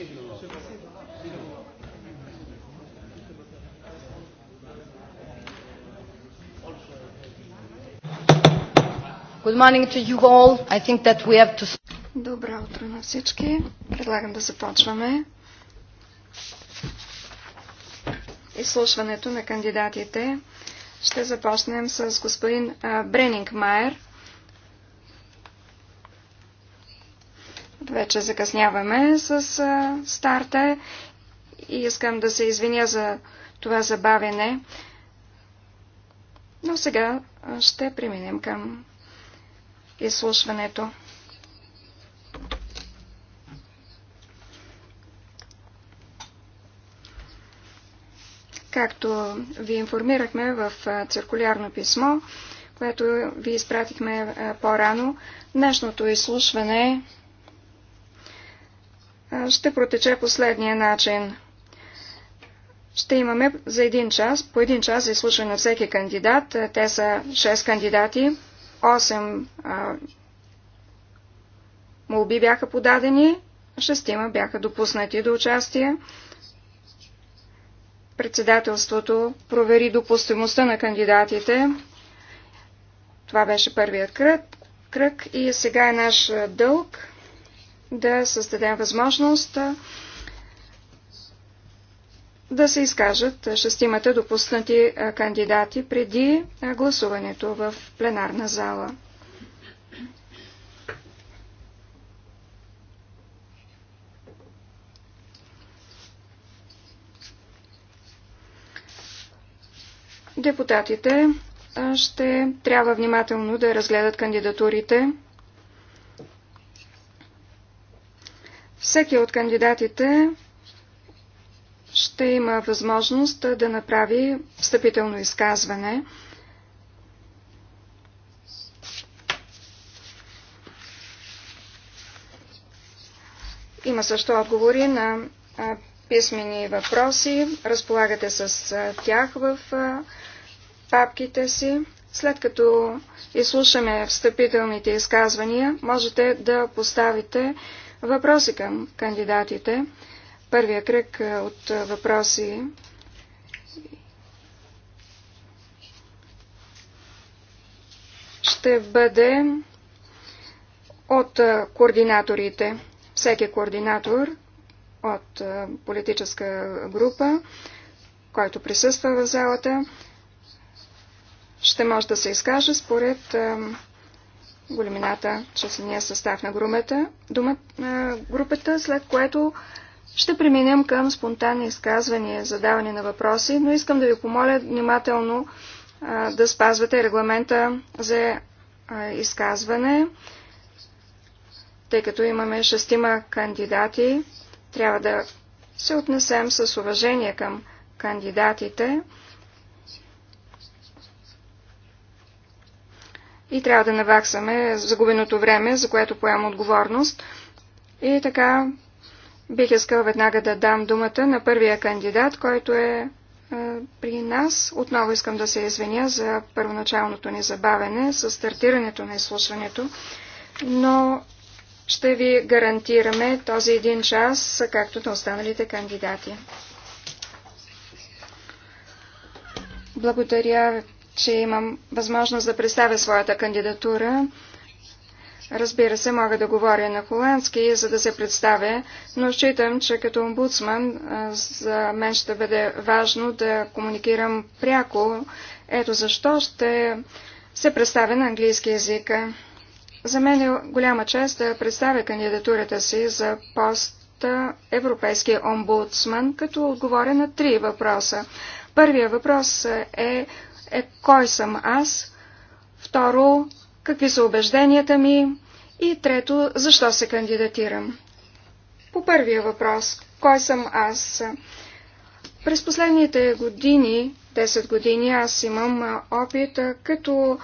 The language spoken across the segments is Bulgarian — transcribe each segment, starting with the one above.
Good morning to you all. I think that we have to... Добро утро на всички. Предлагам да започваме изслушването на кандидатите. Ще започнем с господин Бренинг Майер Вече закъсняваме с а, старта и искам да се извиня за това забавене. Но сега ще преминем към изслушването. Както ви информирахме в циркулярно писмо, което ви изпратихме по-рано, днешното изслушване ще протече последния начин. Ще имаме за един час, по един час за изслушване на всеки кандидат. Те са 6 кандидати, 8 молби бяха подадени, шестима бяха допуснати до участие. Председателството провери допустимостта на кандидатите. Това беше първият кръг и сега е наш дълг да създадем възможност да се изкажат шестимата допуснати кандидати преди гласуването в пленарна зала. Депутатите ще трябва внимателно да разгледат кандидатурите. Всеки от кандидатите ще има възможност да направи встъпително изказване. Има също отговори на писмени въпроси. Разполагате с тях в папките си. След като изслушаме встъпителните изказвания, можете да поставите Въпроси към кандидатите. Първия кръг е, от е, въпроси ще бъде от е, координаторите. Всеки координатор от политическа група, който присъства в залата, ще може да се изкаже според големината, числения състав на групата, дума, групата, след което ще преминем към спонтанни изказвания, задаване на въпроси, но искам да ви помоля внимателно а, да спазвате регламента за а, изказване, тъй като имаме шестима кандидати, трябва да се отнесем с уважение към кандидатите. и трябва да наваксаме загубеното време, за което поемам отговорност. И така бих искал веднага да дам думата на първия кандидат, който е, е при нас. Отново искам да се извиня за първоначалното ни забавене с стартирането на изслушването, но ще ви гарантираме този един час, както на останалите кандидати. Благодаря че имам възможност да представя своята кандидатура. Разбира се, мога да говоря на холандски, за да се представя, но считам, че като омбудсман за мен ще бъде важно да комуникирам пряко. Ето защо ще се представя на английски язик. За мен е голяма чест да представя кандидатурата си за пост Европейски омбудсман, като отговоря на три въпроса. Първия въпрос е е кой съм аз, второ, какви са убежденията ми и трето, защо се кандидатирам. По първия въпрос, кой съм аз? През последните години, 10 години, аз имам опит като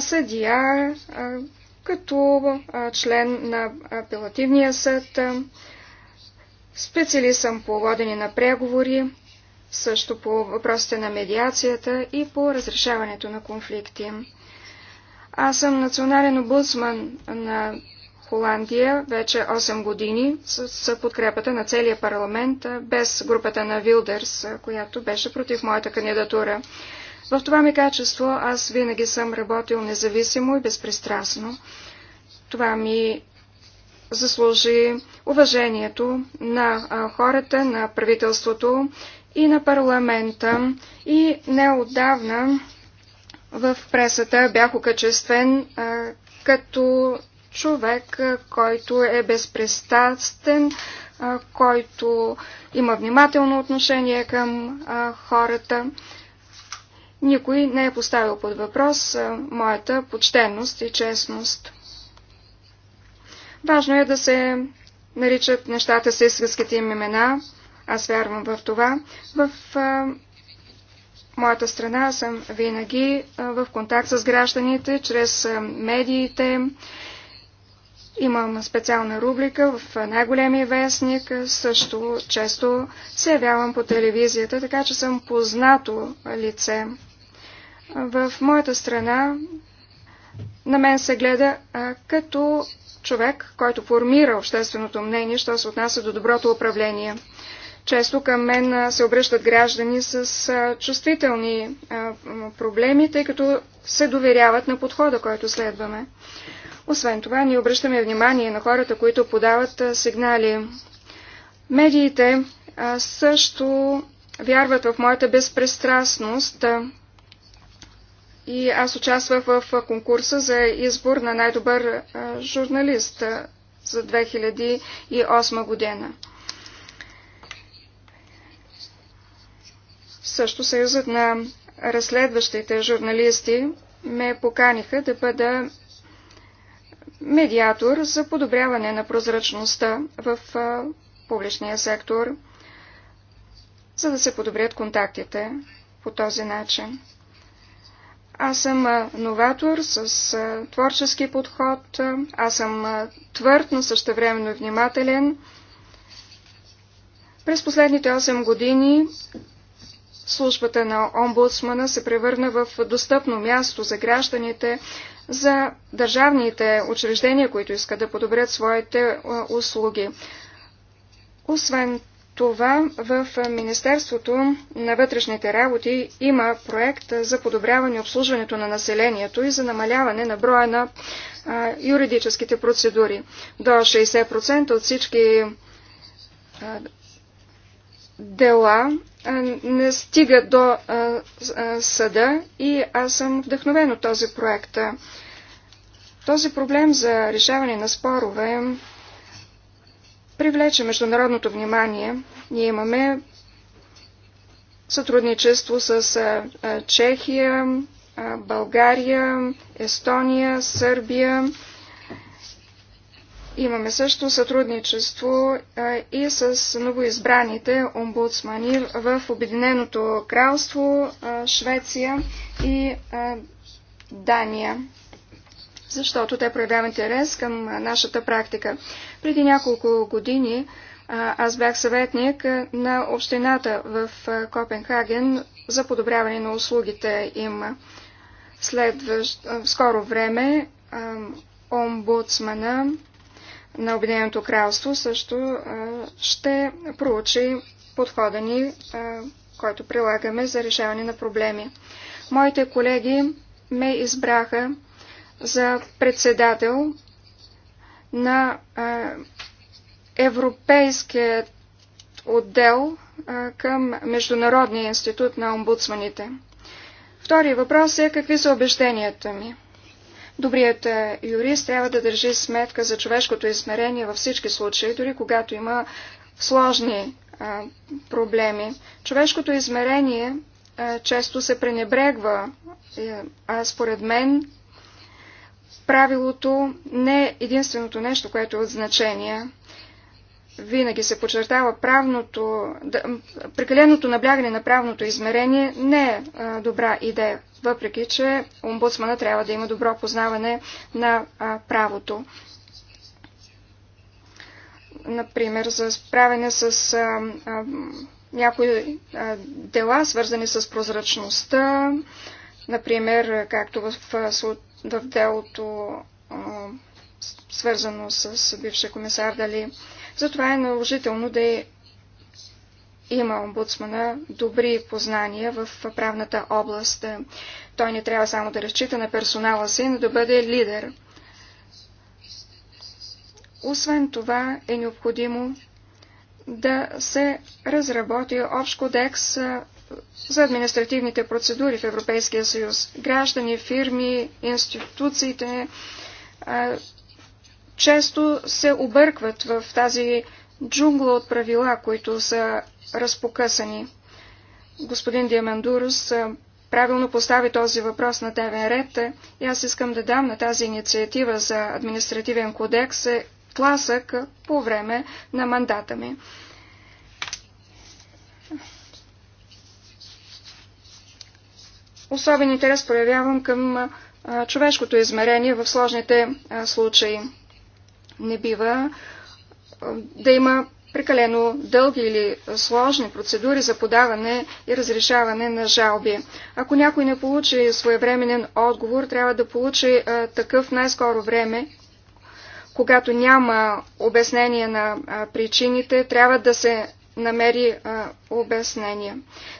съдия, като член на апелативния съд, специалист съм по водене на преговори, също по въпросите на медиацията и по разрешаването на конфликти. Аз съм национален обудсман на Холандия вече 8 години с, с подкрепата на целия парламент, без групата на Вилдерс, която беше против моята кандидатура. В това ми качество аз винаги съм работил независимо и безпристрастно. Това ми заслужи уважението на хората, на правителството и на парламента. И неодавна в пресата бях окачествен като човек, който е безпрестатен, който има внимателно отношение към хората. Никой не е поставил под въпрос моята почтенност и честност. Важно е да се наричат нещата с истинските им имена. Аз вярвам в това. В моята страна съм винаги в контакт с гражданите, чрез медиите. Имам специална рубрика в най-големия вестник, също често се явявам по телевизията, така че съм познато лице. В моята страна на мен се гледа а, като човек, който формира общественото мнение, що се отнася до доброто управление. Често към мен се обръщат граждани с чувствителни проблеми, тъй като се доверяват на подхода, който следваме. Освен това, ние обръщаме внимание на хората, които подават сигнали. Медиите също вярват в моята безпристрастност и аз участвах в конкурса за избор на най-добър журналист за 2008 година. Също Съюзът на разследващите журналисти ме поканиха да бъда медиатор за подобряване на прозрачността в публичния сектор, за да се подобрят контактите по този начин. Аз съм новатор с творчески подход, аз съм твърд, но същевременно внимателен. През последните 8 години службата на омбудсмана се превърна в достъпно място за гражданите, за държавните учреждения, които искат да подобрят своите услуги. Освен това, в Министерството на вътрешните работи има проект за подобряване обслужването на населението и за намаляване на броя на юридическите процедури. До 60% от всички дела не стига до съда и аз съм вдъхновен от този проект. Този проблем за решаване на спорове привлече международното внимание. Ние имаме сътрудничество с Чехия, България, Естония, Сърбия, Имаме също сътрудничество и с новоизбраните омбудсмани в Обединеното кралство, Швеция и Дания, защото те проявяват интерес към нашата практика. Преди няколко години аз бях съветник на общината в Копенхаген за подобряване на услугите им. След в скоро време омбудсмана на Обединеното кралство също ще проучи подхода ни, който прилагаме за решаване на проблеми. Моите колеги ме избраха за председател на Европейският отдел към Международния институт на омбудсманите. Втори въпрос е какви са обещенията ми. Добрият е, юрист трябва да държи сметка за човешкото измерение във всички случаи, дори когато има сложни а, е, проблеми. Човешкото измерение а, е, често се пренебрегва, а според мен правилото не е единственото нещо, което е от значение. Винаги се подчертава правното, да, прекаленото наблягане на правното измерение не е а, добра идея въпреки че омбудсмана трябва да има добро познаване на правото. Например, за справяне с някои дела, свързани с прозрачността, например, както в, в делото свързано с бившия комисар Дали. Затова е наложително да е има омбудсмана добри познания в правната област. Той не трябва само да разчита на персонала си, но да бъде лидер. Освен това е необходимо да се разработи общ кодекс за административните процедури в Европейския съюз. Граждани, фирми, институциите често се объркват в тази джунгла от правила, които са разпокъсани. Господин Диамандурус правилно постави този въпрос на дневен ред и аз искам да дам на тази инициатива за административен кодекс е, тласък по време на мандата ми. Особен интерес проявявам към човешкото измерение в сложните случаи. Не бива да има прекалено дълги или сложни процедури за подаване и разрешаване на жалби. Ако някой не получи своевременен отговор, трябва да получи е, такъв най-скоро време. Когато няма обяснение на е, причините, трябва да се намери а, е, обяснение.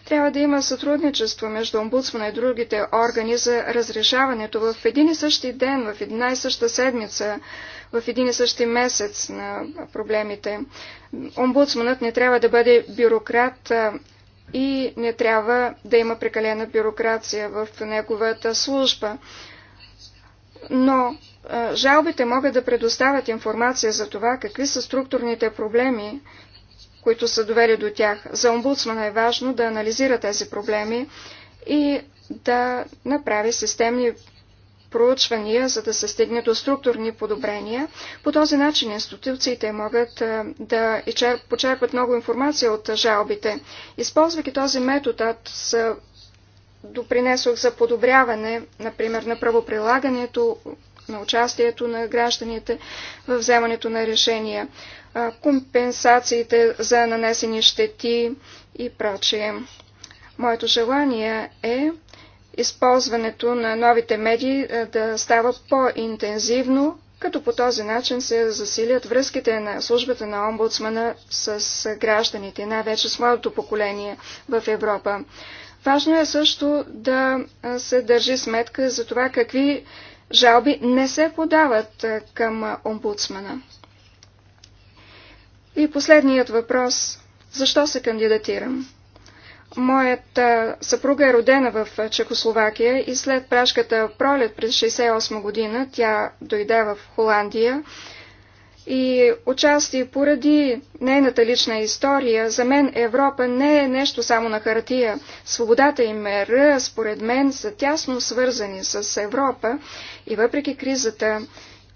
Трябва да има сътрудничество между омбудсмана и другите органи за разрешаването в един и същи ден, в една и съща седмица в един и същи месец на проблемите. Омбудсманът не трябва да бъде бюрократ и не трябва да има прекалена бюрокрация в неговата служба. Но жалбите могат да предоставят информация за това какви са структурните проблеми, които са довели до тях. За омбудсмана е важно да анализира тези проблеми и да направи системни проучвания, за да се стигне до структурни подобрения. По този начин институциите могат да почерпат много информация от жалбите. Използвайки този метод, аз допринесох за подобряване, например, на правоприлагането, на участието на гражданите в вземането на решения, компенсациите за нанесени щети и прочие. Моето желание е използването на новите медии е, да става по-интензивно, като по този начин се засилят връзките на службата на омбудсмана с гражданите, най-вече с младото поколение в Европа. Важно е също да е, се държи сметка за това какви жалби не се подават е, към омбудсмана. И последният въпрос – защо се кандидатирам? Моят съпруга е родена в Чехословакия и след прашката пролет през 1968 година тя дойде в Холандия и отчасти поради нейната лична история, за мен Европа не е нещо само на хартия. Свободата и мера, според мен, са тясно свързани с Европа и въпреки кризата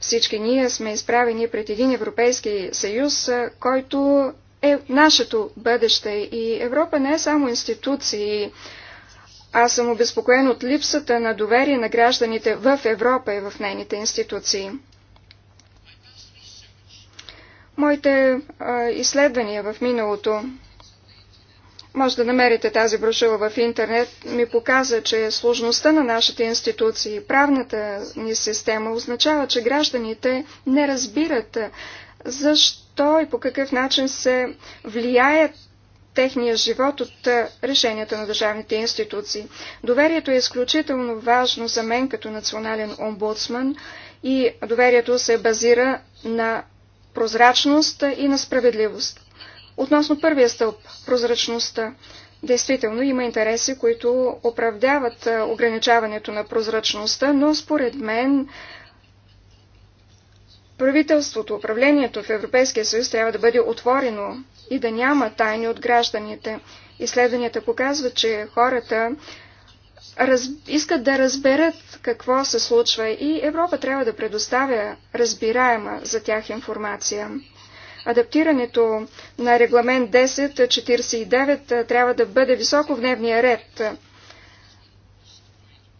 всички ние сме изправени пред един Европейски съюз, който е нашето бъдеще и Европа не е само институции. Аз съм обезпокоен от липсата на доверие на гражданите в Европа и в нейните институции. Моите а, изследвания в миналото, може да намерите тази брошила в интернет, ми показа, че сложността на нашите институции, правната ни система означава, че гражданите не разбират защо защо и по какъв начин се влияят техния живот от решенията на държавните институции. Доверието е изключително важно за мен като национален омбудсман и доверието се базира на прозрачност и на справедливост. Относно първия стълб – прозрачността. Действително има интереси, които оправдяват ограничаването на прозрачността, но според мен Правителството, управлението в Европейския съюз трябва да бъде отворено и да няма тайни от гражданите. Изследванията показват, че хората раз... искат да разберат какво се случва и Европа трябва да предоставя разбираема за тях информация. Адаптирането на регламент 1049 трябва да бъде високо в дневния ред.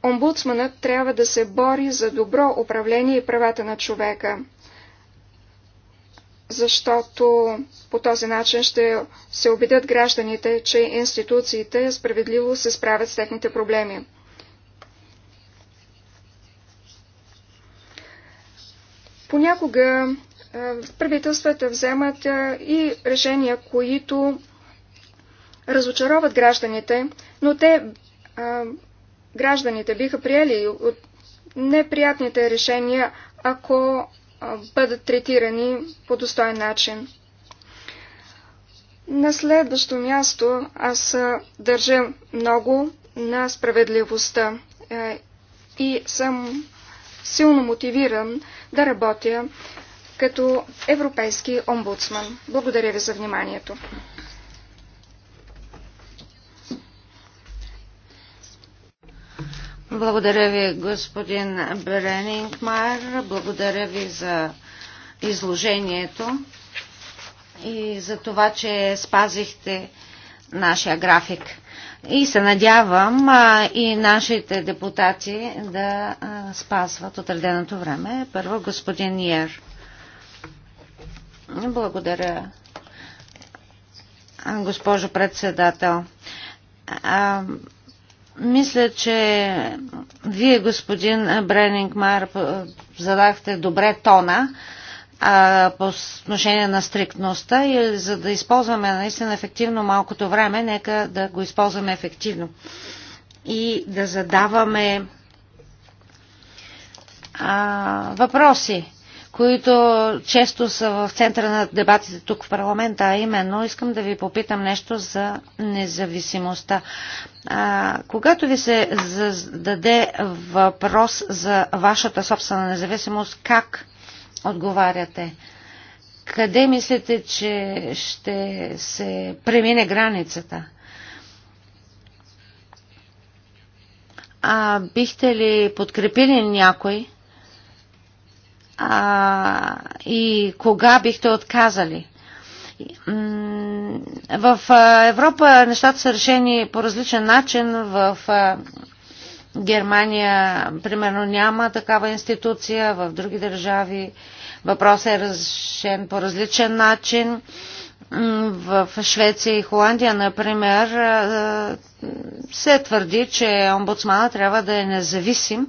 Омбудсманът трябва да се бори за добро управление и правата на човека защото по този начин ще се убедят гражданите, че институциите справедливо се справят с техните проблеми. Понякога е, правителствата вземат е, и решения, които разочароват гражданите, но те, е, гражданите биха приели от неприятните решения, ако бъдат третирани по достоен начин. На следващо място аз държа много на справедливостта и съм силно мотивиран да работя като европейски омбудсман. Благодаря ви за вниманието. Благодаря ви, господин Беренингмайер. Благодаря ви за изложението и за това, че спазихте нашия график. И се надявам а, и нашите депутати да а, спазват отреденото време. Първо господин Йер. Благодаря, госпожо председател. А, мисля, че вие, господин Бренингмар, задахте добре тона а, по отношение на стриктността и за да използваме наистина ефективно малкото време, нека да го използваме ефективно и да задаваме а, въпроси които често са в центъра на дебатите тук в парламента, а именно искам да ви попитам нещо за независимостта. А, когато ви се зададе въпрос за вашата собствена независимост, как отговаряте? Къде мислите, че ще се премине границата? А, бихте ли подкрепили някой? а, и кога бихте отказали? В Европа нещата са решени по различен начин. В Германия, примерно, няма такава институция, в други държави въпросът е решен по различен начин. В Швеция и Холандия, например, се твърди, че омбудсмана трябва да е независим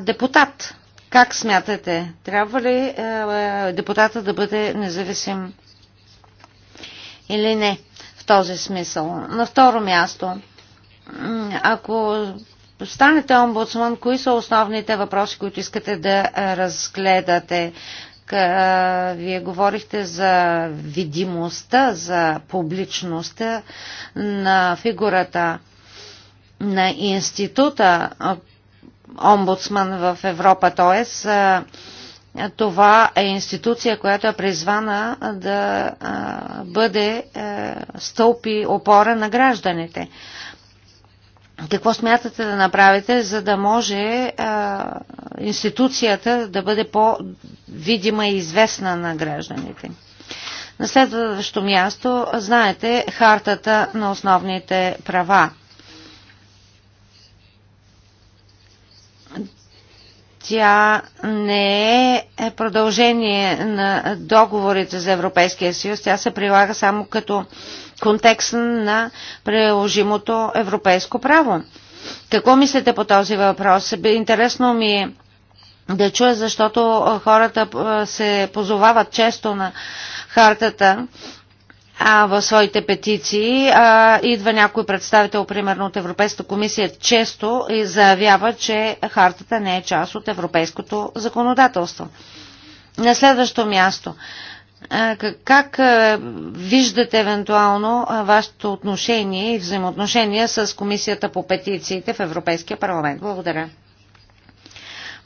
депутат. Как смятате? Трябва ли е, депутата да бъде независим или не в този смисъл? На второ място, ако станете омбудсман, кои са основните въпроси, които искате да разгледате? Вие говорихте за видимостта, за публичността на фигурата на института омбудсман в Европа. Тоест, това е институция, която е призвана да бъде стълпи опора на гражданите. Какво смятате да направите, за да може институцията да бъде по-видима и известна на гражданите? На следващо място, знаете, хартата на основните права. Тя не е продължение на договорите за Европейския съюз, тя се прилага само като контекст на приложимото европейско право. Какво мислите по този въпрос? Интересно ми е да чуя, защото хората се позовават често на хартата а, в своите петиции. А, идва някой представител, примерно от Европейската комисия, често и заявява, че хартата не е част от европейското законодателство. На следващо място. Как виждате евентуално вашето отношение и взаимоотношение с Комисията по петициите в Европейския парламент? Благодаря.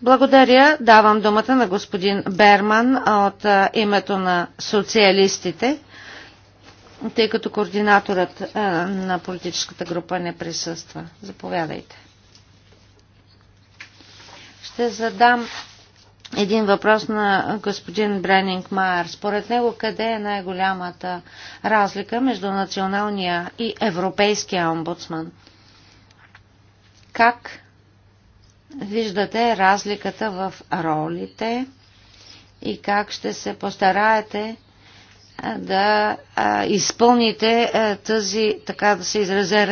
Благодаря. Давам думата на господин Берман от името на социалистите тъй като координаторът на политическата група не присъства. Заповядайте. Ще задам един въпрос на господин Бренинг Майер. Според него къде е най-голямата разлика между националния и европейския омбудсман? Как виждате разликата в ролите и как ще се постараете да изпълните тази, така да се изразя,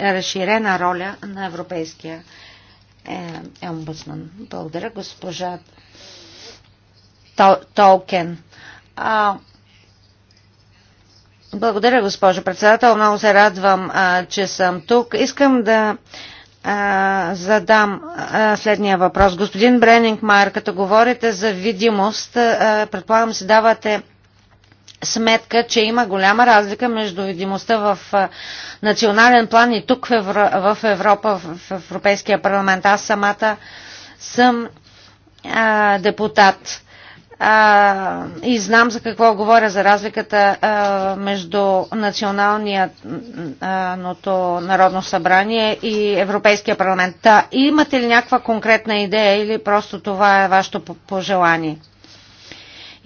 разширена роля на Европейския е, омбудсман. Благодаря, госпожа Толкен. Благодаря, госпожо председател. Много се радвам, а, че съм тук. Искам да а, задам а, следния въпрос. Господин Бренинг като говорите за видимост, а, предполагам си давате сметка, че има голяма разлика между видимостта в национален план и тук в Европа, в Европейския парламент. Аз самата съм а, депутат а, и знам за какво говоря, за разликата а, между националното народно събрание и Европейския парламент. Та, имате ли някаква конкретна идея или просто това е вашето пожелание?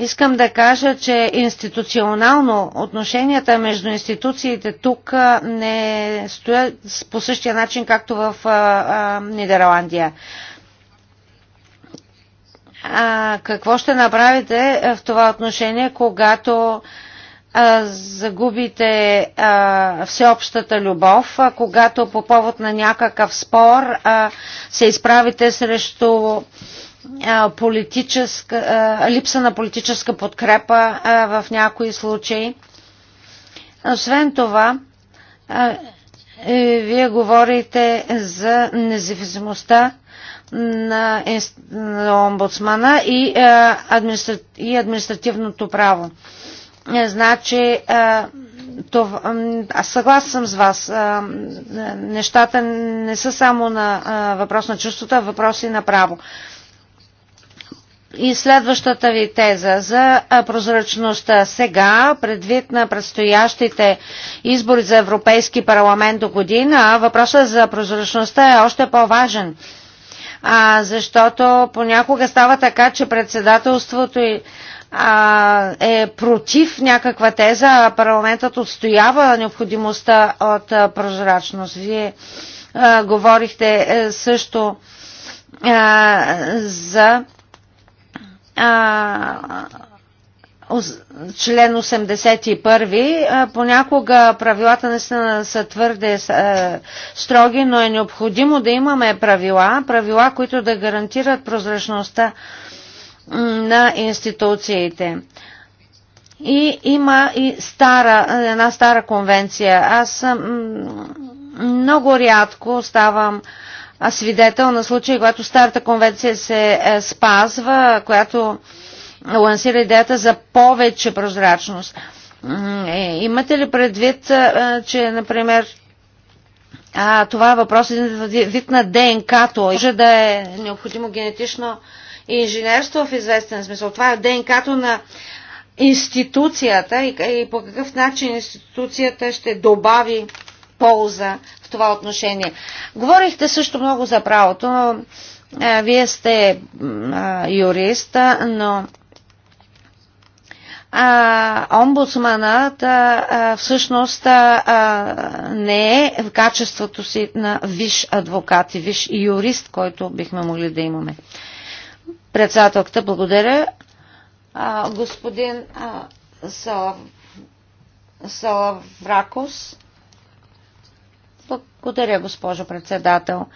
Искам да кажа, че институционално отношенията между институциите тук не стоят по същия начин, както в Нидерландия. А, какво ще направите в това отношение, когато а, загубите а, всеобщата любов, а, когато по повод на някакъв спор а, се изправите срещу политическа, липса на политическа подкрепа в някои случаи. Освен това, е, вие говорите за независимостта на, омбудсмана и, административното право. Е, значи, аз съгласен съм с вас. Нещата не са само на въпрос на чувството, а въпроси на право. И следващата ви теза за прозрачността сега, предвид на предстоящите избори за Европейски парламент до година, въпросът за прозрачността е още по-важен. защото понякога става така, че председателството и а, е против някаква теза, а парламентът отстоява необходимостта от а, прозрачност. Вие а, говорихте а, е, също а, за член 81. Понякога правилата наистина са твърде строги, но е необходимо да имаме правила, правила, които да гарантират прозрачността на институциите. И има и стара, една стара конвенция. Аз съм много рядко ставам свидетел на случай, когато Старата конвенция се е, спазва, която лансира идеята за повече прозрачност. Е, имате ли предвид, е, че, например, а, това е въпрос един вид на ДНК-то. Може да е необходимо генетично инженерство в известен смисъл. Това е ДНК-то на институцията и, и по какъв начин институцията ще добави полза това отношение. Говорихте също много за правото. Е, вие сте юрист, но а, омбудсманът а, всъщност а, не е в качеството си на виш адвокат и виш юрист, който бихме могли да имаме. Председателката, благодаря. А, господин а, Салав... Салавракос. Благодаря, госпожо председател.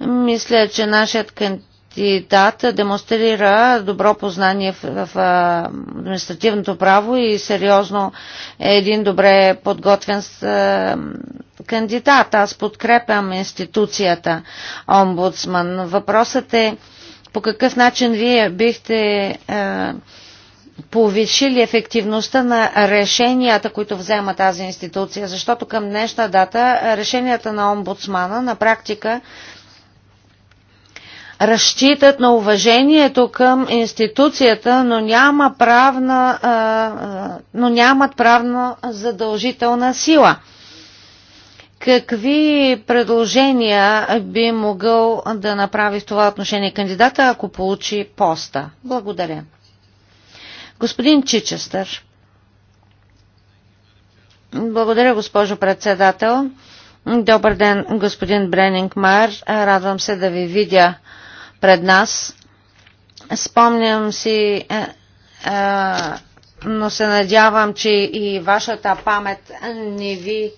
Мисля, че нашият кандидат демонстрира добро познание в, административното право и сериозно е един добре подготвен кандидат. Аз подкрепям институцията омбудсман. Въпросът е по какъв начин вие бихте повишили ефективността на решенията, които взема тази институция, защото към днешна дата решенията на омбудсмана на практика разчитат на уважението към институцията, но, няма правна, но нямат правна задължителна сила. Какви предложения би могъл да направи в това отношение кандидата, ако получи поста? Благодаря. Господин Чичестър. Благодаря, госпожо председател. Добър ден, господин Бренинг Майер. Радвам се да ви видя пред нас. Спомням си, е, е, но се надявам, че и вашата памет не ви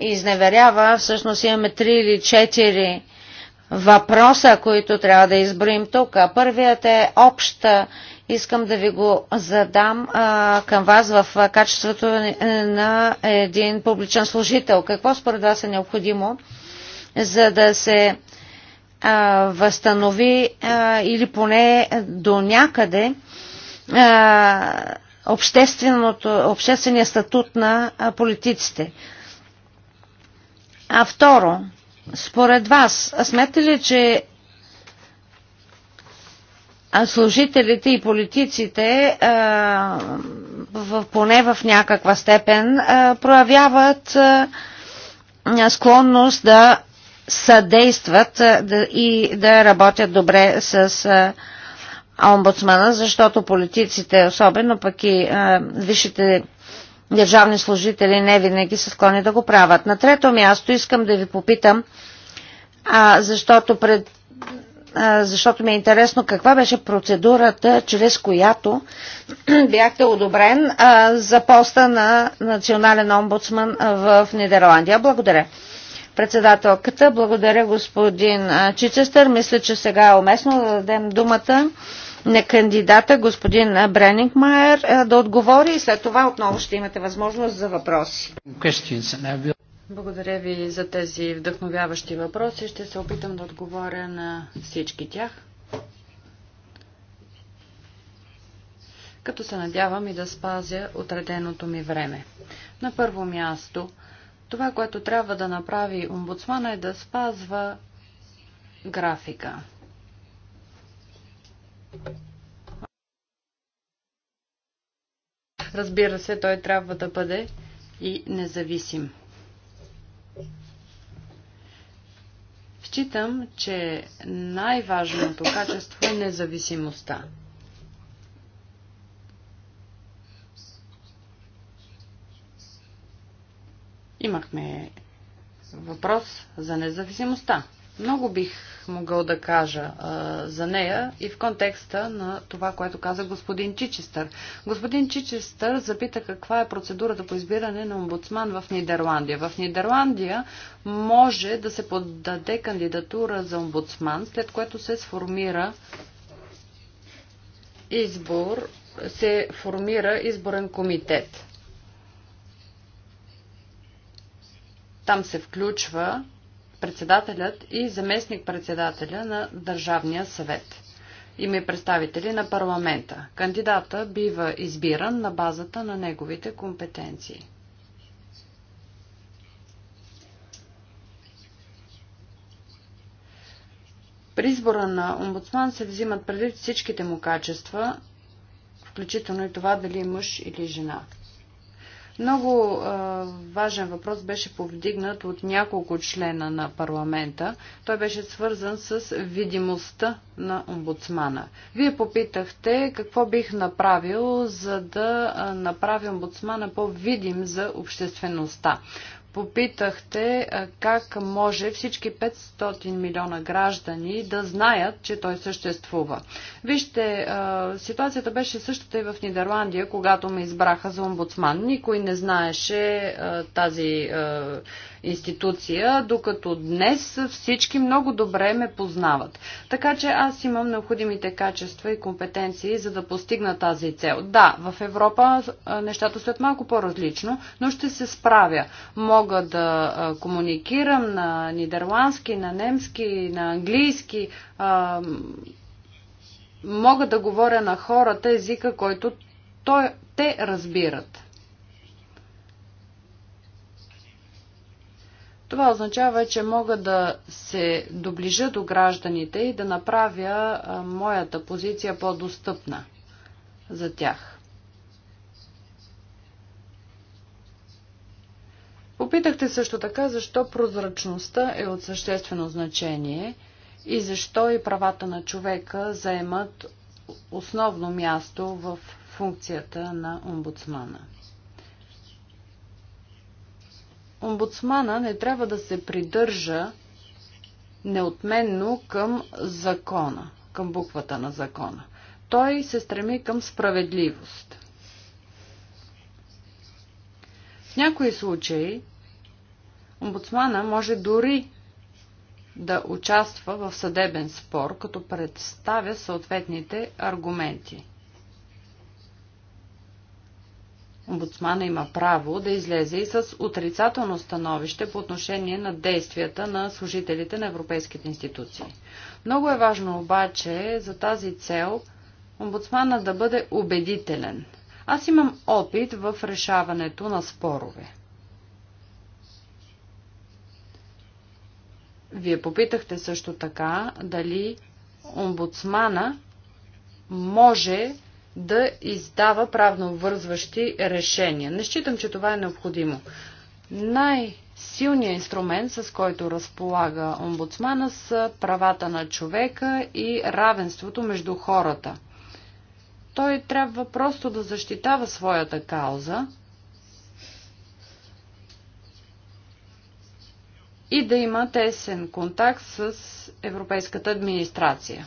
изневерява. Всъщност имаме три или четири въпроса, които трябва да изброим тук. Първият е обща Искам да ви го задам а, към вас в качеството на един публичен служител. Какво според вас е необходимо, за да се а, възстанови а, или поне до някъде а, обществения статут на а, политиците? А второ, според вас, смятате ли, че служителите и политиците поне в някаква степен проявяват склонност да съдействат и да работят добре с омбудсмана, защото политиците, особено пък и висшите държавни служители не винаги са склонни да го правят. На трето място искам да ви попитам, а, защото пред защото ми е интересно каква беше процедурата, чрез която бяхте одобрен за поста на национален омбудсман в Нидерландия. Благодаря. Председателката, благодаря господин Чичестър. Мисля, че сега е уместно да дадем думата на кандидата господин Бренингмайер да отговори и след това отново ще имате възможност за въпроси. Благодаря ви за тези вдъхновяващи въпроси. Ще се опитам да отговоря на всички тях. Като се надявам и да спазя отреденото ми време. На първо място, това, което трябва да направи омбудсмана е да спазва графика. Разбира се, той трябва да бъде и независим. Считам, че най-важното качество е независимостта. Имахме въпрос за независимостта. Много бих могъл да кажа а, за нея и в контекста на това, което каза господин Чичестър. Господин Чичестър запита каква е процедурата по избиране на омбудсман в Нидерландия. В Нидерландия може да се подаде кандидатура за омбудсман, след което се сформира избор, се формира изборен комитет. Там се включва председателят и заместник-председателя на Държавния съвет. Има и представители на парламента. Кандидата бива избиран на базата на неговите компетенции. При избора на омбудсман се взимат предвид всичките му качества, включително и това дали е мъж или жена. Много а, важен въпрос беше повдигнат от няколко члена на парламента. Той беше свързан с видимостта на омбудсмана. Вие попитахте какво бих направил, за да направя омбудсмана по-видим за обществеността попитахте как може всички 500 милиона граждани да знаят, че той съществува. Вижте, ситуацията беше същата и в Нидерландия, когато ме избраха за омбудсман. Никой не знаеше тази институция, докато днес всички много добре ме познават. Така че аз имам необходимите качества и компетенции, за да постигна тази цел. Да, в Европа нещата стоят малко по-различно, но ще се справя. Мога да комуникирам на нидерландски, на немски, на английски. Мога да говоря на хората езика, който той, те разбират. Това означава, че мога да се доближа до гражданите и да направя моята позиция по-достъпна за тях. Попитахте също така, защо прозрачността е от съществено значение и защо и правата на човека заемат основно място в функцията на омбудсмана омбудсмана не трябва да се придържа неотменно към закона, към буквата на закона. Той се стреми към справедливост. В някои случаи омбудсмана може дори да участва в съдебен спор, като представя съответните аргументи. омбудсмана има право да излезе и с отрицателно становище по отношение на действията на служителите на европейските институции. Много е важно обаче за тази цел омбудсмана да бъде убедителен. Аз имам опит в решаването на спорове. Вие попитахте също така дали омбудсмана може да издава правно вързващи решения. Не считам, че това е необходимо. Най-силният инструмент, с който разполага омбудсмана, са правата на човека и равенството между хората. Той трябва просто да защитава своята кауза, и да има тесен контакт с европейската администрация.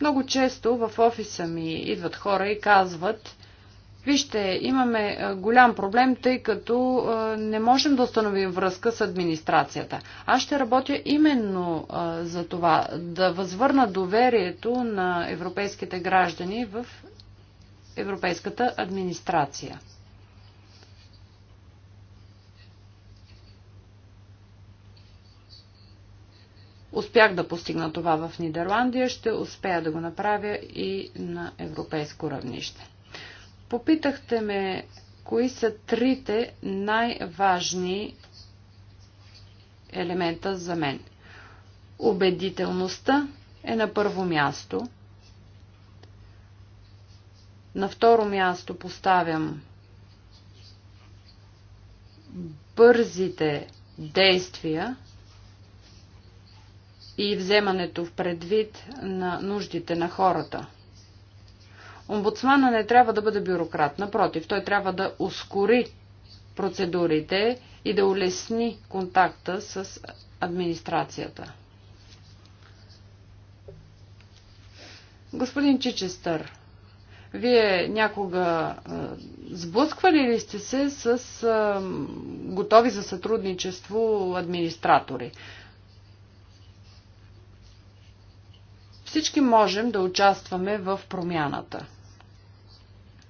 Много често в офиса ми идват хора и казват, вижте, имаме голям проблем, тъй като не можем да установим връзка с администрацията. Аз ще работя именно за това, да възвърна доверието на европейските граждани в европейската администрация. Успях да постигна това в Нидерландия, ще успея да го направя и на европейско равнище. Попитахте ме кои са трите най-важни елемента за мен. Убедителността е на първо място. На второ място поставям бързите действия и вземането в предвид на нуждите на хората. Омбудсмана не трябва да бъде бюрократ, напротив, той трябва да ускори процедурите и да улесни контакта с администрацията. Господин Чичестър, вие някога сблъсквали ли сте се с готови за сътрудничество администратори? Всички можем да участваме в промяната,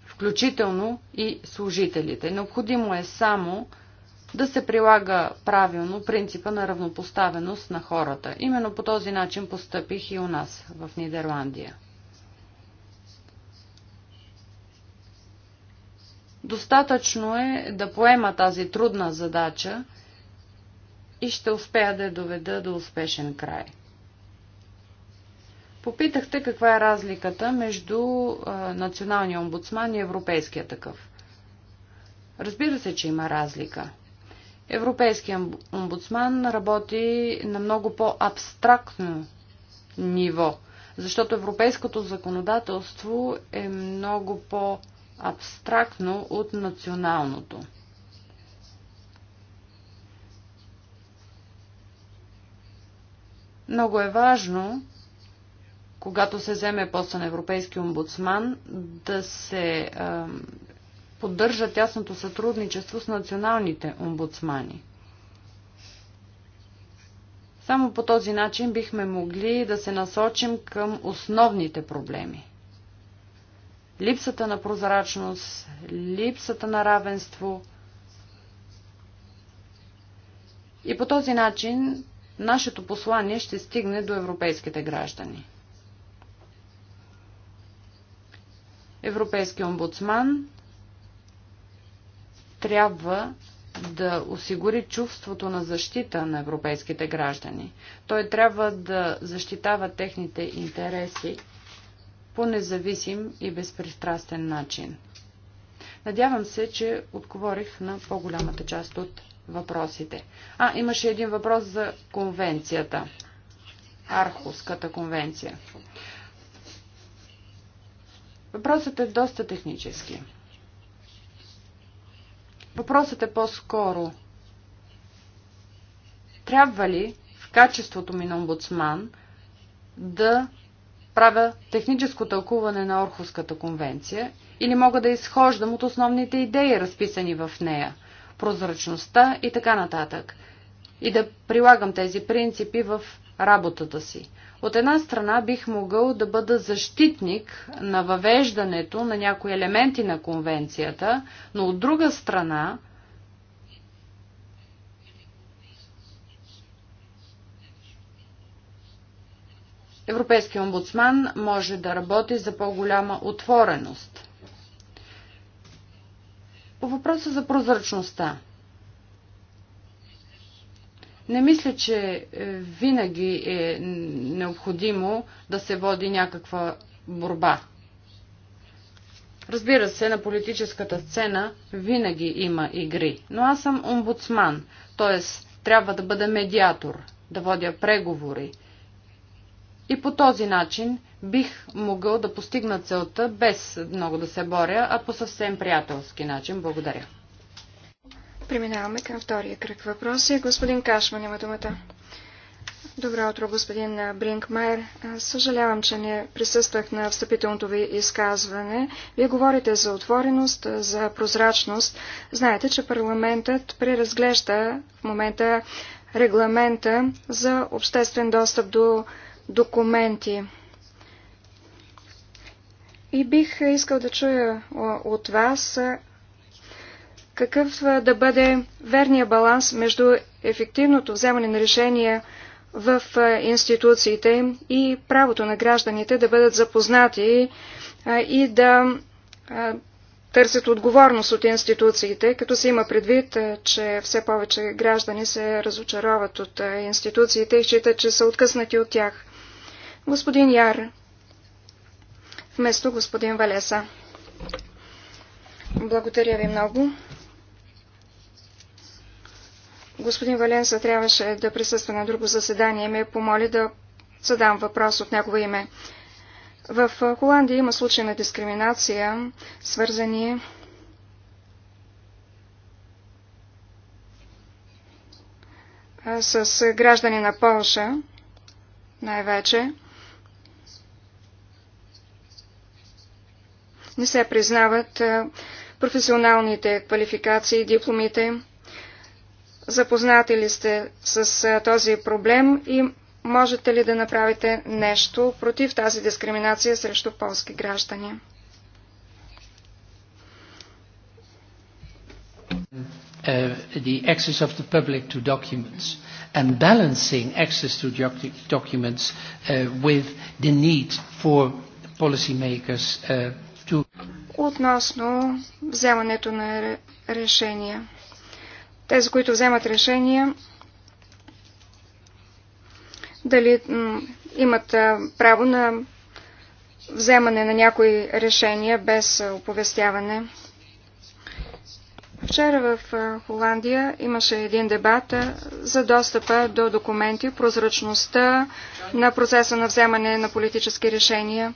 включително и служителите. Необходимо е само да се прилага правилно принципа на равнопоставеност на хората. Именно по този начин постъпих и у нас в Нидерландия. Достатъчно е да поема тази трудна задача и ще успея да я доведа до успешен край. Попитахте каква е разликата между националния омбудсман и европейския такъв. Разбира се, че има разлика. Европейския омбудсман работи на много по-абстрактно ниво, защото европейското законодателство е много по-абстрактно от националното. Много е важно когато се вземе поста на Европейски омбудсман, да се а, поддържа тясното сътрудничество с националните омбудсмани. Само по този начин бихме могли да се насочим към основните проблеми. Липсата на прозрачност, липсата на равенство. И по този начин нашето послание ще стигне до европейските граждани. Европейския омбудсман трябва да осигури чувството на защита на европейските граждани. Той трябва да защитава техните интереси по независим и безпристрастен начин. Надявам се, че отговорих на по-голямата част от въпросите. А, имаше един въпрос за конвенцията. Архуската конвенция. Въпросът е доста технически. Въпросът е по-скоро. Трябва ли в качеството ми на омбудсман да правя техническо тълкуване на Орховската конвенция или мога да изхождам от основните идеи, разписани в нея, прозрачността и така нататък, и да прилагам тези принципи в работата си. От една страна бих могъл да бъда защитник на въвеждането на някои елементи на конвенцията, но от друга страна Европейския омбудсман може да работи за по-голяма отвореност. По въпроса за прозрачността. Не мисля, че е, винаги е необходимо да се води някаква борба. Разбира се, на политическата сцена винаги има игри, но аз съм омбудсман, т.е. трябва да бъда медиатор, да водя преговори. И по този начин бих могъл да постигна целта без много да се боря, а по съвсем приятелски начин. Благодаря. Преминаваме към втория кръг въпроси. Господин Кашман има думата. Добро утро, господин Бринкмайер. Съжалявам, че не присъствах на встъпителното ви изказване. Вие говорите за отвореност, за прозрачност. Знаете, че парламентът преразглежда в момента регламента за обществен достъп до документи. И бих искал да чуя от вас какъв да бъде верния баланс между ефективното вземане на решения в институциите и правото на гражданите да бъдат запознати и да търсят отговорност от институциите, като се има предвид, че все повече граждани се разочароват от институциите и считат, че са откъснати от тях. Господин Яр, вместо господин Валеса. Благодаря ви много. Господин Валенса трябваше да присъства на друго заседание и ме помоли да задам въпрос от негово име. В Холандия има случаи на дискриминация, свързани с граждани на Полша, най-вече. Не се признават професионалните квалификации, дипломите. Запознати ли сте с този проблем и можете ли да направите нещо против тази дискриминация срещу полски граждани? Uh, the access of the public to documents and balancing access to documents uh, with the need for policymakers uh, to... Относно вземането на решения тези, които вземат решения, дали имат право на вземане на някои решения без оповестяване. Вчера в Холандия имаше един дебат за достъпа до документи, прозрачността на процеса на вземане на политически решения.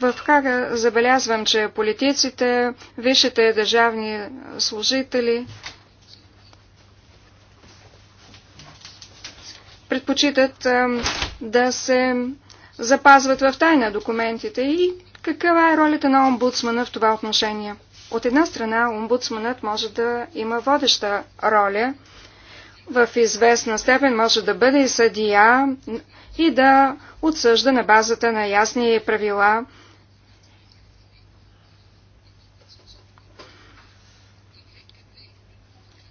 В Хага забелязвам, че политиците, висшите държавни служители предпочитат да се запазват в тайна документите и каква е ролята на омбудсмана в това отношение. От една страна, омбудсманът може да има водеща роля, в известна степен може да бъде и съдия и да отсъжда на базата на ясни правила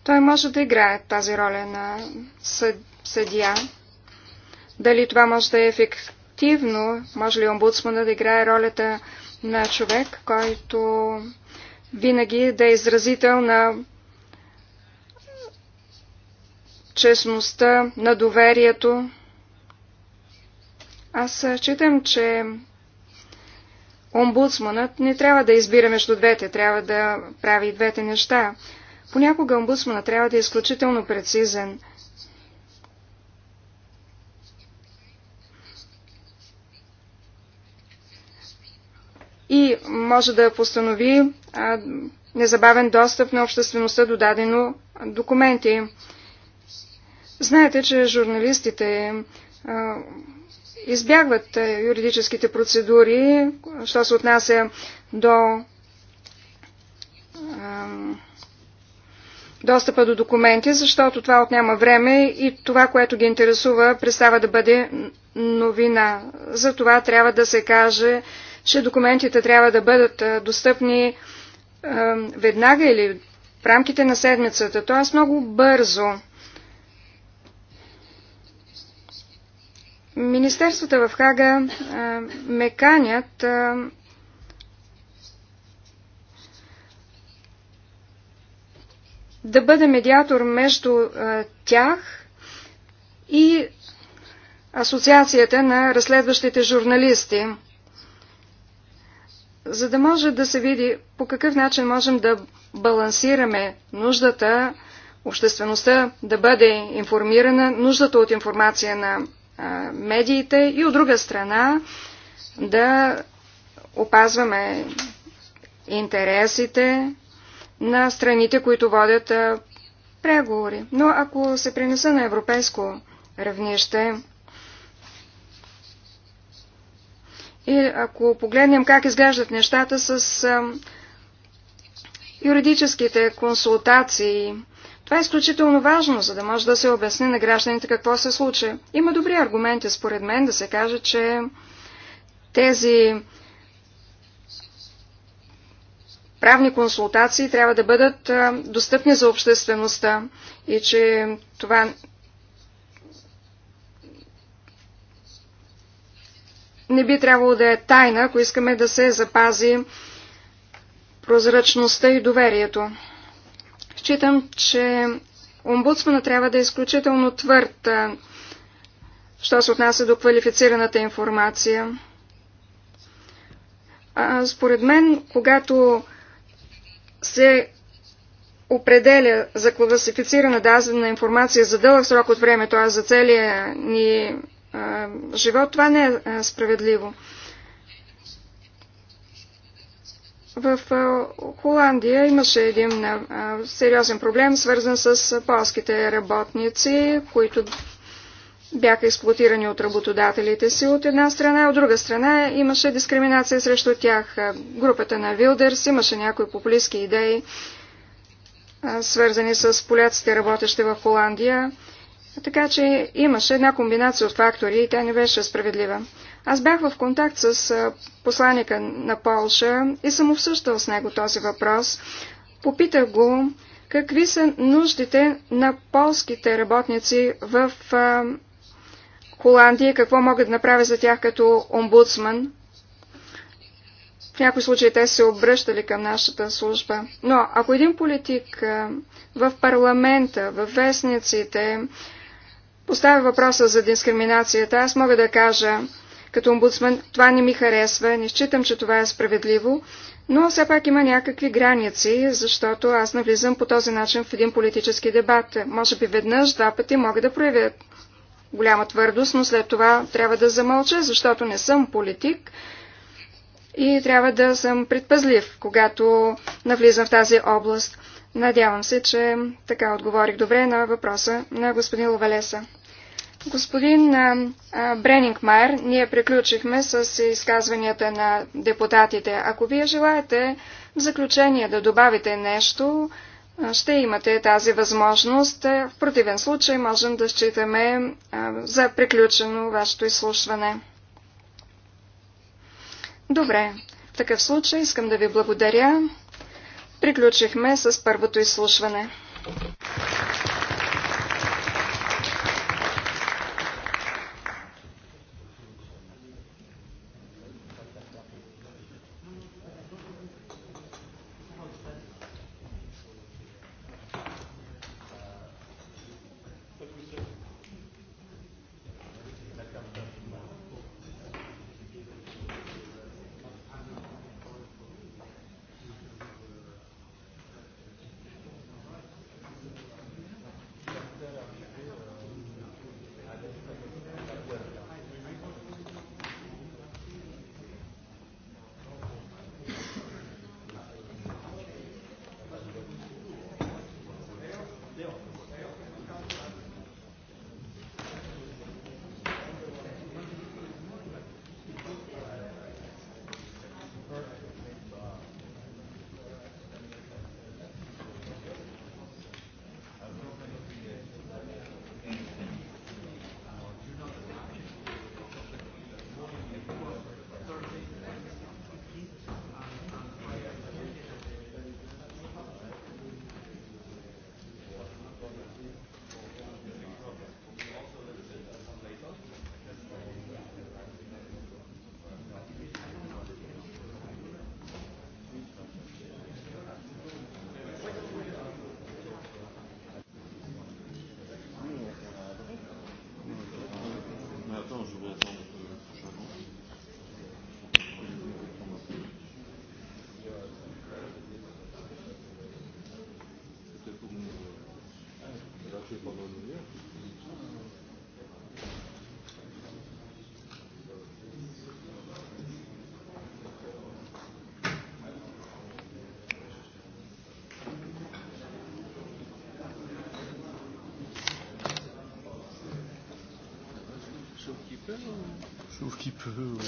Той може да играе тази роля на съд, съдия. Дали това може да е ефективно, може ли омбудсмана да играе ролята на човек, който винаги да е изразител на честността, на доверието. Аз считам, че омбудсманът не трябва да избира между двете, трябва да прави двете неща. Понякога омбудсмана трябва да е изключително прецизен. И може да постанови незабавен достъп на обществеността до дадено документи. Знаете, че журналистите избягват юридическите процедури, що се отнася до достъпа до документи, защото това отнема време и това, което ги интересува, представа да бъде новина. За това трябва да се каже, че документите трябва да бъдат достъпни веднага или в рамките на седмицата, т.е. много бързо. Министерствата в Хага меканят да бъде медиатор между тях и Асоциацията на разследващите журналисти, за да може да се види по какъв начин можем да балансираме нуждата обществеността да бъде информирана, нуждата от информация на медиите и от друга страна да опазваме интересите на страните, които водят преговори. Но ако се принеса на европейско равнище и ако погледнем как изглеждат нещата с юридическите консултации, това е изключително важно, за да може да се обясни на гражданите какво се случи. Има добри аргументи, според мен, да се каже, че тези правни консултации трябва да бъдат достъпни за обществеността и че това не би трябвало да е тайна, ако искаме да се запази прозрачността и доверието. Считам, че омбудсмана трябва да е изключително твърд, що се отнася до квалифицираната информация. А, според мен, когато се определя за класифицирана дадена информация за дълъг срок от време, т.е. за целия ни а, живот, това не е а, справедливо. В а, Холандия имаше един а, сериозен проблем, свързан с полските работници, които бяха експлуатирани от работодателите си от една страна, от друга страна имаше дискриминация срещу тях. Групата на Вилдерс имаше някои популистски идеи, свързани с поляците, работещи в Холандия. Така че имаше една комбинация от фактори и тя не беше справедлива. Аз бях в контакт с посланника на Полша и съм обсъждал с него този въпрос. Попитах го какви са нуждите на полските работници в Холандия, какво мога да направя за тях като омбудсман. В някои случаи те се обръщали към нашата служба. Но ако един политик в парламента, в вестниците поставя въпроса за дискриминацията, аз мога да кажа като омбудсман, това не ми харесва, не считам, че това е справедливо, но все пак има някакви граници, защото аз навлизам по този начин в един политически дебат. Може би веднъж, два пъти мога да проявя голяма твърдост, но след това трябва да замълча, защото не съм политик и трябва да съм предпазлив, когато навлизам в тази област. Надявам се, че така отговорих добре на въпроса на господин Лавалеса. Господин Бренингмайер, ние приключихме с изказванията на депутатите. Ако вие желаете в заключение да добавите нещо, ще имате тази възможност. Е, в противен случай можем да считаме е, за приключено вашето изслушване. Добре, в такъв случай искам да ви благодаря. Приключихме с първото изслушване. who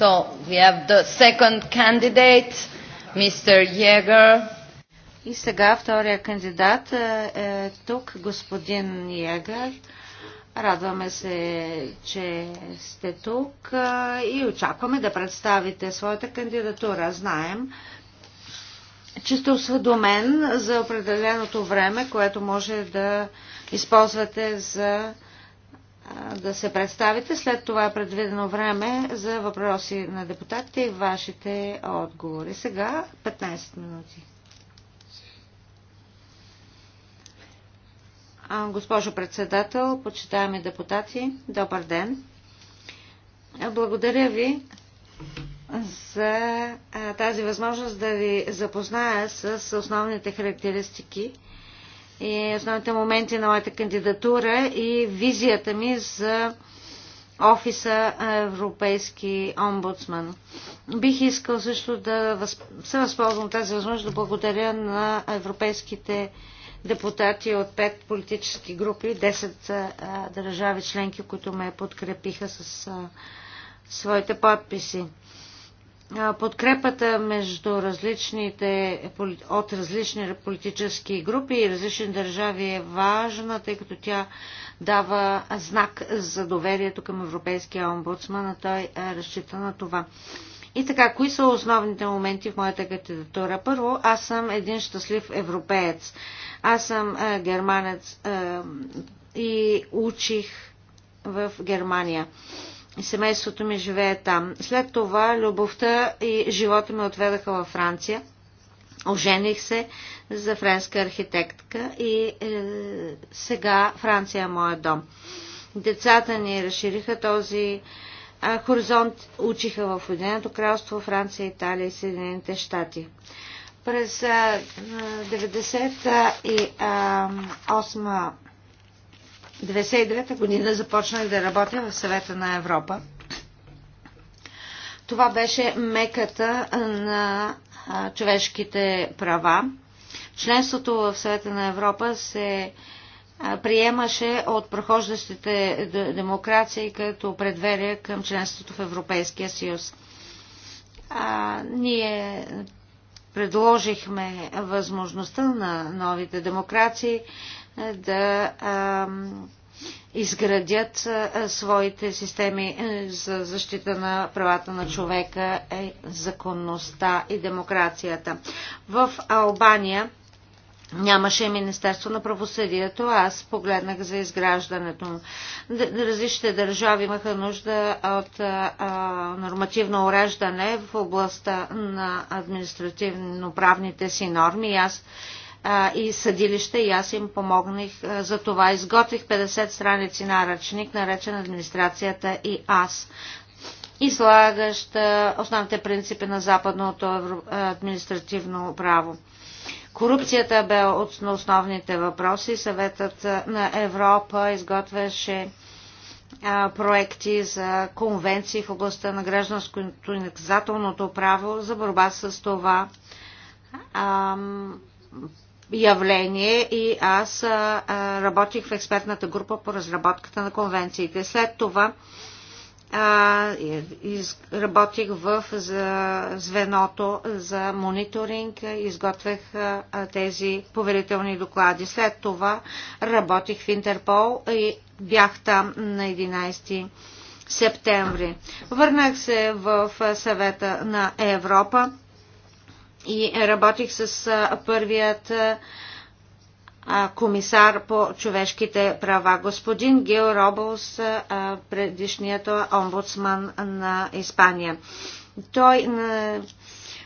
So we have the second candidate, Mr. Jäger. И сега втория кандидат е, е тук, господин Йегър, Радваме се, че сте тук е, и очакваме да представите своята кандидатура. Знаем, че сте осведомен за определеното време, което може да използвате за да се представите. След това е предвидено време за въпроси на депутатите и вашите отговори. Сега 15 минути. Госпожо председател, почитаеми депутати, добър ден. Благодаря ви за тази възможност да ви запозная с основните характеристики и основните моменти на моята кандидатура и визията ми за офиса Европейски омбудсман. Бих искал също да се възползвам тази възможност да благодаря на европейските депутати от пет политически групи, 10 държави членки, които ме подкрепиха с своите подписи подкрепата между различните, от различни политически групи и различни държави е важна, тъй като тя дава знак за доверието към Европейския омбудсман, а той разчита на това. И така, кои са основните моменти в моята кандидатура? Първо, аз съм един щастлив европеец. Аз съм е, германец е, и учих в Германия. Е, Семейството ми живее там. След това любовта и живота ме отведаха във Франция. Ожених се за френска архитектка и е, сега Франция е моят дом. Децата ни разшириха този а, хоризонт, учиха в Единеното кралство, Франция, Италия и Съединените щати. През 1998 1999 година започнах да работя в съвета на Европа. Това беше меката на човешките права. Членството в съвета на Европа се приемаше от прохождащите демокрации като предверие към членството в Европейския съюз. А, ние предложихме възможността на новите демокрации да изградят своите системи е, за защита на правата на човека, е, законността и демокрацията. В Албания Нямаше Министерство на правосъдието, аз погледнах за изграждането Различните държави имаха нужда от нормативно уреждане в областта на административно-правните си норми. Аз и съдилище и аз им помогнах за това. Изготвих 50 страници на ръчник, наречен администрацията и аз излагащ основните принципи на западното административно право. Корупцията бе от основните въпроси. Съветът на Европа изготвяше проекти за конвенции в областта на гражданското и наказателното право за борба с това явление и аз работих в експертната група по разработката на конвенциите. След това а, из, работих в за, звеното за мониторинг, изготвях а, тези поверителни доклади. След това работих в Интерпол и бях там на 11 септември. Върнах се в съвета на Европа и работих с първият комисар по човешките права. Господин Гил Робълс, предишният омбудсман на Испания. Той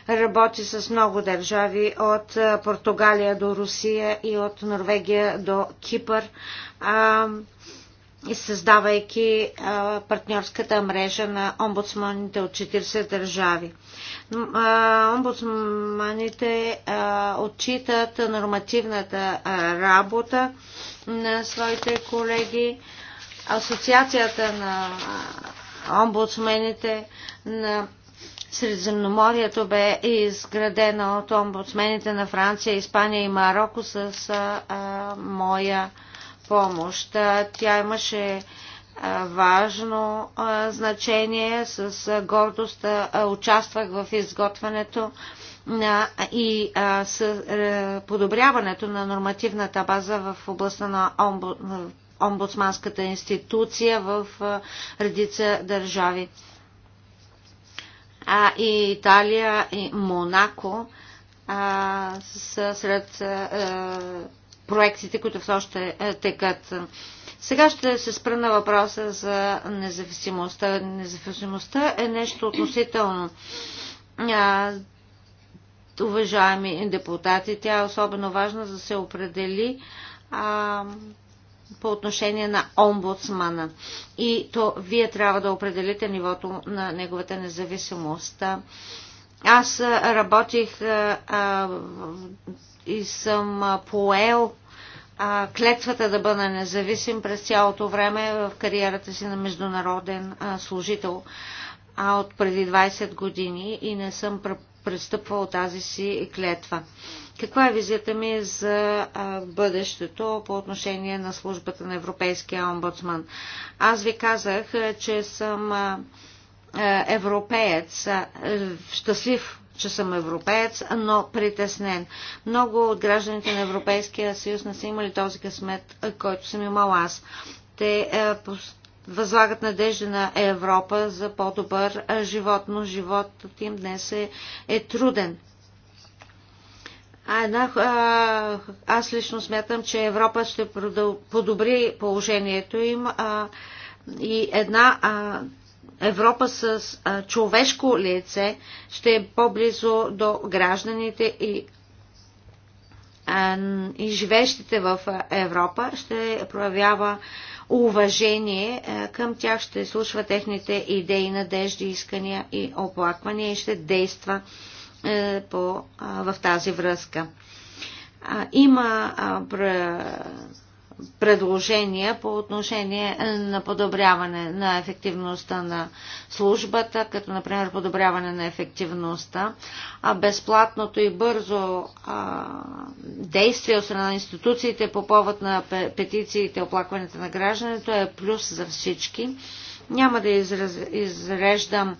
работи с много държави, от Португалия до Русия и от Норвегия до Кипър създавайки партньорската мрежа на омбудсманите от 40 държави. Омбудсманите отчитат нормативната работа на своите колеги. Асоциацията на омбудсмените на Средиземноморието бе изградена от омбудсмените на Франция, Испания и Марокко с а, моя помощ. Тя имаше важно значение. С гордост участвах в изготвянето и с, е, подобряването на нормативната база в областта на омбудсманската институция в редица държави. А, и Италия и Монако а, са сред а, е, проектите, които все още е, текат. Сега ще се спра на въпроса за независимостта. Независимостта е нещо относително. уважаеми депутати, тя е особено важна за да се определи а, по отношение на омбудсмана. И то вие трябва да определите нивото на неговата независимост. Аз работих а, а, и съм поел а, клетвата да бъда независим през цялото време в кариерата си на международен а, служител а от преди 20 години и не съм престъпвал тази си клетва. Каква е визията ми за а, бъдещето по отношение на службата на Европейския омбудсман? Аз ви казах, че съм а, европеец, а, щастлив че съм европеец, но притеснен. Много от гражданите на Европейския съюз не са имали този късмет, който съм имал аз. Те е, възлагат надежда на Европа за по-добър е, живот, но животът им днес е, е труден. А една, а, аз лично смятам, че Европа ще подобри положението им а, и една а, Европа с а, човешко лице ще е по-близо до гражданите и, а, и живещите в Европа, ще проявява уважение а, към тях, ще слушва техните идеи, надежди, искания и оплаквания и ще действа а, по, а, в тази връзка. А, има а, предложения по отношение на подобряване на ефективността на службата, като например подобряване на ефективността, а безплатното и бързо а, действие от страна на институциите по повод на петициите, оплакването на гражданите е плюс за всички. Няма да изреждам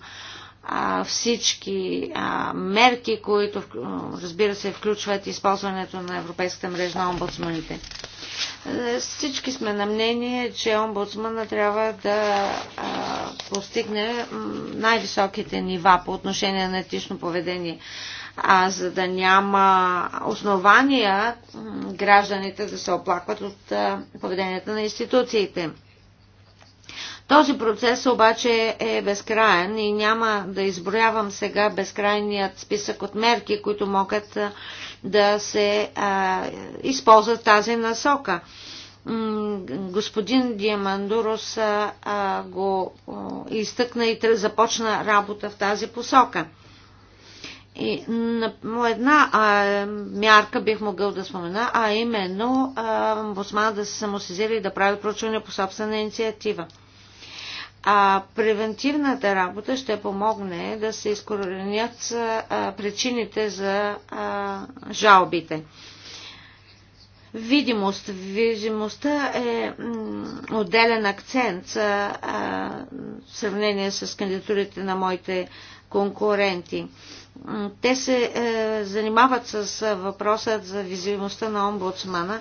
а, всички а, мерки, които разбира се включват използването на Европейската мрежа на омбудсманите. Е, всички сме на мнение, че омбудсмана трябва да а, постигне най-високите нива по отношение на етично поведение. А за да няма основания гражданите да се оплакват от поведението на институциите. Този процес обаче е безкраен и няма да изброявам сега безкрайният списък от мерки, които могат да се а, използват тази насока. Господин Диамандурос а, а, го а, изтъкна и започна работа в тази посока. И на една а, мярка бих могъл да спомена, а именно омбудсмана да се самосизира и да прави проучване по собствена инициатива. А превентивната работа ще помогне да се изкоренят причините за жалбите. Видимост. Видимостта е отделен акцент в сравнение с кандидатурите на моите конкуренти. Те се е, занимават с въпросът за визимостта на омбудсмана,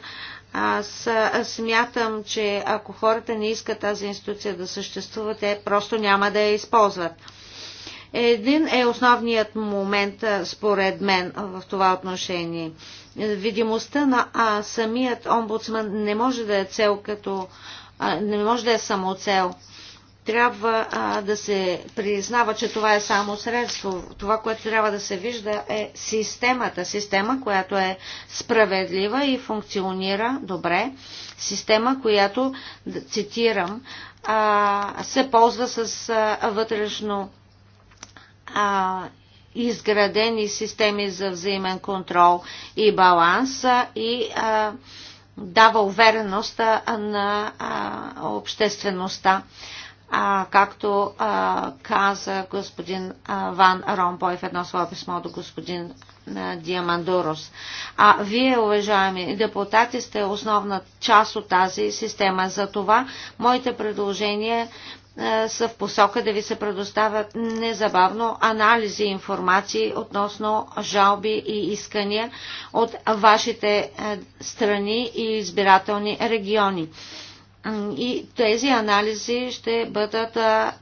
аз смятам, че ако хората не искат тази институция да съществува, те просто няма да я използват. Един е основният момент, според мен, в това отношение. Видимостта на а, самият омбудсман не може да е цел като. А, не може да е самоцел. цел трябва а, да се признава, че това е само средство. Това, което трябва да се вижда е системата. Система, която е справедлива и функционира добре. Система, която, цитирам, а, се ползва с а, вътрешно а, изградени системи за взаимен контрол и баланс и а, дава увереност на а, обществеността а, както а, каза господин а, Ван Ромпой в едно свое писмо до господин а, Диамандурос. А вие, уважаеми депутати, сте основна част от тази система. За това моите предложения са в посока да ви се предоставят незабавно анализи и информации относно жалби и искания от вашите страни и избирателни региони. И тези анализи ще бъдат а,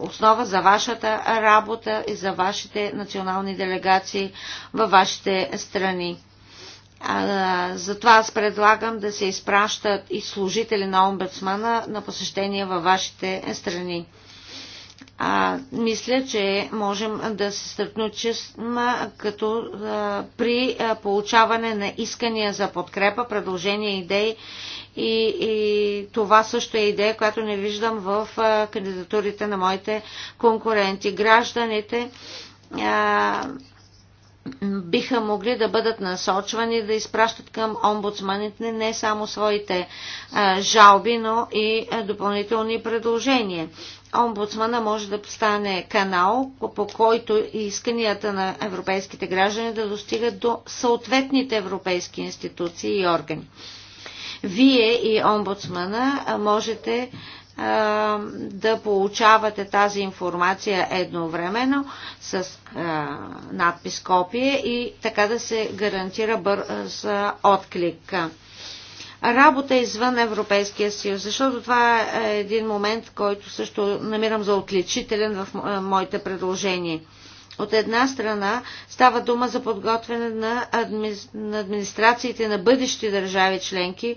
основа за вашата работа и за вашите национални делегации във вашите страни. А, затова аз предлагам да се изпращат и служители на омбудсмана на посещение във вашите страни. А, мисля, че можем да се сътрудничим като а, при а, получаване на искания за подкрепа, предложения, идеи и, и това също е идея, която не виждам в кандидатурите на моите конкуренти. Гражданите а, биха могли да бъдат насочвани да изпращат към омбудсманите не само своите а, жалби, но и а, допълнителни предложения. Омбудсмана може да стане канал, по който исканията на европейските граждани да достигат до съответните европейски институции и органи вие и омбудсмана можете да получавате тази информация едновременно с надпис копие и така да се гарантира бърз отклик работа извън Европейския съюз, защото това е един момент, който също намирам за отличителен в моите предложения. От една страна става дума за подготвяне на, адми... на администрациите на бъдещи държави членки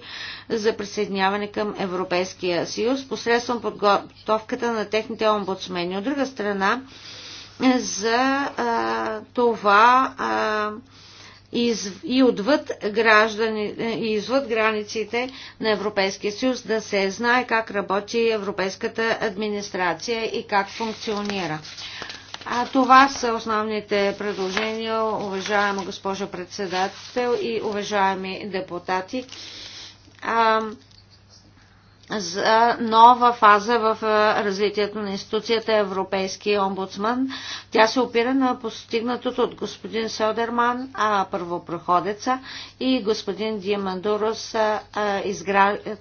за присъединяване към Европейския съюз посредством подготовката на техните омбудсмени. От друга страна е, за а, това а, из, и отвъд граждани, е, и извъд границите на Европейския съюз да се знае как работи европейската администрация и как функционира. А това са основните предложения, уважаема госпожа председател и уважаеми депутати за нова фаза в развитието на институцията Европейски омбудсман. Тя се опира на постигнатото от господин Содерман, а първопроходеца, и господин Диамандурос,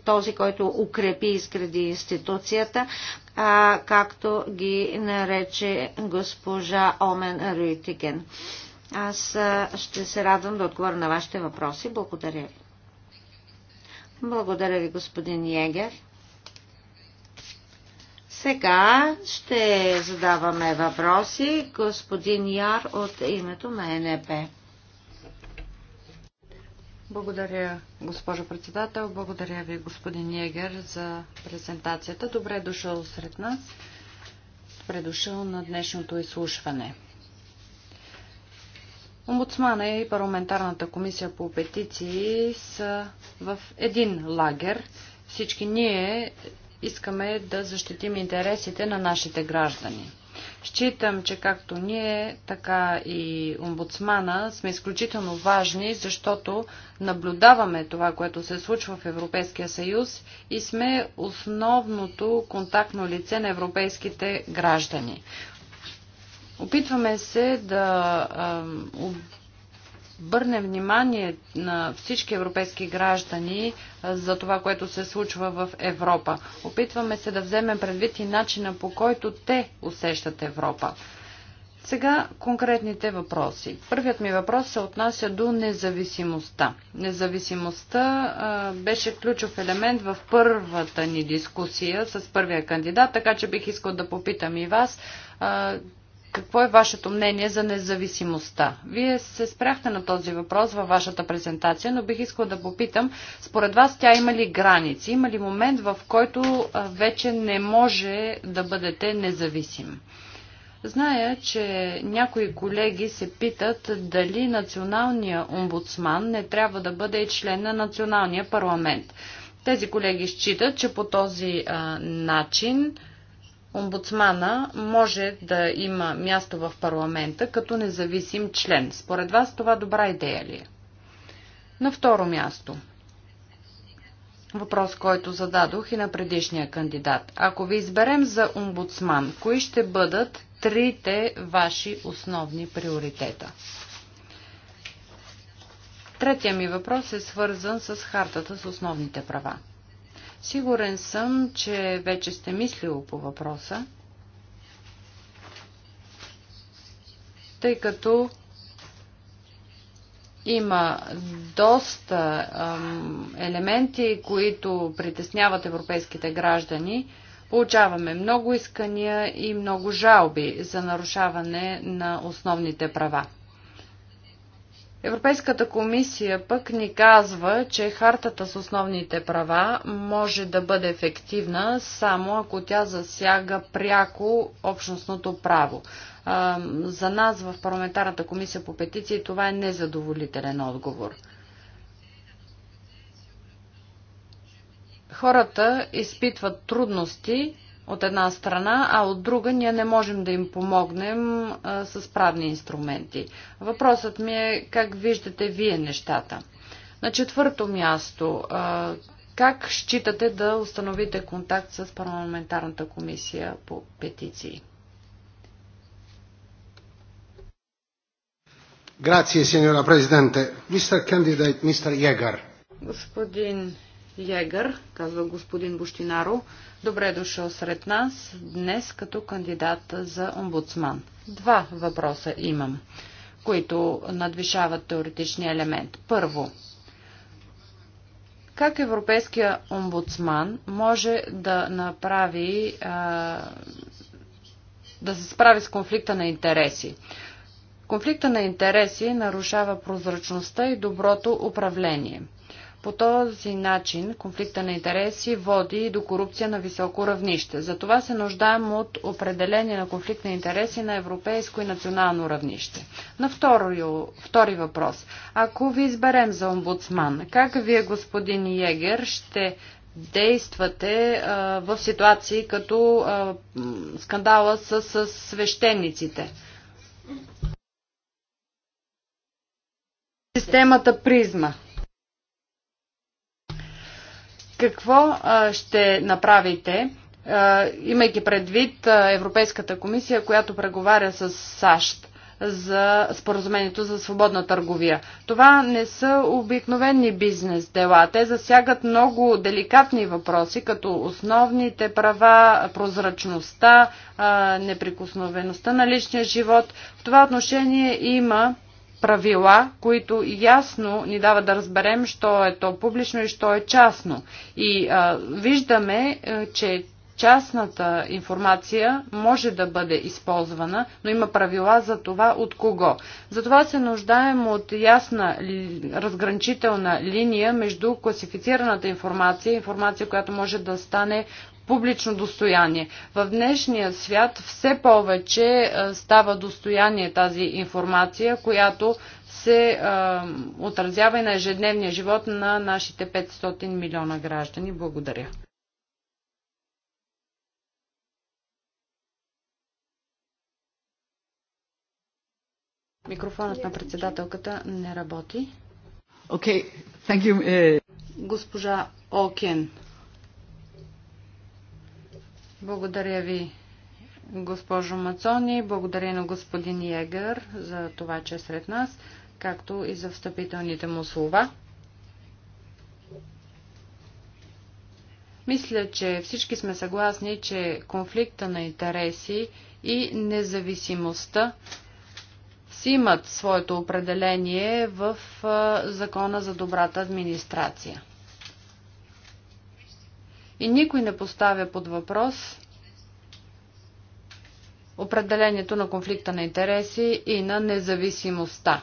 този, който укрепи и изгради институцията, както ги нарече госпожа Омен Руйтиген. Аз ще се радвам да отговоря на вашите въпроси. Благодаря ви. Благодаря ви, господин Егер. Сега ще задаваме въпроси. Господин Яр от името на НЕП. Благодаря, госпожо председател. Благодаря ви, господин Егер, за презентацията. Добре е дошъл сред нас. Добре е дошъл на днешното изслушване. Омбудсмана и парламентарната комисия по петиции са в един лагер. Всички ние искаме да защитим интересите на нашите граждани. Считам, че както ние, така и омбудсмана сме изключително важни, защото наблюдаваме това, което се случва в Европейския съюз и сме основното контактно лице на европейските граждани. Опитваме се да обърнем внимание на всички европейски граждани за това, което се случва в Европа. Опитваме се да вземем предвид и начина по който те усещат Европа. Сега конкретните въпроси. Първият ми въпрос се отнася до независимостта. Независимостта а, беше ключов елемент в първата ни дискусия с първия кандидат, така че бих искал да попитам и вас. А, какво е вашето мнение за независимостта? Вие се спряхте на този въпрос във вашата презентация, но бих искала да попитам, според вас тя има ли граници? Има ли момент, в който вече не може да бъдете независим? Зная, че някои колеги се питат дали националния омбудсман не трябва да бъде и член на националния парламент. Тези колеги считат, че по този а, начин омбудсмана може да има място в парламента като независим член. Според вас това добра идея ли е? На второ място. Въпрос, който зададох и на предишния кандидат. Ако ви изберем за омбудсман, кои ще бъдат трите ваши основни приоритета? Третия ми въпрос е свързан с хартата с основните права. Сигурен съм, че вече сте мислил по въпроса, тъй като има доста елементи, които притесняват европейските граждани. Получаваме много искания и много жалби за нарушаване на основните права. Европейската комисия пък ни казва, че хартата с основните права може да бъде ефективна само ако тя засяга пряко общностното право. За нас в парламентарната комисия по петиции това е незадоволителен отговор. Хората изпитват трудности от една страна, а от друга ние не можем да им помогнем а, с правни инструменти. Въпросът ми е как виждате вие нещата. На четвърто място, а, как считате да установите контакт с парламентарната комисия по петиции? Grazie, signora Presidente. Mr. Candidate, Mr. Jäger. Господин Йегър, казва господин Буштинаро. Добре е дошъл сред нас днес като кандидат за омбудсман. Два въпроса имам, които надвишават теоретичния елемент. Първо, как Европейския омбудсман може да направи, а, да се справи с конфликта на интереси? Конфликта на интереси нарушава прозрачността и доброто управление – по този начин конфликта на интереси води до корупция на високо равнище. Затова се нуждаем от определение на конфликт на интереси на европейско и национално равнище. На втори, втори въпрос. Ако ви изберем за омбудсман, как вие, господин Егер, ще действате а, в ситуации като а, скандала с, с свещениците? Системата призма. Какво ще направите, имайки предвид Европейската комисия, която преговаря с САЩ? за споразумението за свободна търговия. Това не са обикновени бизнес дела. Те засягат много деликатни въпроси, като основните права, прозрачността, неприкосновеността на личния живот. В това отношение има правила, които ясно ни дават да разберем, що е то публично и що е частно. И а, виждаме, а, е, че частната информация може да бъде използвана, но има правила за това от кого. Затова се нуждаем от ясна разграничителна линия между класифицираната информация, информация, която може да стане публично достояние. В днешния свят все повече е, става достояние тази информация, която се е, отразява и на ежедневния живот на нашите 500 милиона граждани. Благодаря. Микрофонът на председателката не работи. Okay, thank you. Е, Госпожа Окен. Благодаря ви, госпожо Мацони. Благодаря на господин Егър за това, че е сред нас, както и за встъпителните му слова. Мисля, че всички сме съгласни, че конфликта на интереси и независимостта си имат своето определение в Закона за добрата администрация. И никой не поставя под въпрос определението на конфликта на интереси и на независимостта.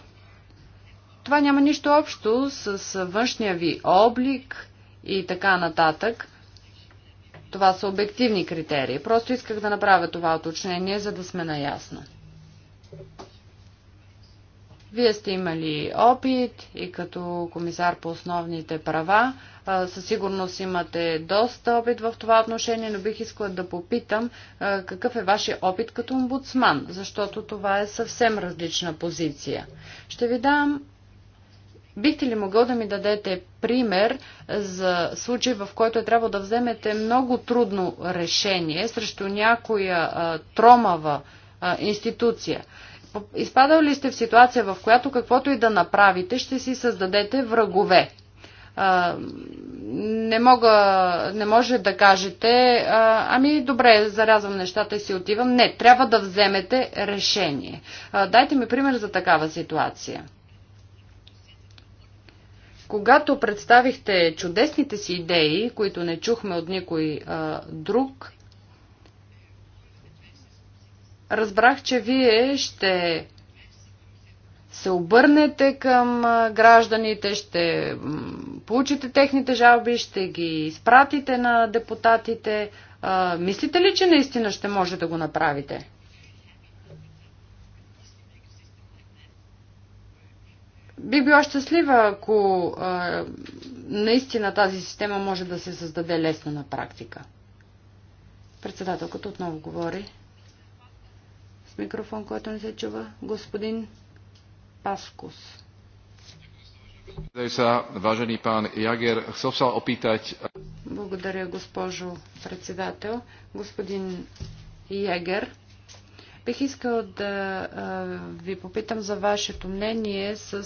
Това няма нищо общо с външния ви облик и така нататък. Това са обективни критерии. Просто исках да направя това уточнение, за да сме наясно. Вие сте имали опит и като комисар по основните права. Със сигурност имате доста опит в това отношение, но бих искала да попитам какъв е вашия опит като омбудсман, защото това е съвсем различна позиция. Ще ви дам Бихте ли могъл да ми дадете пример за случай, в който е трябвало да вземете много трудно решение срещу някоя а, тромава а, институция? Изпадали ли сте в ситуация, в която каквото и да направите, ще си създадете врагове? не, мога, не може да кажете, а, ами добре, зарязвам нещата и си отивам. Не, трябва да вземете решение. А, дайте ми пример за такава ситуация. Когато представихте чудесните си идеи, които не чухме от никой а, друг, разбрах, че вие ще се обърнете към гражданите, ще получите техните жалби, ще ги изпратите на депутатите. А, мислите ли, че наистина ще може да го направите? би била щастлива, ако а, наистина тази система може да се създаде лесно на практика. Председателката отново говори с микрофон, който не се чува. Господин Паскус. Благодаря, госпожо председател. Господин Ягер, бих искал да ви попитам за вашето мнение с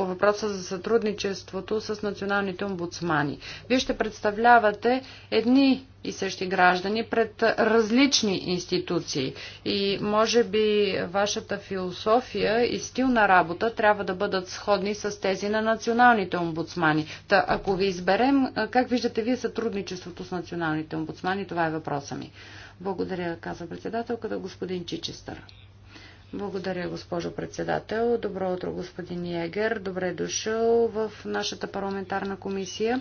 по въпроса за сътрудничеството с националните омбудсмани. Вие ще представлявате едни и същи граждани пред различни институции и може би вашата философия и стил на работа трябва да бъдат сходни с тези на националните омбудсмани. Та, ако ви изберем, как виждате вие сътрудничеството с националните омбудсмани? Това е въпроса ми. Благодаря, каза председателката господин Чичестър. Благодаря, госпожо председател. Добро утро, господин Егер. Добре е дошъл в нашата парламентарна комисия.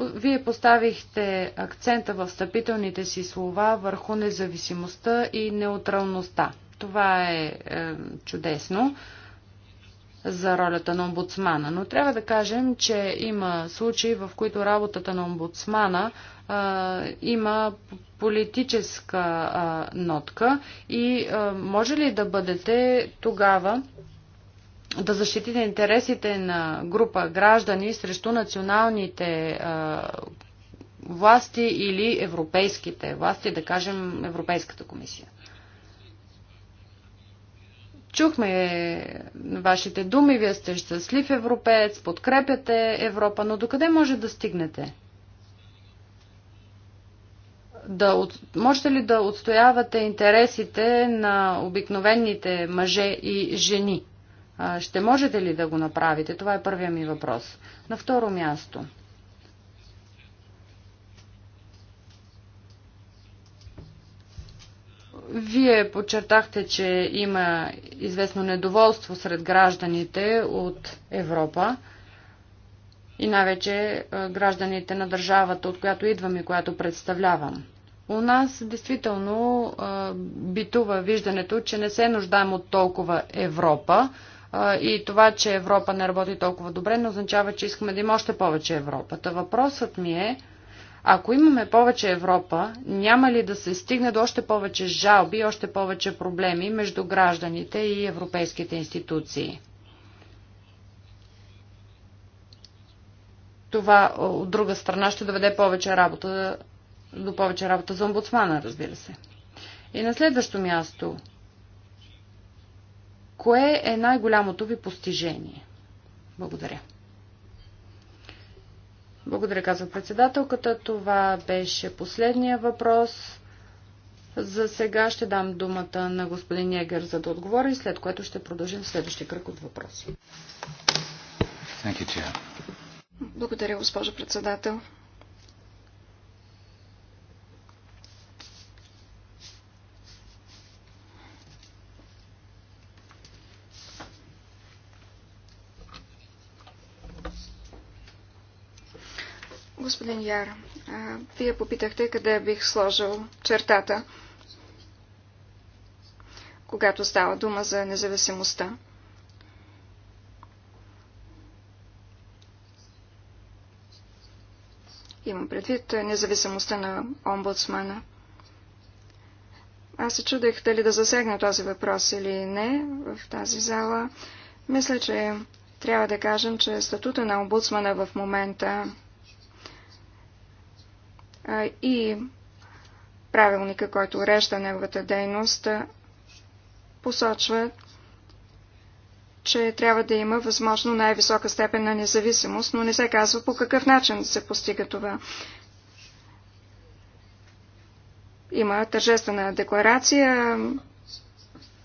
Вие поставихте акцента в стъпителните си слова върху независимостта и неутралността. Това е, е чудесно за ролята на омбудсмана. Но трябва да кажем, че има случаи, в които работата на омбудсмана а, има политическа а, нотка и а, може ли да бъдете тогава да защитите интересите на група граждани срещу националните а, власти или европейските власти, да кажем Европейската комисия? Чухме вашите думи, вие сте щастлив европеец, подкрепяте Европа, но докъде може да стигнете? да, от... можете ли да отстоявате интересите на обикновените мъже и жени? Ще можете ли да го направите? Това е първия ми въпрос. На второ място. Вие подчертахте, че има известно недоволство сред гражданите от Европа и най-вече е, гражданите на държавата, от която идвам и която представлявам. У нас действително е, битува виждането, че не се нуждаем от толкова Европа е, и това, че Европа не работи толкова добре, не означава, че искаме да има още повече Европа. Та въпросът ми е, ако имаме повече Европа, няма ли да се стигне до още повече жалби, още повече проблеми между гражданите и европейските институции? Това от друга страна ще доведе повече работа, до повече работа за омбудсмана, разбира се. И на следващо място, кое е най-голямото ви постижение? Благодаря. Благодаря, казва председателката. Това беше последния въпрос. За сега ще дам думата на господин Егер за да отговори, след което ще продължим следващия кръг от въпроси. Благодаря, госпожо председател. Господин Яр, вие попитахте къде бих сложил чертата, когато става дума за независимостта. Имам предвид независимостта на омбудсмана. Аз се чудех дали да засегна този въпрос или не в тази зала. Мисля, че трябва да кажем, че статута на омбудсмана в момента и правилника, който урежда неговата дейност, посочва, че трябва да има възможно най-висока степен на независимост, но не се казва по какъв начин се постига това. Има тържествена декларация,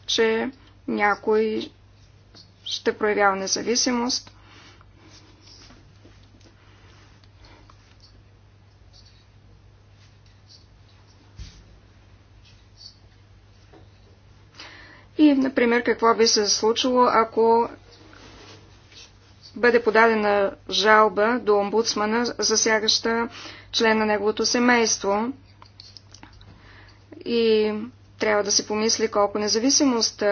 че някой ще проявява независимост – И, например, какво би се случило, ако бъде подадена жалба до омбудсмана, засягаща член на неговото семейство. И трябва да се помисли колко независимост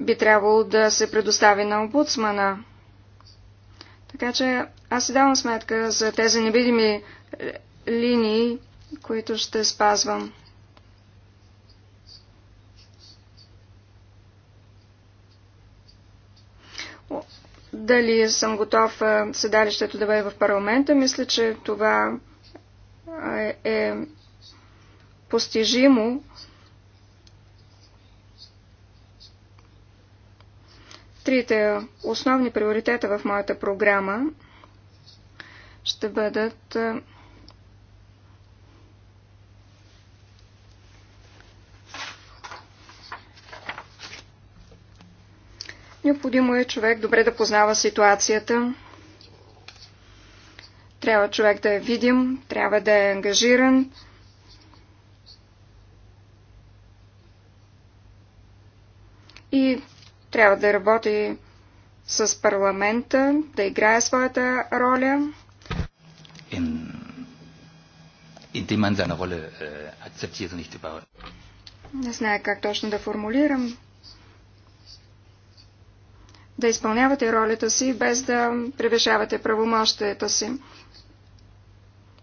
би трябвало да се предостави на омбудсмана. Така че аз си давам сметка за тези невидими е, линии, които ще спазвам. дали съм готов седалището да бъде в парламента. Мисля, че това е постижимо. Трите основни приоритета в моята програма ще бъдат Необходимо е човек добре да познава ситуацията. Трябва човек да е видим, трябва да е ангажиран. И трябва да работи с парламента, да играе своята роля. In, in man seine Rolle äh, nicht Не знае как точно да формулирам да изпълнявате ролята си, без да превишавате правомощията си.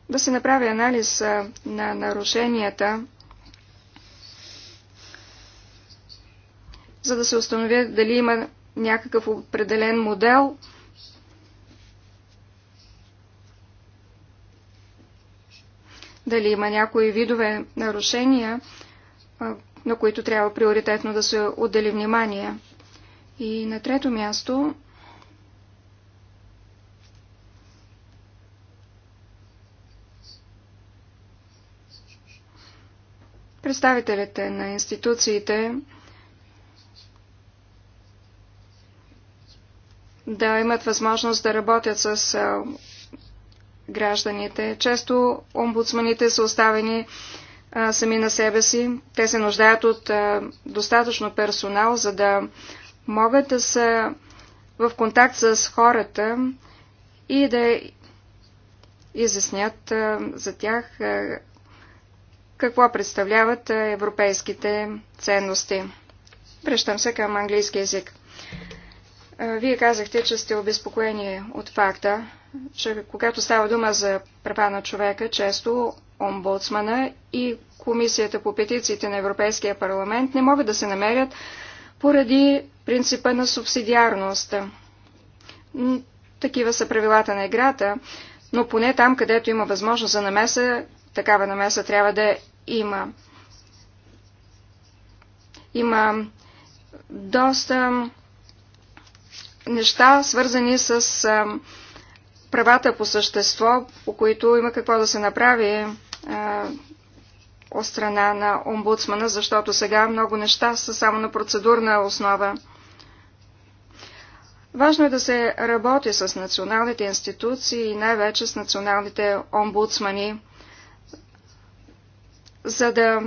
Да се направи анализ на нарушенията, за да се установи дали има някакъв определен модел, дали има някои видове нарушения, на които трябва приоритетно да се отдели внимание. И на трето място представителите на институциите да имат възможност да работят с гражданите. Често омбудсманите са оставени сами на себе си. Те се нуждаят от достатъчно персонал, за да могат да са в контакт с хората и да изяснят за тях какво представляват европейските ценности. Връщам се към английски язик. Вие казахте, че сте обезпокоени от факта, че когато става дума за права на човека, често омбудсмана и Комисията по петициите на Европейския парламент не могат да се намерят поради принципа на субсидиарността. Такива са правилата на играта, но поне там, където има възможност за намеса, такава намеса трябва да има. Има доста неща, свързани с правата по същество, по които има какво да се направи от страна на омбудсмана, защото сега много неща са само на процедурна основа. Важно е да се работи с националните институции и най-вече с националните омбудсмани, за да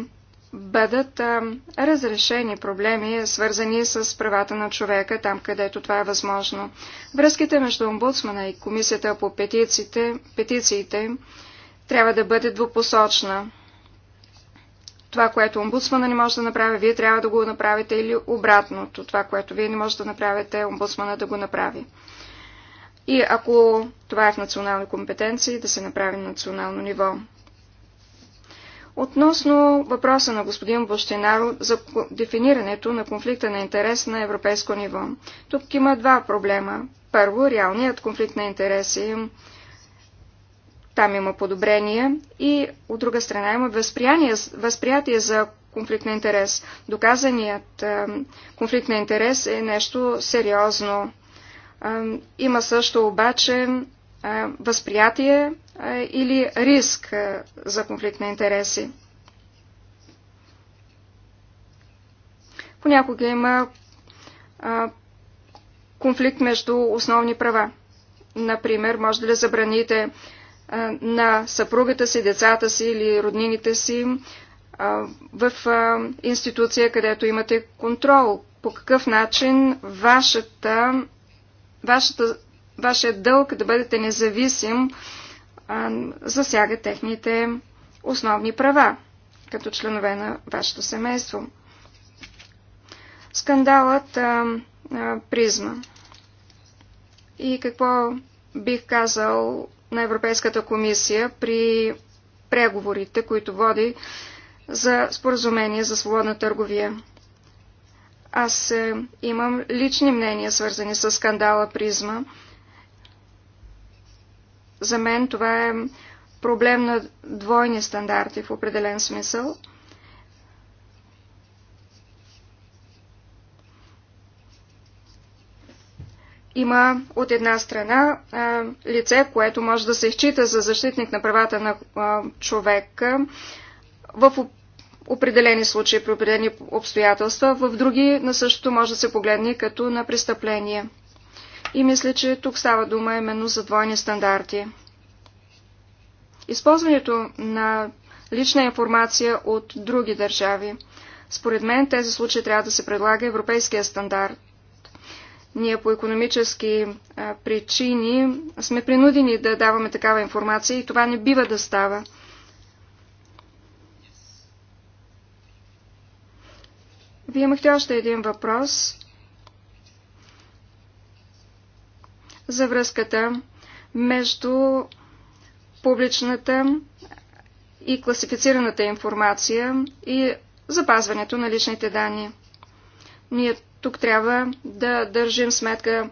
бъдат а, разрешени проблеми, свързани с правата на човека, там където това е възможно. Връзките между омбудсмана и комисията по петициите, петициите трябва да бъде двупосочна това, което омбудсмана не може да направи, вие трябва да го направите или обратното, това, което вие не можете да направите, омбудсмана да го направи. И ако това е в национални компетенции, да се направи на национално ниво. Относно въпроса на господин Бощинаро за дефинирането на конфликта на интерес на европейско ниво. Тук има два проблема. Първо, реалният конфликт на интереси там има подобрения и от друга страна има възприятие, възприятие за конфликт на интерес. Доказаният конфликт на интерес е нещо сериозно. Има също обаче възприятие или риск за конфликт на интереси. Понякога има конфликт между основни права. Например, може да забраните на съпругата си, децата си или роднините си в институция, където имате контрол. По какъв начин вашата, вашата, вашия дълг да бъдете независим засяга техните основни права като членове на вашето семейство. Скандалът а, а, призма. И какво бих казал на Европейската комисия при преговорите, които води за споразумение за свободна търговия. Аз е, имам лични мнения, свързани с скандала Призма. За мен това е проблем на двойни стандарти в определен смисъл – Има от една страна лице, което може да се изчита за защитник на правата на човека в определени случаи, при определени обстоятелства, в други на същото може да се погледне като на престъпление. И мисля, че тук става дума именно за двойни стандарти. Използването на лична информация от други държави. Според мен тези случаи трябва да се предлага европейския стандарт. Ние по економически причини сме принудени да даваме такава информация и това не бива да става. Вие имахте още един въпрос за връзката между публичната и класифицираната информация и запазването на личните данни. Ние тук трябва да държим сметка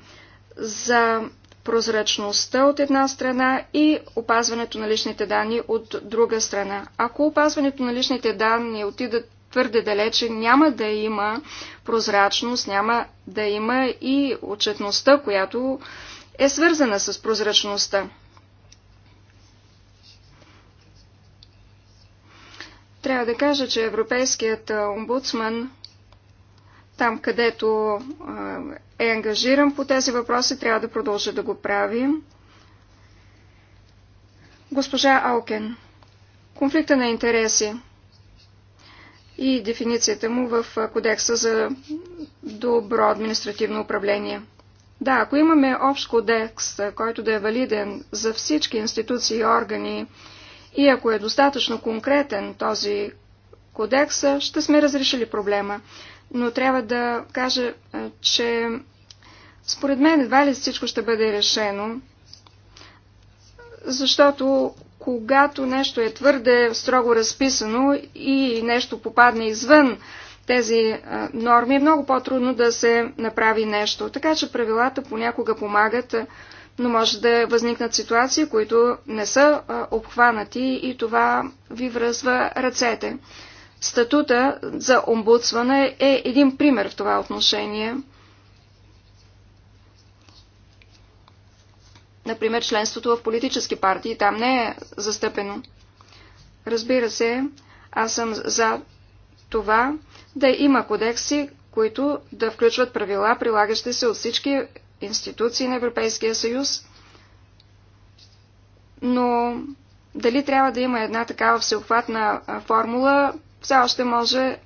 за прозрачността от една страна и опазването на личните данни от друга страна. Ако опазването на личните данни отидат твърде далече, няма да има прозрачност, няма да има и отчетността, която е свързана с прозрачността. Трябва да кажа, че Европейският омбудсман там, където е ангажиран по тези въпроси, трябва да продължа да го правим. Госпожа Алкен, конфликта на интереси и дефиницията му в Кодекса за добро административно управление. Да, ако имаме общ кодекс, който да е валиден за всички институции и органи, и ако е достатъчно конкретен този кодекс, ще сме разрешили проблема но трябва да кажа, че според мен едва ли всичко ще бъде решено, защото когато нещо е твърде строго разписано и нещо попадне извън тези норми, е много по-трудно да се направи нещо. Така че правилата понякога помагат, но може да възникнат ситуации, които не са обхванати и това ви връзва ръцете. Статута за омбудсване е един пример в това отношение. Например, членството в политически партии там не е застъпено. Разбира се, аз съм за това да има кодекси, които да включват правила, прилагащи се от всички институции на Европейския съюз. Но дали трябва да има една такава всеобхватна формула, все още може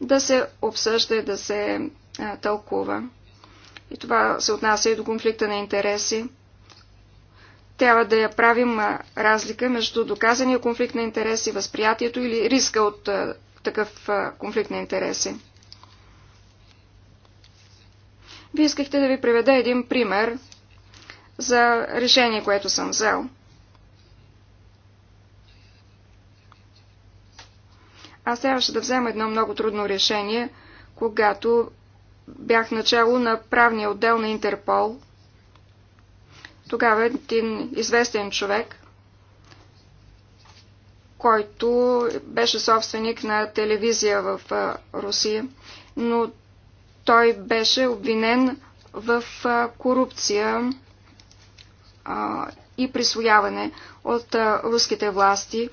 да се обсъжда и да се а, тълкува. И това се отнася и до конфликта на интереси. Трябва да я правим а, разлика между доказания конфликт на интереси, възприятието или риска от а, такъв а, конфликт на интереси. Вие искахте да ви приведа един пример за решение, което съм взел. Аз трябваше да взема едно много трудно решение, когато бях начало на правния отдел на Интерпол. Тогава един известен човек, който беше собственик на телевизия в Русия, но той беше обвинен в корупция и присвояване от руските власти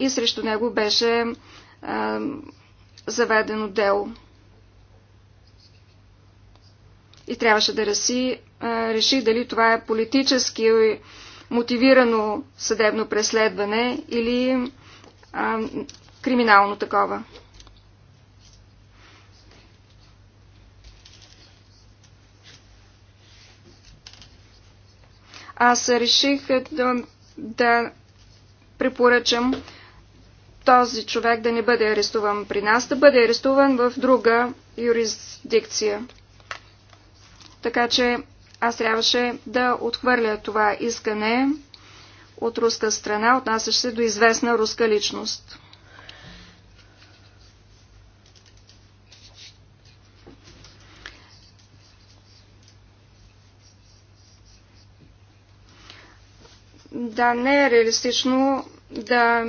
и срещу него беше заведено дело. И трябваше да реши, реши дали това е политически мотивирано съдебно преследване или а, криминално такова. Аз реших да, да препоръчам този човек да не бъде арестуван при нас, да бъде арестуван в друга юрисдикция. Така че аз трябваше да отхвърля това искане от руска страна, отнасящ се до известна руска личност. да не е реалистично да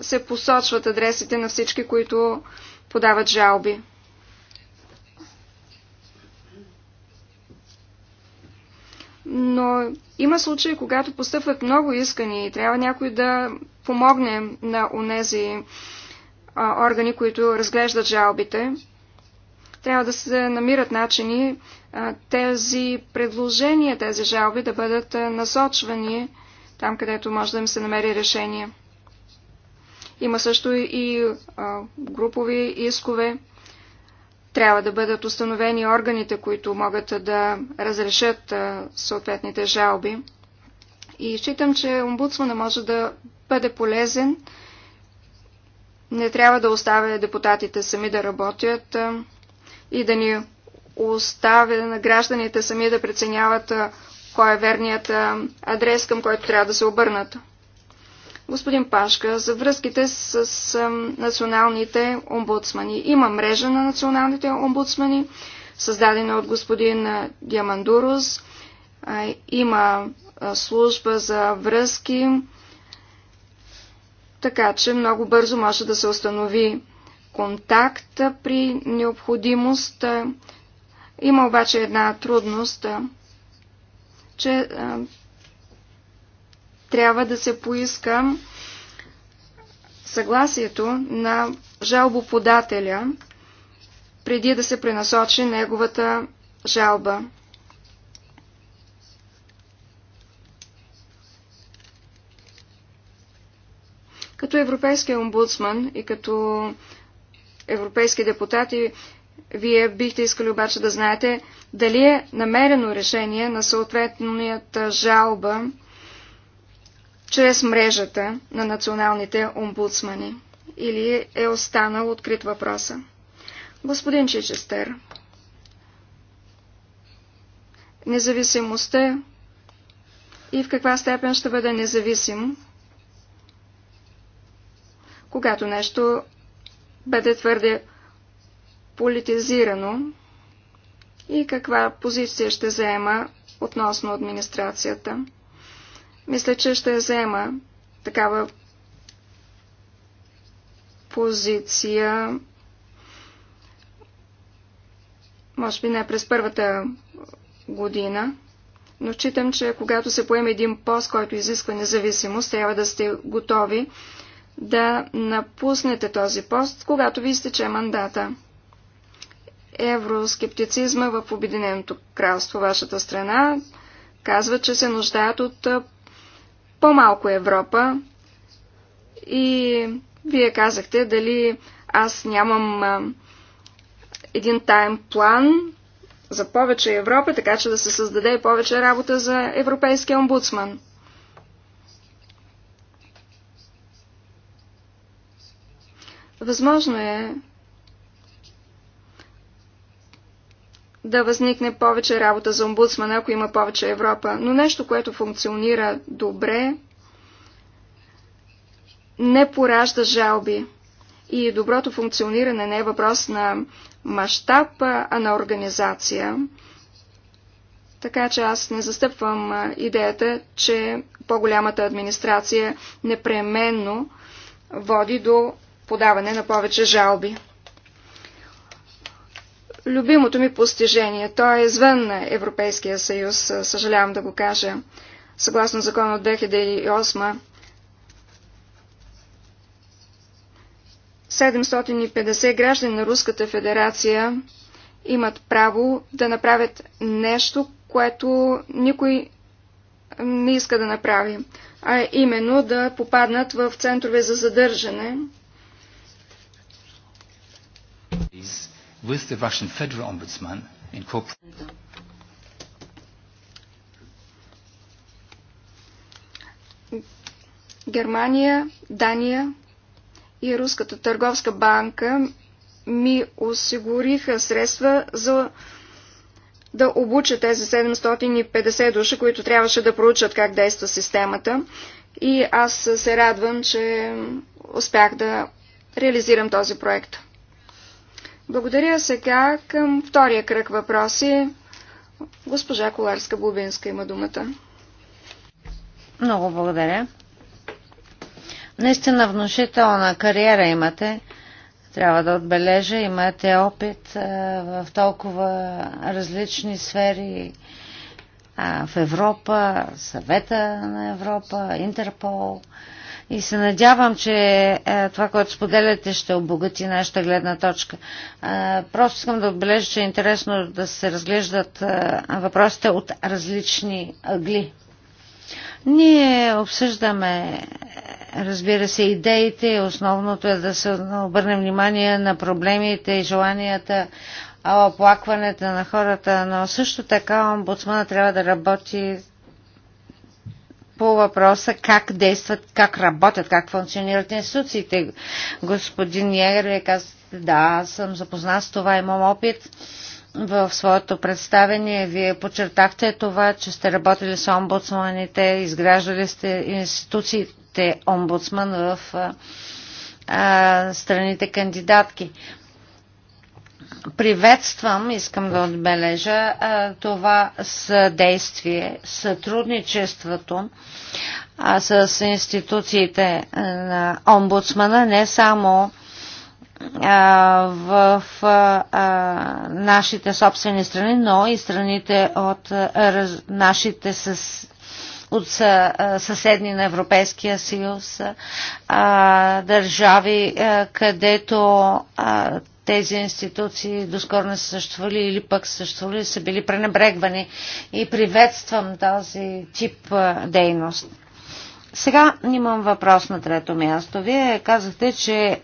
се посочват адресите на всички, които подават жалби. Но има случаи, когато постъпват много искани и трябва някой да помогне на онези а, органи, които разглеждат жалбите. Трябва да се намират начини а, тези предложения, тези жалби да бъдат а, насочвани там където може да им се намери решение. Има също и групови искове. Трябва да бъдат установени органите, които могат да разрешат съответните жалби. И считам, че омбудсмана може да бъде полезен. Не трябва да оставя депутатите сами да работят и да ни оставя на гражданите сами да преценяват кой е верният адрес, към който трябва да се обърнат. Господин Пашка, за връзките с, с националните омбудсмани. Има мрежа на националните омбудсмани, създадена от господин Диамандурус. Има служба за връзки, така че много бързо може да се установи контакт при необходимост. Има обаче една трудност – че а, е, трябва да се поиска съгласието на жалбоподателя преди да се пренасочи неговата жалба. Като европейски омбудсман и като европейски депутати вие бихте искали обаче да знаете дали е намерено решение на съответната жалба чрез мрежата на националните омбудсмани или е останал открит въпроса. Господин Чичестер, независимостта и в каква степен ще бъде независим, когато нещо бъде твърде политизирано и каква позиция ще заема относно администрацията. Мисля, че ще заема такава позиция, може би не през първата година, но считам, че когато се поеме един пост, който изисква независимост, трябва да сте готови да напуснете този пост, когато ви изтече мандата евроскептицизма в Обединеното кралство, вашата страна, казва, че се нуждаят от по-малко Европа. И вие казахте дали аз нямам един тайм план за повече Европа, така че да се създаде повече работа за Европейския омбудсман. Възможно е да възникне повече работа за омбудсмана, ако има повече Европа. Но нещо, което функционира добре, не поражда жалби. И доброто функциониране не е въпрос на мащаб, а на организация. Така че аз не застъпвам идеята, че по-голямата администрация непременно води до подаване на повече жалби любимото ми постижение. То е извън Европейския съюз, съжалявам да го кажа. Съгласно закона от 2008, 750 граждани на Руската федерация имат право да направят нещо, което никой не иска да направи, а именно да попаднат в центрове за задържане, with the Russian Federal Ombudsman in cooperation. Германия, Дания и Руската търговска банка ми осигуриха средства за да обуча тези 750 души, които трябваше да проучат как действа системата. И аз се радвам, че успях да реализирам този проект. Благодаря сега към втория кръг въпроси. Госпожа Коларска-Бубинска има думата. Много благодаря. Наистина внушителна кариера имате. Трябва да отбележа, имате опит в толкова различни сфери в Европа, Съвета на Европа, Интерпол. И се надявам, че е, това, което споделяте, ще обогати нашата гледна точка. Е, просто искам да отбележа, че е интересно да се разглеждат е, въпросите от различни ъгли. Ние обсъждаме, разбира се, идеите. Основното е да се обърнем внимание на проблемите и желанията оплакването на хората, но също така омбудсмана трябва да работи по въпроса как действат, как работят, как функционират институциите. Господин Ягер каза, да, съм запознат с това, имам опит. В своето представение вие подчертахте това, че сте работили с омбудсманите, изграждали сте институциите омбудсман в а, страните кандидатки. Приветствам, искам да отбележа това съдействие, сътрудничеството с институциите на омбудсмана, не само в нашите собствени страни, но и страните от нашите със от съседни на Европейския съюз, държави, където тези институции доскоро не са съществували или пък са съществували, са били пренебрегвани и приветствам този тип дейност. Сега имам въпрос на трето място. Вие казахте, че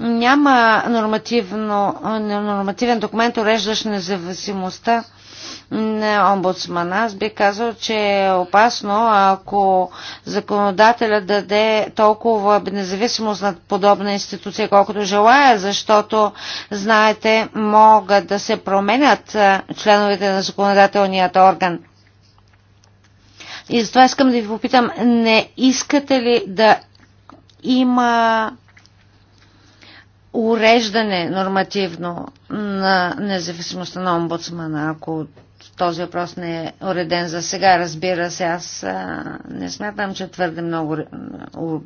няма нормативно, нормативен документ, уреждащ независимостта на омбудсмана. Аз би казал, че е опасно, ако законодателя даде толкова независимост на подобна институция, колкото желая, защото, знаете, могат да се променят членовете на законодателният орган. И затова искам да ви попитам, не искате ли да има уреждане нормативно на независимостта на омбудсмана, ако този въпрос не е уреден за сега. Разбира се, аз а, не смятам, че твърде много у,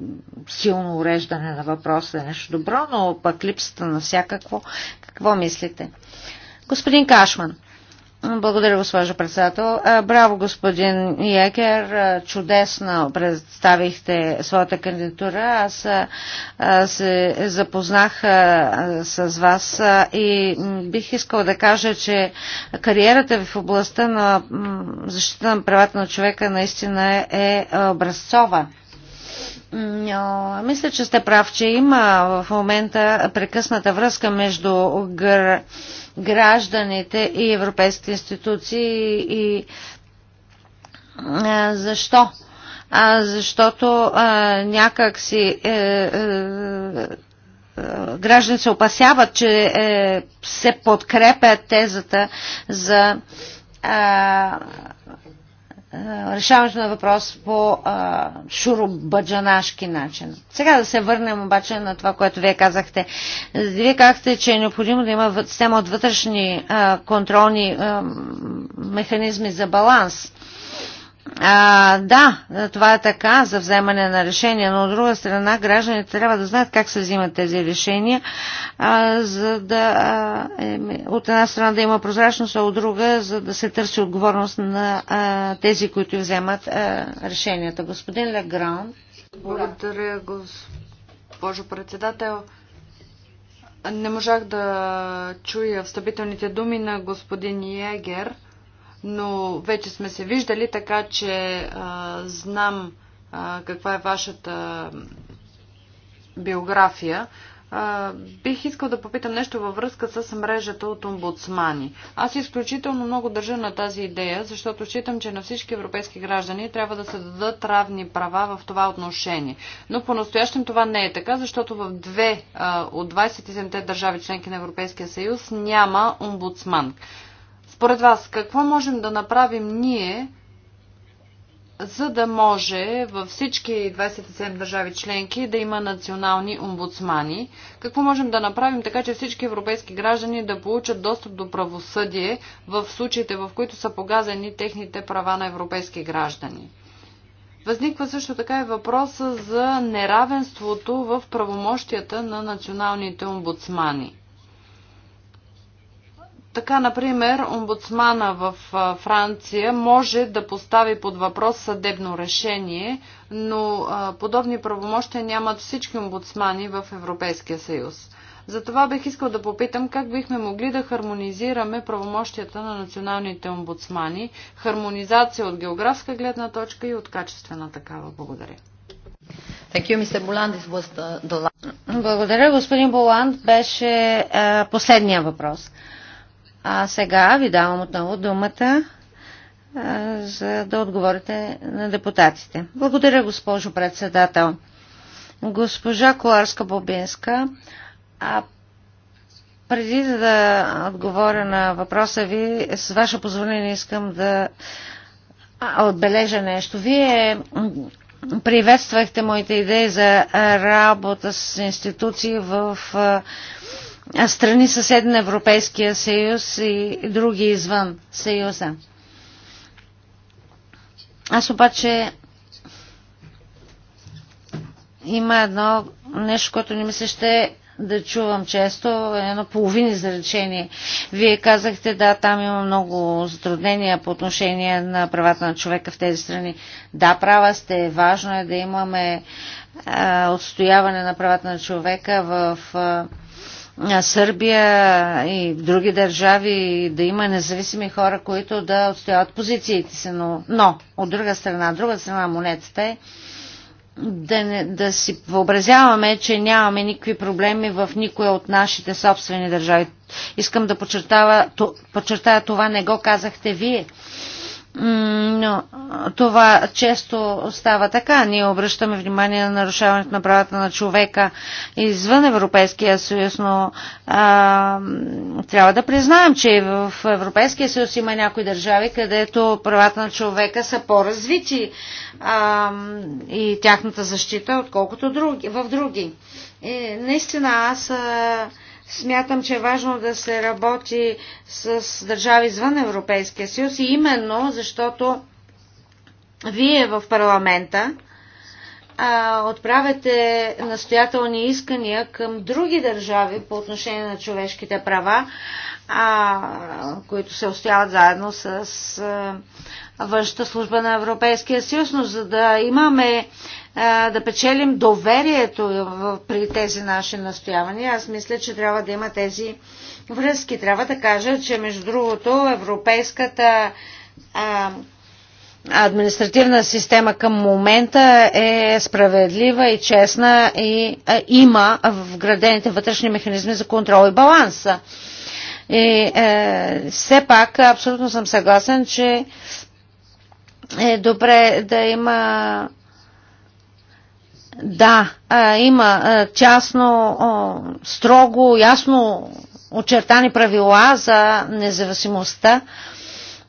силно уреждане на въпроса е нещо добро, но пък липсата на всякакво. Какво мислите? Господин Кашман, благодаря, госпожо председател. Браво, господин Якер. Чудесно представихте своята кандидатура. Аз се запознах с вас и бих искал да кажа, че кариерата ви в областта на защита на правата на човека наистина е, е образцова. Но, мисля, че сте прав, че има в момента прекъсната връзка между гър гражданите и европейските институции и а, защо? А, защото а, някак си е, е, е граждани се опасяват, че е, се подкрепят тезата за а, решаването на въпрос по шуробаджанашки шурубаджанашки начин. Сега да се върнем обаче на това, което вие казахте. Вие казахте, че е необходимо да има система от вътрешни а, контролни а, механизми за баланс. А, да, това е така за вземане на решения, но от друга страна гражданите трябва да знаят как се взимат тези решения, а, за да а, е, от една страна да има прозрачност, а от друга за да се търси отговорност на а, тези, които вземат а, решенията. Господин Легран. Благодаря, госпожо председател. Не можах да чуя встъпителните думи на господин Егер но вече сме се виждали, така че а, знам а, каква е вашата биография. А, бих искал да попитам нещо във връзка с мрежата от омбудсмани. Аз изключително много държа на тази идея, защото считам, че на всички европейски граждани трябва да се дадат равни права в това отношение. Но по-настоящем това не е така, защото в две а, от 27-те държави членки на Европейския съюз няма омбудсман. Според вас, какво можем да направим ние, за да може във всички 27 държави членки да има национални омбудсмани? Какво можем да направим така, че всички европейски граждани да получат достъп до правосъдие в случаите, в които са погазени техните права на европейски граждани? Възниква също така и въпроса за неравенството в правомощията на националните омбудсмани. Така, например, омбудсмана в Франция може да постави под въпрос съдебно решение, но подобни правомощия нямат всички омбудсмани в Европейския съюз. Затова бих искал да попитам как бихме могли да хармонизираме правомощията на националните омбудсмани, хармонизация от географска гледна точка и от качествена такава. Благодаря. Благодаря, господин Боланд. Беше е, последния въпрос. А сега ви давам отново думата, а, за да отговорите на депутатите. Благодаря, госпожо председател. Госпожа Коларска-Бобинска, а преди да отговоря на въпроса ви, с ваше позволение искам да отбележа нещо. Вие приветствахте моите идеи за работа с институции в страни съседни на Европейския съюз и други извън съюза. Аз обаче има едно нещо, което не ми се ще да чувам често, едно половин изречение. Вие казахте, да, там има много затруднения по отношение на правата на човека в тези страни. Да, права сте, важно е да имаме а, отстояване на правата на човека в а, Сърбия и в други държави да има независими хора, които да отстояват позициите си. Но, но от друга страна, друга страна монетата е да, не, да си въобразяваме, че нямаме никакви проблеми в никоя от нашите собствени държави. Искам да подчертая, подчертая това, не го казахте вие. Но това често става така. Ние обръщаме внимание на нарушаването на правата на човека извън Европейския съюз, но а, трябва да признаем, че в Европейския съюз има някои държави, където правата на човека са по-развити и тяхната защита, отколкото други, в други. И, наистина аз. А, Смятам, че е важно да се работи с държави извън Европейския съюз и именно защото вие в парламента а, отправяте настоятелни искания към други държави по отношение на човешките права, а, които се устояват заедно с а, външната служба на Европейския съюз, но за да имаме да печелим доверието при тези наши настоявания, аз мисля, че трябва да има тези връзки. Трябва да кажа, че между другото европейската административна система към момента е справедлива и честна и има вградените вътрешни механизми за контрол и баланса. И е, все пак абсолютно съм съгласен, че е добре да има да, е, има е, частно, строго, ясно очертани правила за независимостта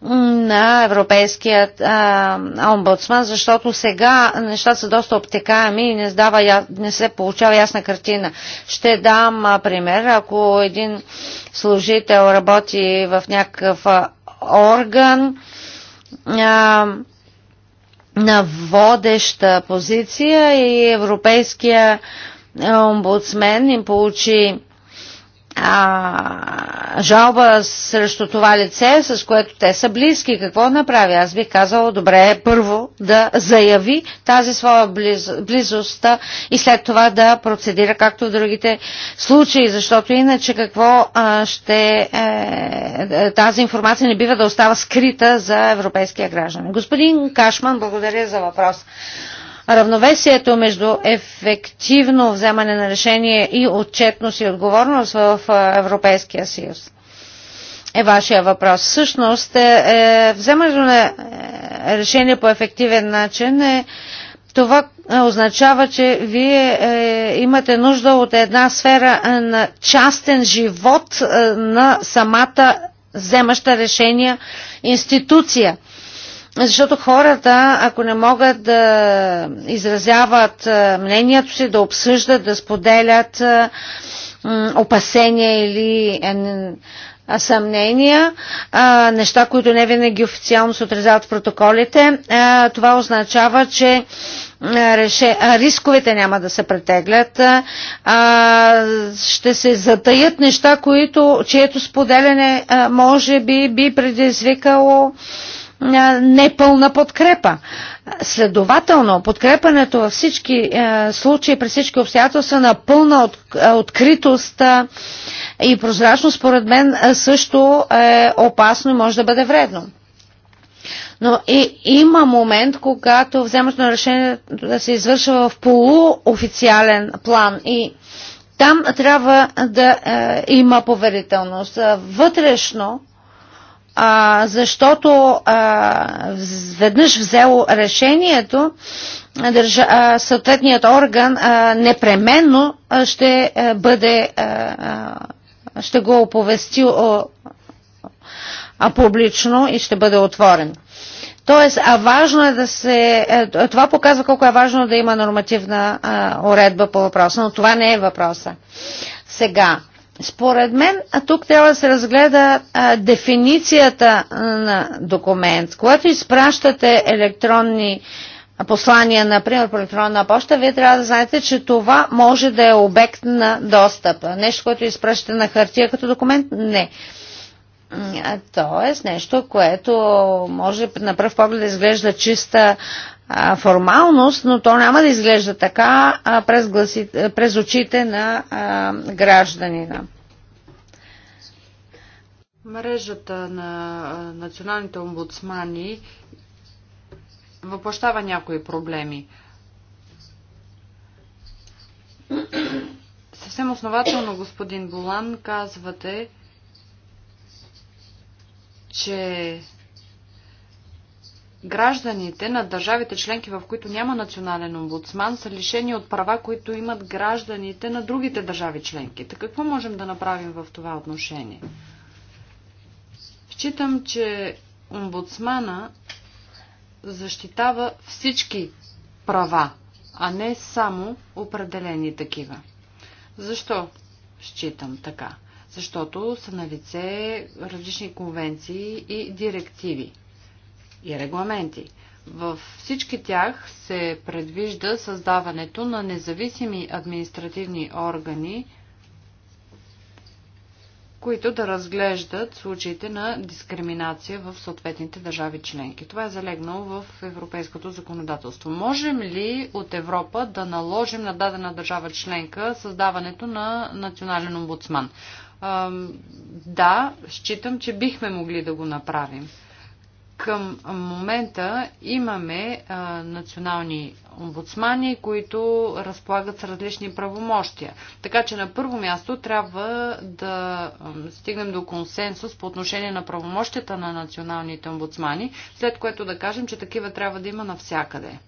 на Европейският а, е, омбудсман, защото сега нещата са доста обтекаеми и не, сдава, не се получава ясна картина. Ще дам а, пример. Ако един служител работи в някакъв а, орган, а, на водеща позиция и Европейския е, омбудсмен им получи а, жалба срещу това лице, с което те са близки. Какво направи? Аз бих казала, добре, е първо да заяви тази своя близ, близост и след това да процедира както в другите случаи, защото иначе какво а, ще... Е, е тази информация не бива да остава скрита за европейския граждан. Господин Кашман, благодаря за въпрос равновесието между ефективно вземане на решение и отчетност и отговорност в Европейския съюз е вашия въпрос. Всъщност, е, е, вземането на е, решение по ефективен начин е това е, означава, че вие е, имате нужда от една сфера е, на частен живот е, на самата вземаща решения институция. Защото хората, ако не могат да изразяват мнението си, да обсъждат, да споделят опасения или е, съмнения, неща, които не винаги официално се отрезават в протоколите, това означава, че рисковете няма да се претеглят, ще се затаят неща, които, чието споделяне може би би предизвикало непълна подкрепа. Следователно, подкрепането във всички е, случаи, при всички обстоятелства на пълна е, откритост е, и прозрачност, според мен, също е опасно и може да бъде вредно. Но и, има момент, когато вземането на решение да се извършва в полуофициален план и там трябва да е, има поверителност. Вътрешно а, защото а, веднъж взело решението, държа, а, съответният орган а, непременно ще а, бъде а, ще го оповести а, публично и ще бъде отворен. Тоест, а важно е да се... Е, това показва колко е важно да има нормативна а, уредба по въпроса, но това не е въпроса. Сега, според мен, а тук трябва да се разгледа а, дефиницията на документ. Когато изпращате електронни послания, например, по електронна почта, вие трябва да знаете, че това може да е обект на достъп. Нещо, което изпращате на хартия като документ, не. Тоест, нещо, което може на пръв поглед да изглежда чиста формалност, но то няма да изглежда така а, през, гласи, през очите на а, гражданина. Мрежата на националните омбудсмани въплащава някои проблеми. Съвсем основателно, господин Болан, казвате, че гражданите на държавите членки, в които няма национален омбудсман, са лишени от права, които имат гражданите на другите държави членки. Така какво можем да направим в това отношение? Считам, че омбудсмана защитава всички права, а не само определени такива. Защо считам така? Защото са на лице различни конвенции и директиви – и регламенти. Във всички тях се предвижда създаването на независими административни органи, които да разглеждат случаите на дискриминация в съответните държави членки. Това е залегнало в европейското законодателство. Можем ли от Европа да наложим на дадена държава членка създаването на национален омбудсман? Да, считам, че бихме могли да го направим към момента имаме а, национални омбудсмани, които разполагат с различни правомощия. Така че на първо място трябва да стигнем до консенсус по отношение на правомощията на националните омбудсмани, след което да кажем, че такива трябва да има навсякъде.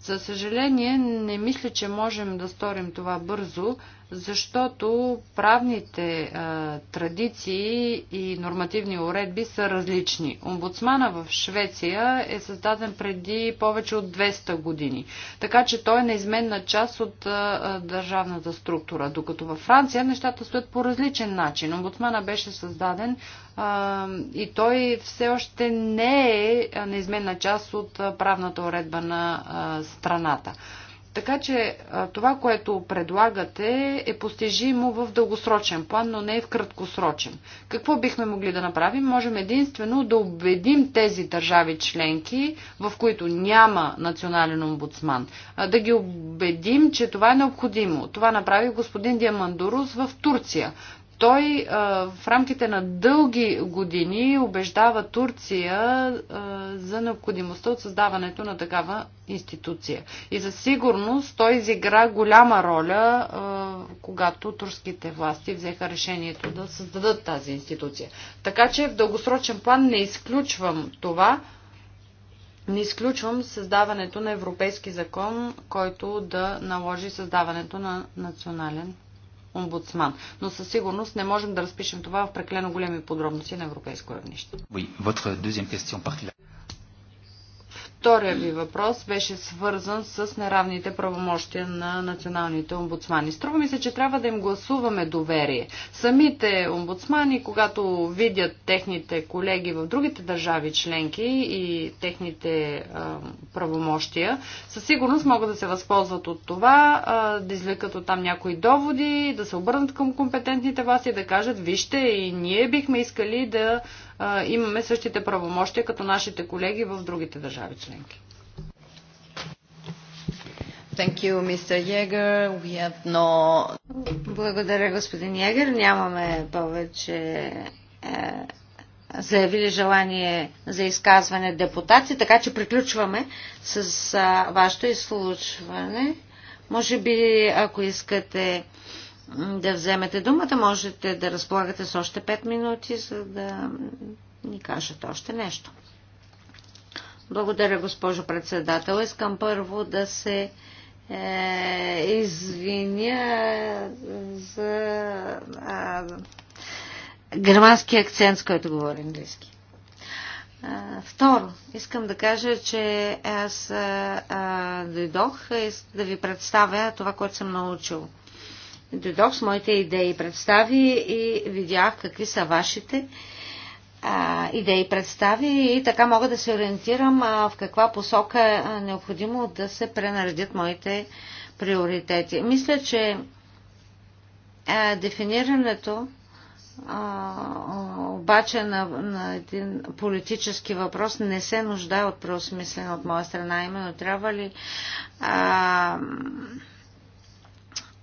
За съжаление, не мисля, че можем да сторим това бързо, защото правните а, традиции и нормативни уредби са различни. Омбудсмана в Швеция е създаден преди повече от 200 години, така че той е неизменна част от а, а, държавната структура, докато във Франция нещата стоят по различен начин. Омбудсмана беше създаден а, и той все още не е неизменна част от правната уредба на а, страната. Така че това, което предлагате, е постижимо в дългосрочен план, но не и в краткосрочен. Какво бихме могли да направим? Можем единствено да убедим тези държави членки, в които няма национален омбудсман, да ги убедим, че това е необходимо. Това направи господин Диамандурус в Турция той в рамките на дълги години убеждава Турция за необходимостта от създаването на такава институция. И за сигурност той изигра голяма роля, когато турските власти взеха решението да създадат тази институция. Така че в дългосрочен план не изключвам това, не изключвам създаването на европейски закон, който да наложи създаването на национален омбудсман. Но със сигурност не можем да разпишем това в преклено големи подробности на европейско равнище. Oui, votre deuxième question partie Втория ви въпрос беше свързан с неравните правомощия на националните омбудсмани. Струва ми се, че трябва да им гласуваме доверие. Самите омбудсмани, когато видят техните колеги в другите държави членки и техните а, правомощия, със сигурност могат да се възползват от това, а, да излекат от там някои доводи, да се обърнат към компетентните власти и да кажат, вижте, и ние бихме искали да имаме същите правомощия като нашите колеги в другите държави членки. You, no... Благодаря, господин Ягер. Нямаме повече е, заявили желание за изказване депутати, така че приключваме с а, вашето изслушване. Може би, ако искате да вземете думата. Можете да разполагате с още 5 минути, за да ни кажете още нещо. Благодаря, госпожо председател. Искам първо да се е, извиня за е, германски акцент, с който говоря английски. второ, искам да кажа, че аз а, дойдох е, да ви представя това, което съм научил дойдох с моите идеи, представи и видях какви са вашите а, идеи, представи и така мога да се ориентирам а, в каква посока е необходимо да се пренаредят моите приоритети. Мисля, че а, дефинирането а, обаче на, на един политически въпрос не се нуждае от преосмислен от моя страна. Именно трябва ли а,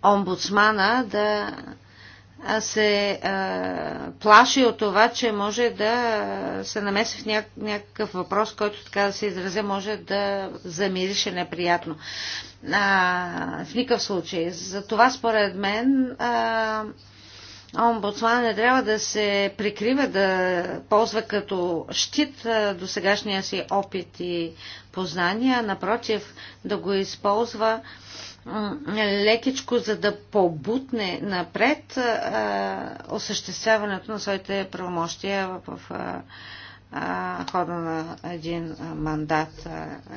омбудсмана да се а, плаши от това, че може да се намеси в няк- някакъв въпрос, който така да се изразя, може да замирише неприятно. А, в никакъв случай. За това според мен а, омбудсмана не трябва да се прикрива, да ползва като щит до сегашния си опит и познания, напротив да го използва а, лекичко, за да побутне напред а, осъществяването на своите правомощия в, в а, хода на един мандат.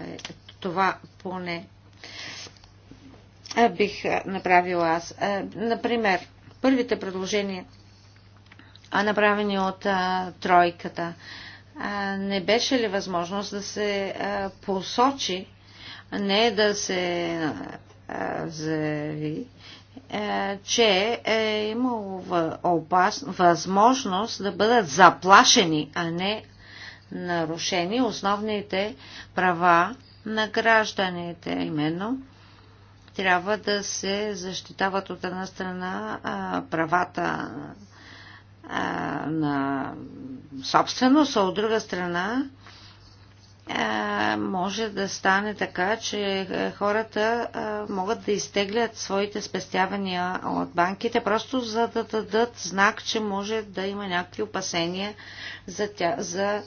Е, това поне бих направила аз. Например, първите предложения, направени от а, тройката, а, не беше ли възможност да се а, посочи, не да се заяви, че е имало възможност да бъдат заплашени, а не нарушени основните права на гражданите. Именно трябва да се защитават от една страна правата на собственост, а от друга страна може да стане така, че хората могат да изтеглят своите спестявания от банките, просто за да дадат знак, че може да има някакви опасения за, тя, за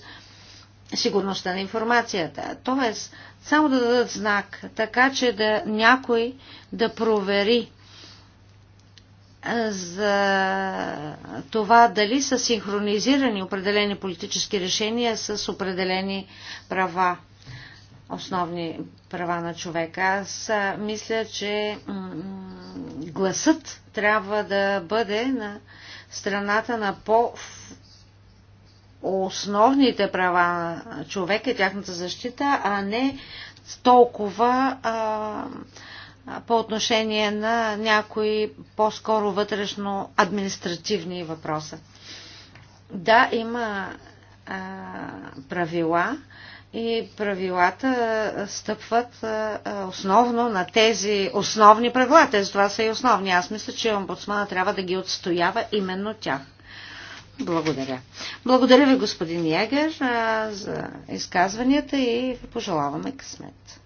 сигурността на информацията. Тоест, само да дадат знак, така че да някой да провери за това дали са синхронизирани определени политически решения с определени права, основни права на човека. Аз мисля, че гласът трябва да бъде на страната на по основните права на човека и тяхната защита, а не толкова а, по отношение на някои по-скоро вътрешно административни въпроса. Да, има а, правила и правилата стъпват а, основно на тези основни правила. Тези това са и основни. Аз мисля, че омбудсмана трябва да ги отстоява именно тях. Благодаря. Благодаря ви, господин Ягер, за изказванията и ви пожелаваме късмет.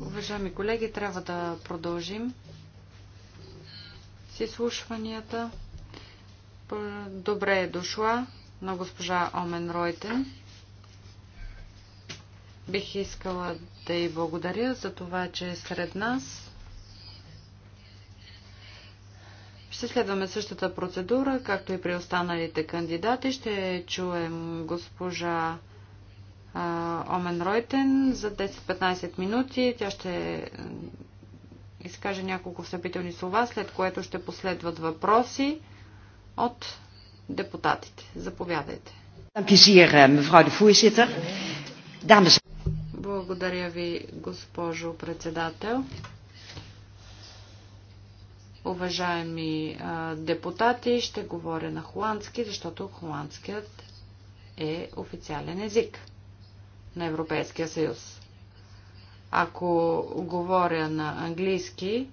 Уважаеми колеги, трябва да продължим с изслушванията. Добре е дошла на госпожа Омен Ройтен. Бих искала да й благодаря за това, че е сред нас Ще следваме същата процедура, както и при останалите кандидати. Ще чуем госпожа Омен Ройтен за 10-15 минути. Тя ще изкаже няколко встъпителни слова, след което ще последват въпроси от депутатите. Заповядайте. Eh, Благодаря ви, госпожо председател. Уважаеми депутати, ще говоря на холандски, защото холандският е официален език на Европейския съюз. Ако говоря на английски,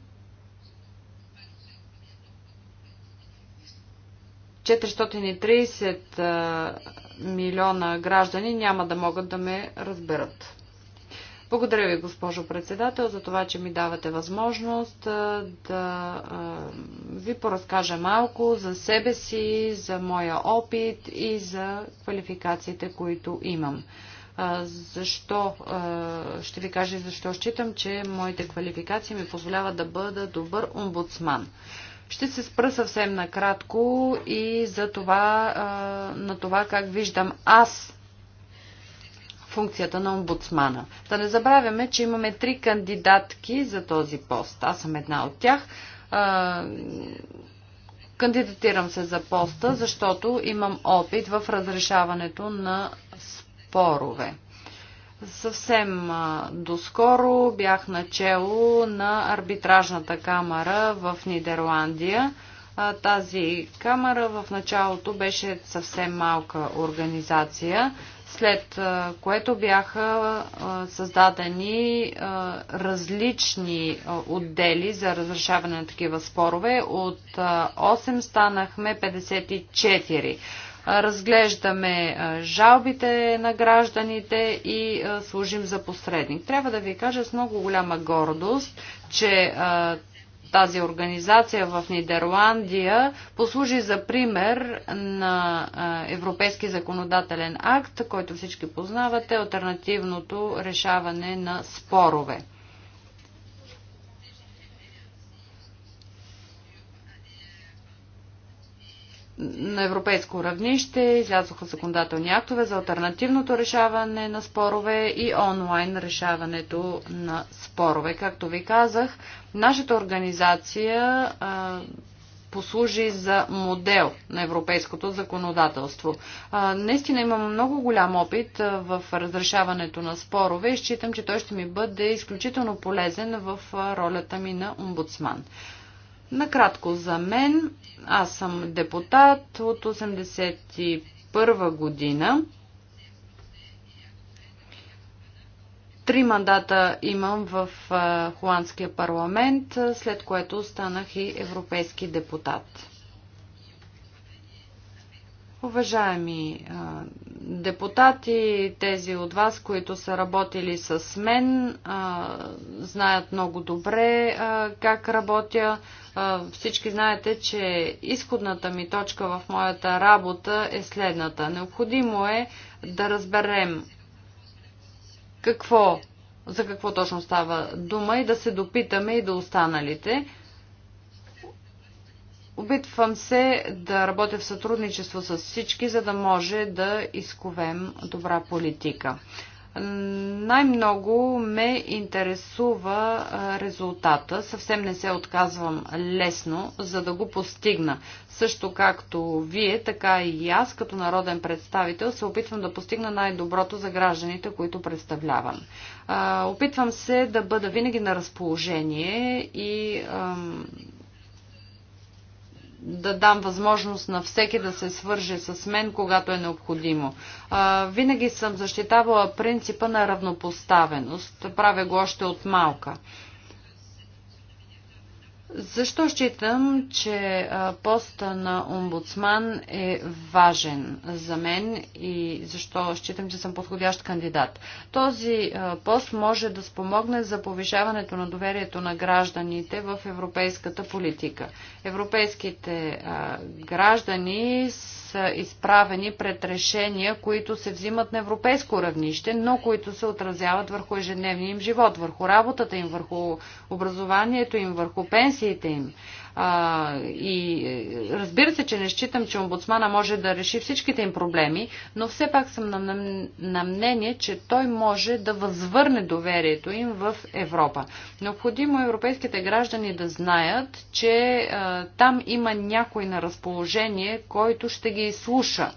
430 милиона граждани няма да могат да ме разберат. Благодаря ви, госпожо председател, за това, че ми давате възможност да ви поразкажа малко за себе си, за моя опит и за квалификациите, които имам. Защо? Ще ви кажа и защо считам, че моите квалификации ми позволяват да бъда добър омбудсман. Ще се спра съвсем накратко и за това, на това как виждам аз функцията на омбудсмана. Да не забравяме, че имаме три кандидатки за този пост. Аз съм една от тях. Кандидатирам се за поста, защото имам опит в разрешаването на спорове. Съвсем доскоро бях начало на арбитражната камера в Нидерландия. Тази камера в началото беше съвсем малка организация, след което бяха създадени различни отдели за разрешаване на такива спорове. От 8 станахме 54. Разглеждаме жалбите на гражданите и служим за посредник. Трябва да ви кажа с много голяма гордост, че тази организация в Нидерландия послужи за пример на европейски законодателен акт, който всички познавате, альтернативното решаване на спорове. на европейско равнище, излязоха законодателни актове за альтернативното решаване на спорове и онлайн решаването на спорове. Както ви казах, нашата организация а, послужи за модел на европейското законодателство. А, наистина имам много голям опит в разрешаването на спорове и считам, че той ще ми бъде изключително полезен в ролята ми на омбудсман. Накратко за мен, аз съм депутат от 81 година. Три мандата имам в Холандския парламент, след което станах и европейски депутат. Уважаеми а, депутати, тези от вас, които са работили с мен, а, знаят много добре а, как работя. Всички знаете, че изходната ми точка в моята работа е следната. Необходимо е да разберем какво, за какво точно става дума и да се допитаме и до останалите. Обитвам се да работя в сътрудничество с всички, за да може да изковем добра политика. Най-много ме интересува резултата. Съвсем не се отказвам лесно, за да го постигна. Също както вие, така и аз, като народен представител, се опитвам да постигна най-доброто за гражданите, които представлявам. Опитвам се да бъда винаги на разположение и да дам възможност на всеки да се свърже с мен, когато е необходимо. А, винаги съм защитавала принципа на равнопоставеност. Правя го още от малка. Защо считам, че поста на омбудсман е важен за мен и защо считам, че съм подходящ кандидат? Този пост може да спомогне за повишаването на доверието на гражданите в европейската политика. Европейските граждани са изправени пред решения, които се взимат на европейско равнище, но които се отразяват върху ежедневния им живот, върху работата им, върху образованието им, върху пенсиите им. А, и е, разбира се, че не считам, че омбудсмана може да реши всичките им проблеми, но все пак съм на, на, на мнение, че той може да възвърне доверието им в Европа. Необходимо е европейските граждани да знаят, че а, там има някой на разположение, който ще ги ги слуша.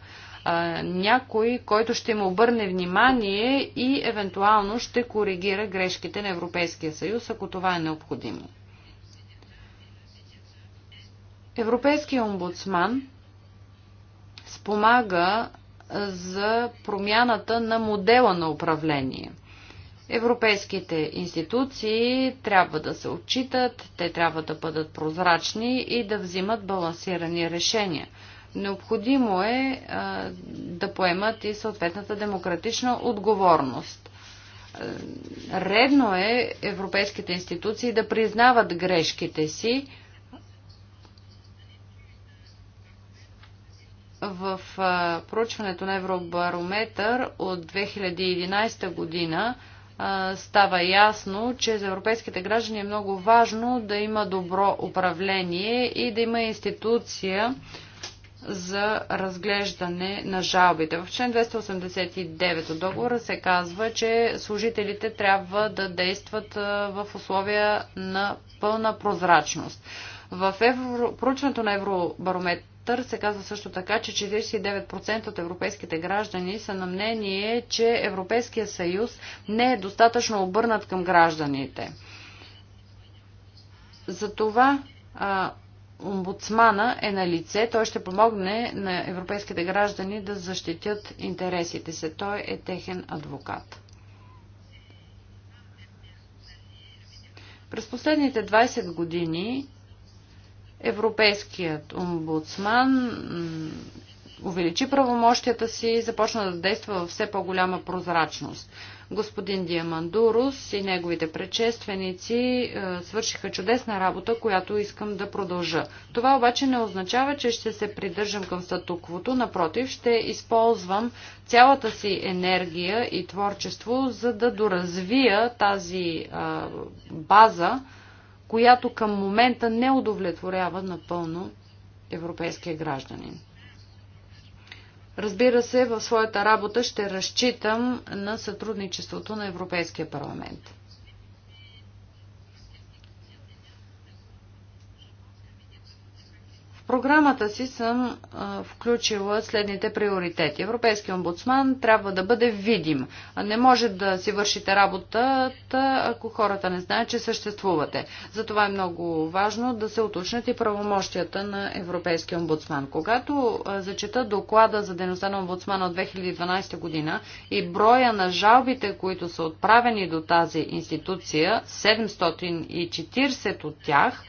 Някой, който ще му обърне внимание и евентуално ще коригира грешките на Европейския съюз, ако това е необходимо. Европейския омбудсман спомага за промяната на модела на управление. Европейските институции трябва да се отчитат, те трябва да бъдат прозрачни и да взимат балансирани решения. Необходимо е а, да поемат и съответната демократична отговорност. Редно е европейските институции да признават грешките си в а, проучването на Евробарометър от 2011 година става ясно, че за европейските граждани е много важно да има добро управление и да има институция, за разглеждане на жалбите. В член 289 от договора се казва, че служителите трябва да действат в условия на пълна прозрачност. В евро... проучването на евробарометър се казва също така, че 49% от европейските граждани са на мнение, че Европейския съюз не е достатъчно обърнат към гражданите. Затова а, омбудсмана е на лице, той ще помогне на европейските граждани да защитят интересите се. Той е техен адвокат. През последните 20 години Европейският омбудсман увеличи правомощията си и започна да действа в все по-голяма прозрачност. Господин Диамандурус и неговите предшественици е, свършиха чудесна работа, която искам да продължа. Това обаче не означава, че ще се придържам към статуквото. Напротив, ще използвам цялата си енергия и творчество, за да доразвия тази е, база, която към момента не удовлетворява напълно европейския гражданин. Разбира се, в своята работа ще разчитам на сътрудничеството на Европейския парламент. програмата си съм а, включила следните приоритети. Европейския омбудсман трябва да бъде видим. Не може да си вършите работата, ако хората не знаят, че съществувате. Затова е много важно да се уточнят и правомощията на Европейския омбудсман. Когато а, зачета доклада за дейността на омбудсмана от 2012 година и броя на жалбите, които са отправени до тази институция, 740 от тях,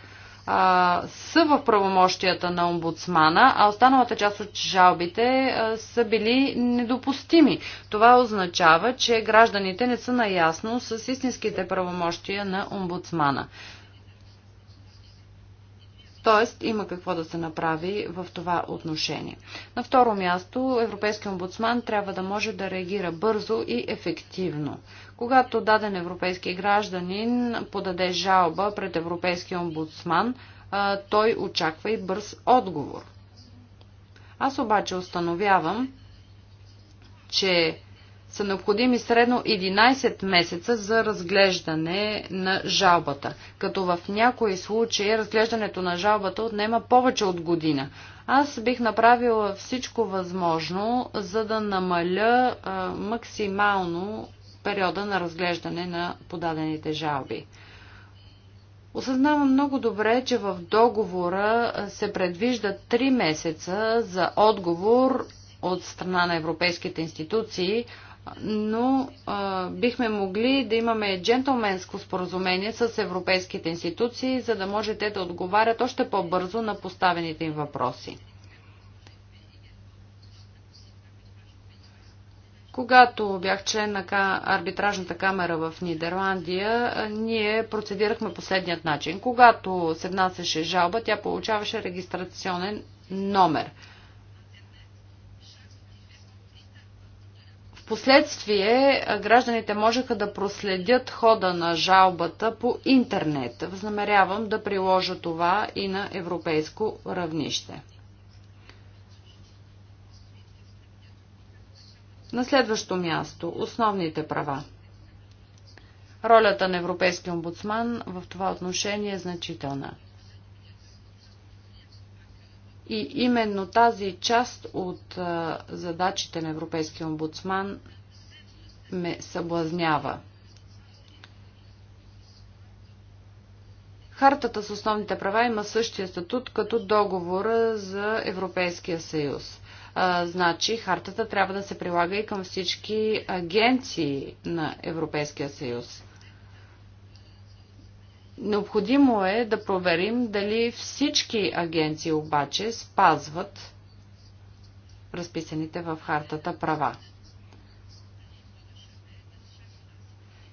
а, са в правомощията на омбудсмана, а останалата част от жалбите а, са били недопустими. Това означава, че гражданите не са наясно с истинските правомощия на омбудсмана. Тоест, има какво да се направи в това отношение. На второ място, Европейския омбудсман трябва да може да реагира бързо и ефективно. Когато даден европейски гражданин подаде жалба пред Европейския омбудсман, той очаква и бърз отговор. Аз обаче установявам, че са необходими средно 11 месеца за разглеждане на жалбата, като в някои случаи разглеждането на жалбата отнема повече от година. Аз бих направила всичко възможно, за да намаля а, максимално периода на разглеждане на подадените жалби. Осъзнавам много добре, че в договора се предвижда 3 месеца за отговор от страна на европейските институции, но а, бихме могли да имаме джентлменско споразумение с европейските институции, за да може те да отговарят още по-бързо на поставените им въпроси. Когато бях член на арбитражната камера в Нидерландия, ние процедирахме последният начин. Когато се внасяше жалба, тя получаваше регистрационен номер. Впоследствие гражданите можеха да проследят хода на жалбата по интернет. Възнамерявам да приложа това и на европейско равнище. На следващо място основните права. Ролята на Европейския омбудсман в това отношение е значителна. И именно тази част от задачите на Европейския омбудсман ме съблазнява. Хартата с основните права има същия статут като договора за Европейския съюз значи, хартата трябва да се прилага и към всички агенции на Европейския съюз. Необходимо е да проверим дали всички агенции обаче спазват разписаните в хартата права.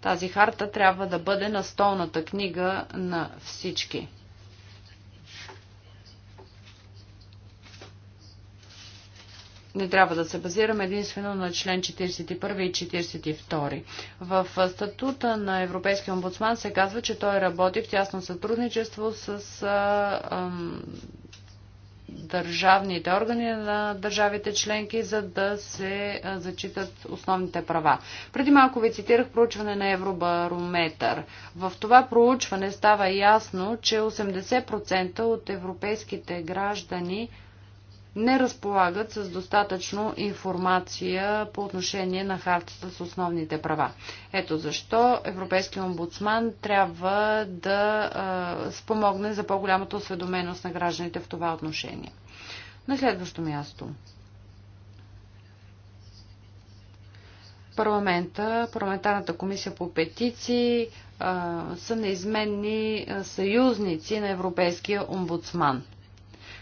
Тази харта трябва да бъде настолната книга на всички. не трябва да се базираме единствено на член 41 и 42. В статута на Европейския омбудсман се казва, че той работи в тясно сътрудничество с а, ам, държавните органи на държавите членки, за да се зачитат основните права. Преди малко ви цитирах проучване на Евробарометър. В това проучване става ясно, че 80% от европейските граждани не разполагат с достатъчно информация по отношение на хартата с основните права. Ето защо Европейския омбудсман трябва да а, спомогне за по-голямата осведоменост на гражданите в това отношение. На следващо място. парламента, парламентарната комисия по петиции а, са неизменни съюзници на Европейския омбудсман.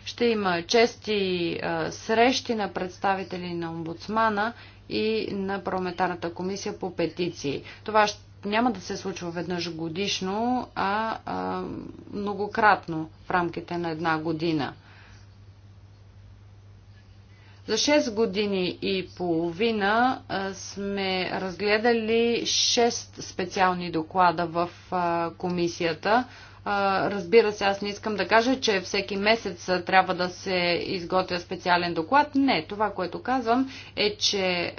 Ще има чести срещи на представители на омбудсмана и на парламентарната комисия по петиции. Това няма да се случва веднъж годишно, а, а многократно в рамките на една година. За 6 години и половина сме разгледали 6 специални доклада в комисията. Разбира се, аз не искам да кажа, че всеки месец трябва да се изготвя специален доклад. Не, това, което казвам е, че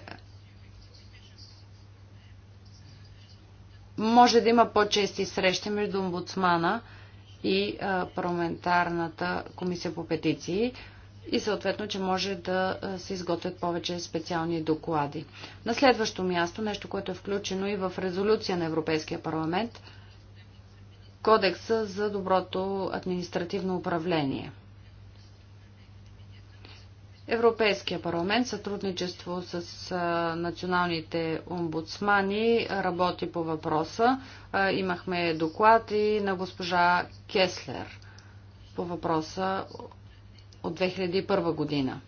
може да има по-чести срещи между омбудсмана и парламентарната комисия по петиции и съответно, че може да се изготвят повече специални доклади. На следващо място, нещо, което е включено и в резолюция на Европейския парламент – кодекса за доброто административно управление. Европейския парламент, сътрудничество с националните омбудсмани, работи по въпроса. имахме доклад и на госпожа Кеслер по въпроса от 2001 година.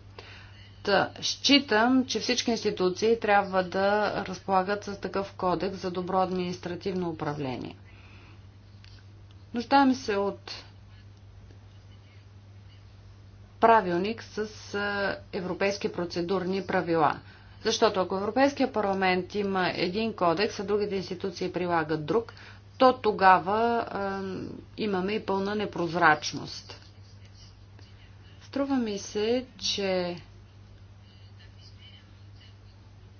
Та, считам, че всички институции трябва да разполагат с такъв кодекс за добро административно управление. Нуждаем се от правилник с европейски процедурни правила. Защото ако Европейския парламент има един кодекс, а другите институции прилагат друг, то тогава а, имаме и пълна непрозрачност. Струва ми се, че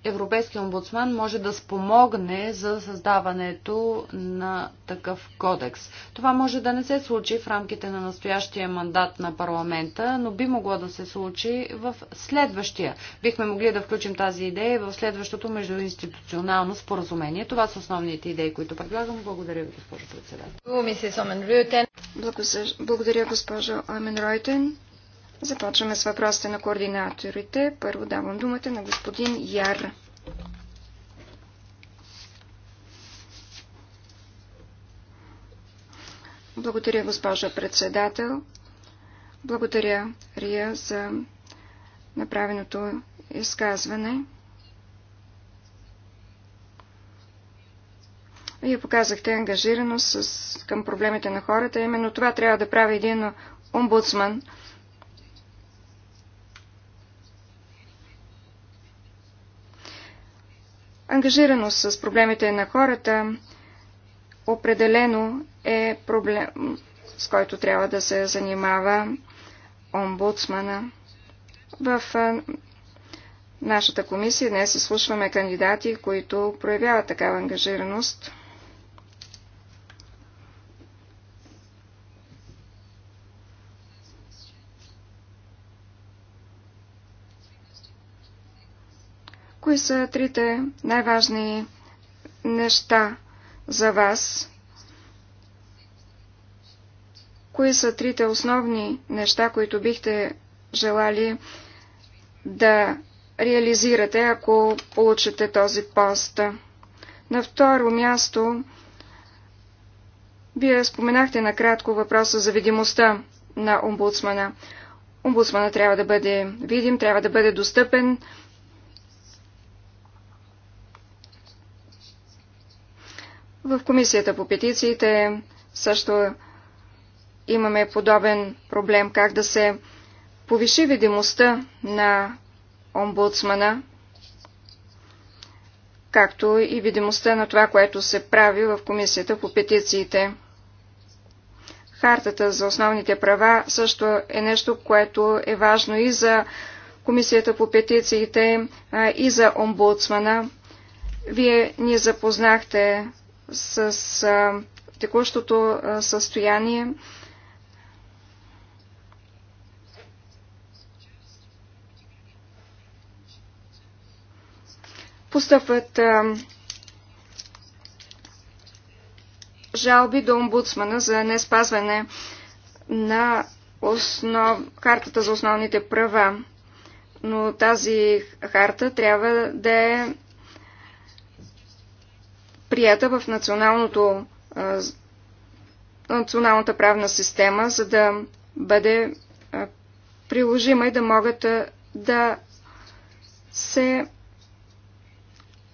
Европейския омбудсман може да спомогне за създаването на такъв кодекс. Това може да не се случи в рамките на настоящия мандат на парламента, но би могло да се случи в следващия. Бихме могли да включим тази идея в следващото междуинституционално споразумение. Това са основните идеи, които предлагам. Благодаря ви, госпожо председател. Благодаря, госпожо Амен Ройтен. Започваме с въпросите на координаторите. Първо давам думата на господин Яр. Благодаря, госпожа председател. Благодаря, Рия, за направеното изказване. Вие показахте ангажираност с, към проблемите на хората. Именно това трябва да прави един омбудсман – ангажираност с проблемите на хората определено е проблем, с който трябва да се занимава омбудсмана. В нашата комисия днес изслушваме кандидати, които проявяват такава ангажираност. Кои са трите най-важни неща за вас? Кои са трите основни неща, които бихте желали да реализирате, ако получите този пост? На второ място, вие споменахте накратко въпроса за видимостта на омбудсмана. Омбудсмана трябва да бъде видим, трябва да бъде достъпен, В Комисията по петициите също имаме подобен проблем как да се повиши видимостта на омбудсмана, както и видимостта на това, което се прави в Комисията по петициите. Хартата за основните права също е нещо, което е важно и за Комисията по петициите, и за омбудсмана. Вие ни запознахте с текущото състояние. Постъпват жалби до омбудсмана за не спазване на основ... картата за основните права. Но тази харта трябва да е прията в националното, националната правна система, за да бъде приложима и да могат да се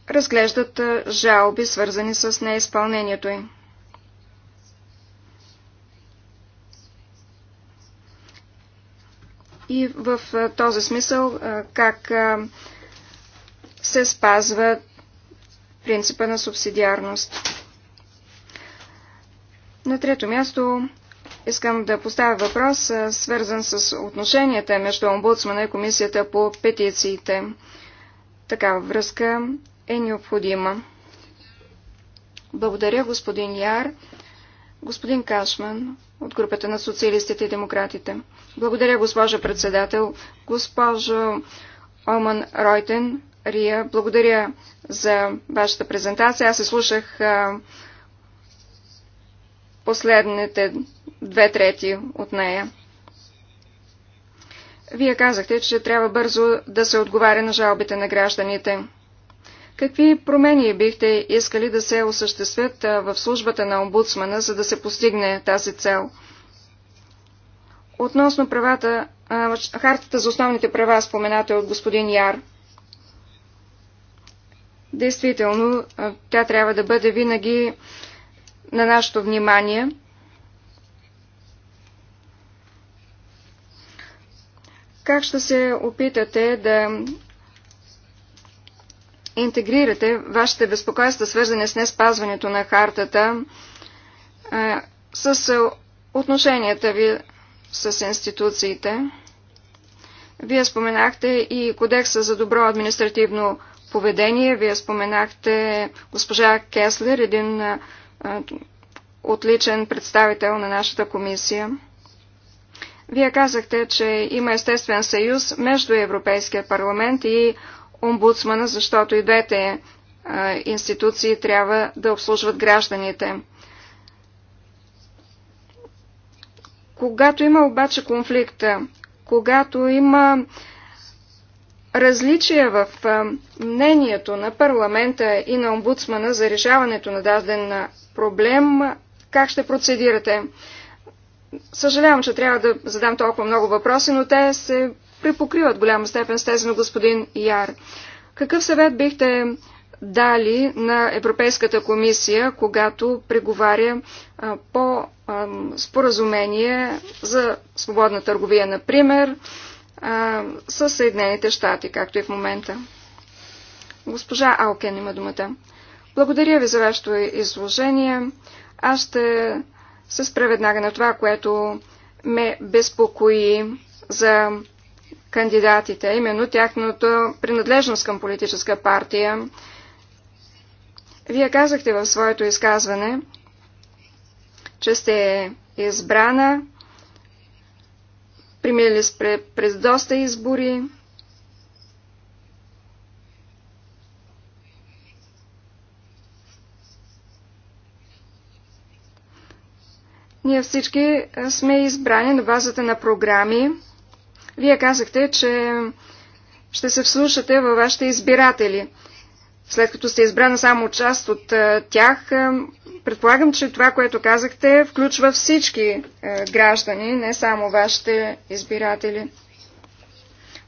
разглеждат жалби, свързани с неизпълнението им. И в този смисъл как се спазват принципа на субсидиарност. На трето място искам да поставя въпрос, свързан с отношенията между омбудсмана и комисията по петициите. Такава връзка е необходима. Благодаря, господин Яр. Господин Кашман от групата на социалистите и демократите. Благодаря, госпожа председател. Госпожо Оман Ройтен, Рия, благодаря за вашата презентация. Аз се слушах а, последните две трети от нея. Вие казахте, че трябва бързо да се отговаря на жалбите на гражданите. Какви промени бихте искали да се осъществят в службата на омбудсмана, за да се постигне тази цел? Относно правата, а, хартата за основните права, споменате от господин Яр. Действително, тя трябва да бъде винаги на нашето внимание. Как ще се опитате да интегрирате вашите безпокойства, свързани с неспазването на хартата, с отношенията ви с институциите? Вие споменахте и Кодекса за добро административно поведение. Вие споменахте госпожа Кеслер, един а, отличен представител на нашата комисия. Вие казахте, че има естествен съюз между Европейския парламент и омбудсмана, защото и двете а, институции трябва да обслужват гражданите. Когато има обаче конфликта, когато има а, различия в мнението на парламента и на омбудсмана за решаването на даден проблем, как ще процедирате? Съжалявам, че трябва да задам толкова много въпроси, но те се припокриват в голяма степен с тези на господин Яр. Какъв съвет бихте дали на Европейската комисия, когато преговаря по споразумение за свободна търговия, например, а, с Съединените щати, както и в момента. Госпожа Алкен има думата. Благодаря ви за вашето изложение. Аз ще се спра веднага на това, което ме безпокои за кандидатите, именно тяхната принадлежност към политическа партия. Вие казахте в своето изказване, че сте избрана Преминали сме през доста избори. Ние всички сме избрани на базата на програми. Вие казахте, че ще се вслушате във вашите избиратели. След като сте избрана само част от тях, Предполагам, че това, което казахте, включва всички е, граждани, не само вашите избиратели.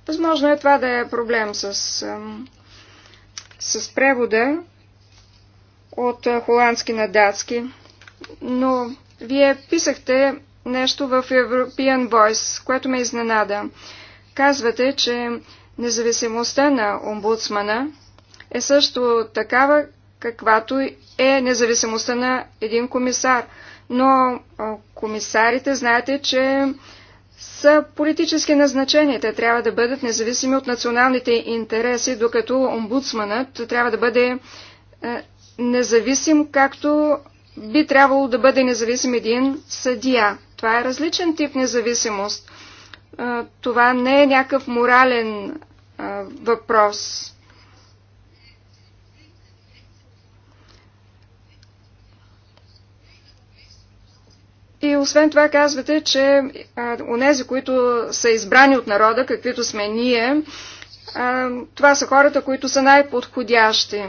Възможно е това да е проблем с, с превода от холандски на датски. Но вие писахте нещо в European Voice, което ме изненада. Казвате, че независимостта на омбудсмана е също такава, каквато е независимостта на един комисар. Но комисарите, знаете, че са политически назначения. Те трябва да бъдат независими от националните интереси, докато омбудсманът трябва да бъде независим, както би трябвало да бъде независим един съдия. Това е различен тип независимост. Това не е някакъв морален въпрос. И освен това казвате, че а, онези, които са избрани от народа, каквито сме ние, а, това са хората, които са най-подходящи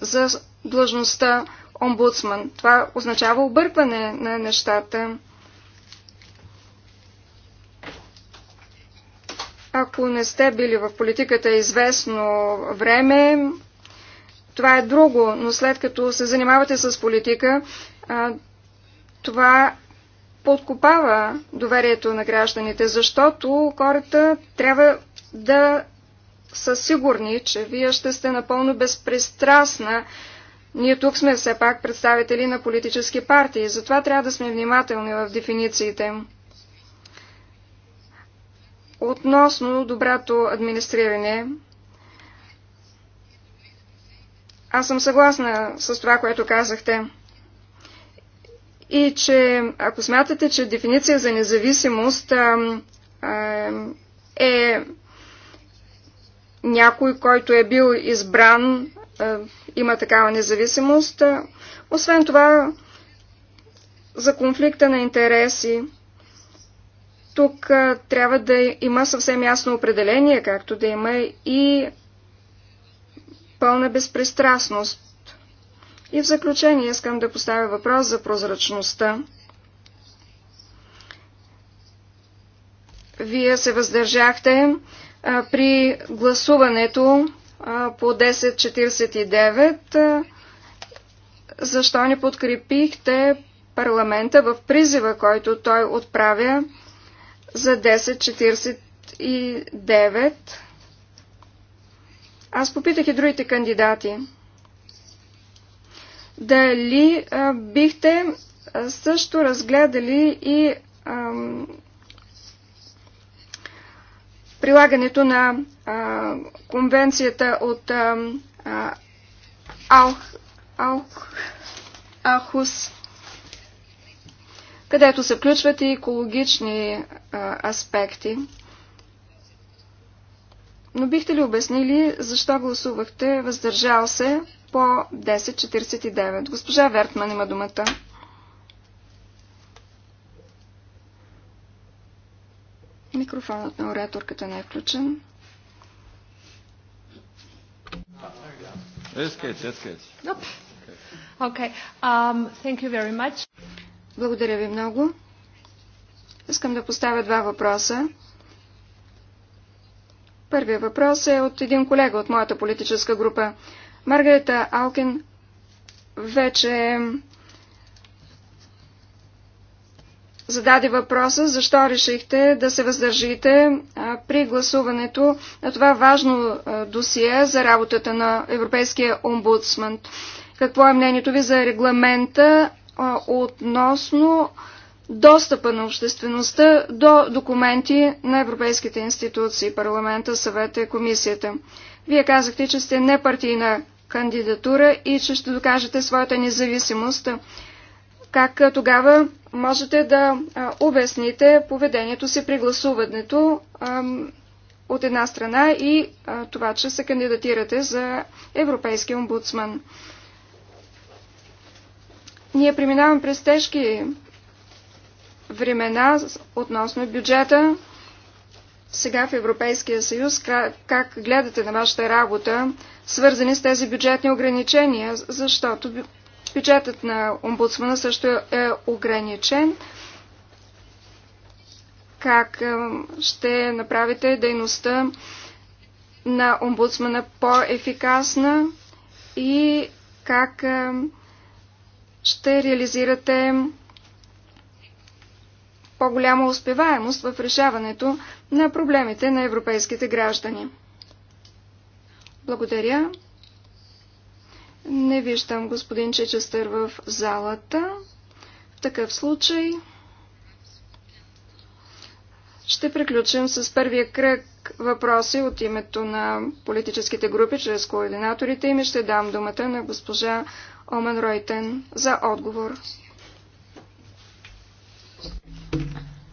за длъжността омбудсман. Това означава объркване на нещата. Ако не сте били в политиката известно време, това е друго, но след като се занимавате с политика, това подкопава доверието на гражданите, защото хората трябва да са сигурни, че вие ще сте напълно безпристрастна. Ние тук сме все пак представители на политически партии, затова трябва да сме внимателни в дефинициите. Относно доброто администриране, аз съм съгласна с това, което казахте и че ако смятате, че дефиниция за независимост а, а, е някой, който е бил избран, а, има такава независимост. А, освен това, за конфликта на интереси, тук а, трябва да има съвсем ясно определение, както да има и пълна безпристрастност. И в заключение искам да поставя въпрос за прозрачността. Вие се въздържахте а, при гласуването а, по 1049. защо не подкрепихте парламента в призива, който той отправя за 1049? Аз попитах и другите кандидати дали а, бихте а, също разгледали и прилагането на а, конвенцията от Алхус, а, Ахус, където се включват и екологични а, аспекти. Но бихте ли обяснили защо гласувахте въздържал се? по 1049. Госпожа Вертман има думата. Микрофонът на ораторката не е включен. Um, Благодаря ви много. Искам да поставя два въпроса. Първият въпрос е от един колега от моята политическа група. Маргарета Алкин вече зададе въпроса, защо решихте да се въздържите при гласуването на това важно досие за работата на Европейския омбудсман. Какво е мнението ви за регламента относно достъпа на обществеността до документи на европейските институции, парламента, съвета и комисията? Вие казахте, че сте непартийна кандидатура и че ще докажете своята независимост. Как тогава можете да обясните поведението си при гласуването от една страна и това, че се кандидатирате за Европейски омбудсман? Ние преминаваме през тежки времена относно бюджета, сега в Европейския съюз, как гледате на вашата работа, свързани с тези бюджетни ограничения, защото бюджетът на омбудсмана също е ограничен. Как ще направите дейността на омбудсмана по-ефикасна и как ще реализирате по-голяма успеваемост в решаването на проблемите на европейските граждани. Благодаря. Не виждам господин Чечестър в залата. В такъв случай ще приключим с първия кръг въпроси от името на политическите групи, чрез координаторите им ще дам думата на госпожа Омен Ройтен за отговор.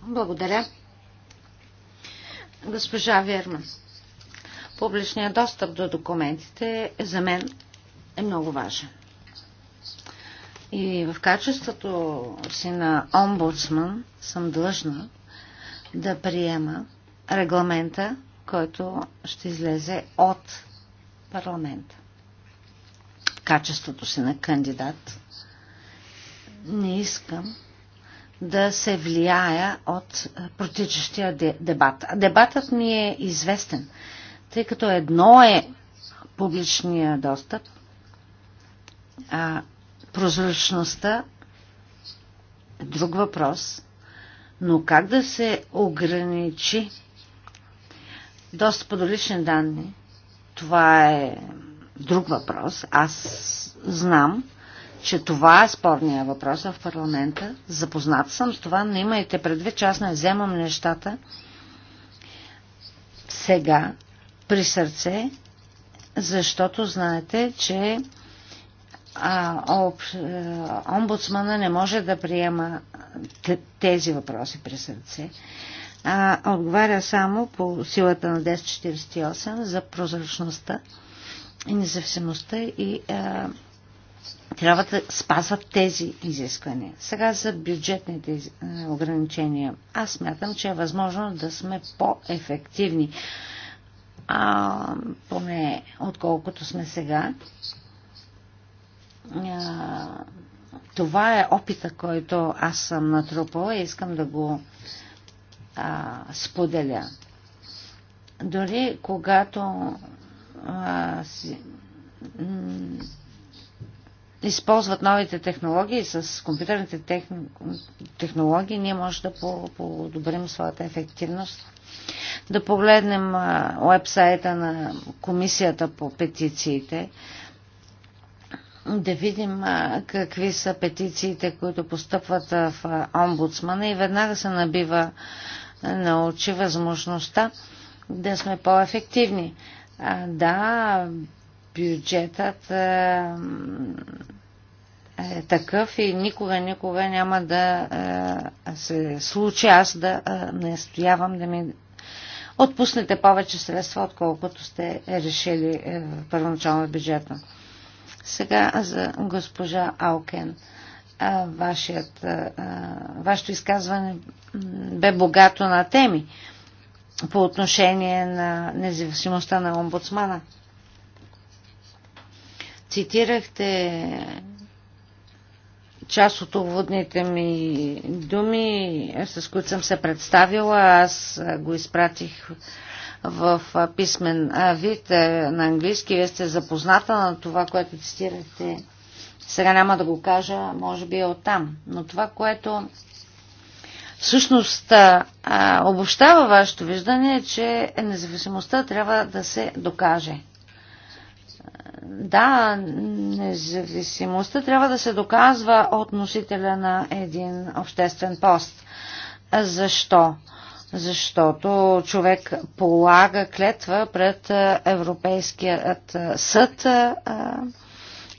Благодаря. Госпожа Верман, публичният достъп до документите за мен е много важен. И в качеството си на омбудсман съм длъжна да приема регламента, който ще излезе от парламента. качеството си на кандидат не искам да се влияя от е, протичащия дебат. А дебатът ми е известен, тъй като едно е публичния достъп, а прозрачността е друг въпрос, но как да се ограничи достъп до лични данни, това е друг въпрос. Аз знам, че това е спорния въпрос в парламента. Запознат съм с това, но имайте предвид, че аз не вземам нещата сега при сърце, защото знаете, че а, об, е, омбудсмана не може да приема тези въпроси при сърце. А, отговаря само по силата на 1048 за прозрачността и независимостта и а, е, трябва да спазват тези изисквания. Сега за бюджетните е, ограничения. Аз смятам, че е възможно да сме по-ефективни, а, поне отколкото сме сега. А, това е опита, който аз съм натрупала и искам да го а, споделя. Дори когато а, си, използват новите технологии, с компютърните тех... технологии, ние може да подобрим своята ефективност. Да погледнем уебсайта на комисията по петициите, да видим какви са петициите, които постъпват в омбудсмана и веднага се набива научи възможността да сме по-ефективни. Да, бюджетът е, е такъв и никога, никога няма да е, се случи аз да е, не настоявам да ми отпуснете повече средства, отколкото сте решили в първоначално бюджета. Сега за госпожа Алкен. Вашият, вашето изказване бе богато на теми по отношение на независимостта на омбудсмана. Цитирахте част от уводните ми думи, с които съм се представила. Аз го изпратих в писмен вид е, на английски. Вие сте запозната на това, което цитирахте. Сега няма да го кажа, може би е оттам. Но това, което всъщност обобщава вашето виждане е, че независимостта трябва да се докаже да, независимостта трябва да се доказва от носителя на един обществен пост. Защо? Защото човек полага клетва пред Европейският съд,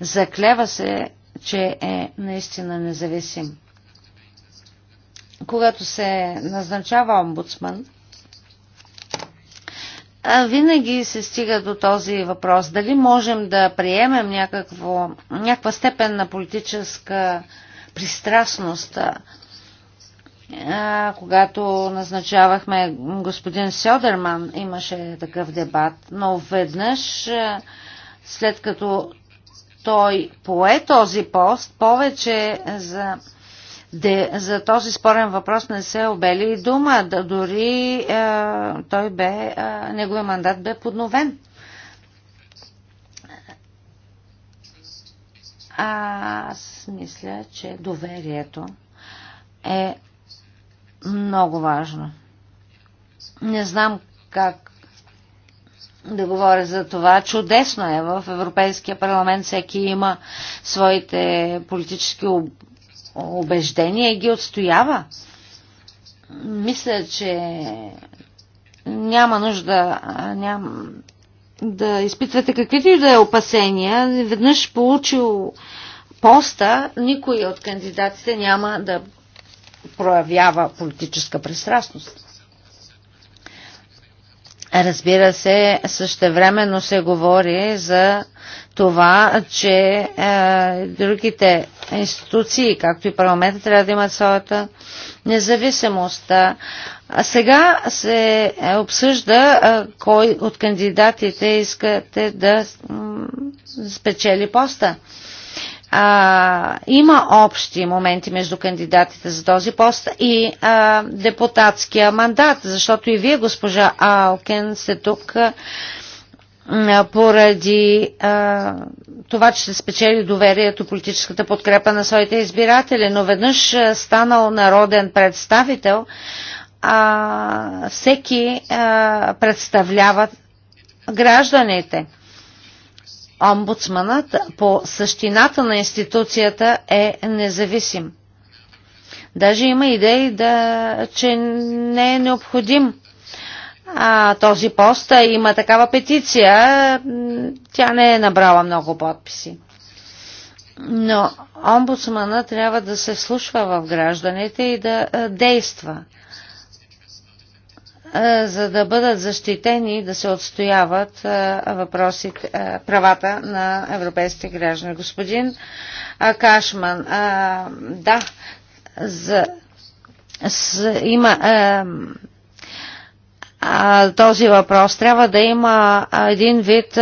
заклева се, че е наистина независим. Когато се назначава омбудсман, винаги се стига до този въпрос. Дали можем да приемем някакво, някаква степен на политическа пристрастност? Когато назначавахме господин Сьодерман, имаше такъв дебат, но веднъж след като той пое този пост, повече за де, за този спорен въпрос не се обели и дума. Да дори е, той бе, е, неговия мандат бе подновен. Аз мисля, че доверието е много важно. Не знам как да говоря за това. Чудесно е в Европейския парламент всеки има своите политически убеждения и ги отстоява. Мисля, че няма нужда ням, да изпитвате каквито и да е опасения. Веднъж получил поста, никой от кандидатите няма да проявява политическа пристрастност. Разбира се, същевременно се говори за това, че е, другите институции, както и парламента, трябва да имат своята независимост. А сега се е, обсъжда е, кой от кандидатите искате да спечели поста. Е, а, има общи моменти между кандидатите за този пост и а, депутатския мандат, защото и вие, госпожа Алкен, сте тук а, поради а, това, че се спечели доверието, политическата подкрепа на своите избиратели, но веднъж станал народен представител, а, всеки а, представлява гражданите. Омбудсманът по същината на институцията е независим. Даже има идеи, да, че не е необходим а, този пост. Има такава петиция. Тя не е набрала много подписи. Но омбудсмана трябва да се слушва в гражданите и да действа за да бъдат защитени и да се отстояват въпросите, правата на европейските граждани. Господин Кашман, да, за, с, има този въпрос. Трябва да има един вид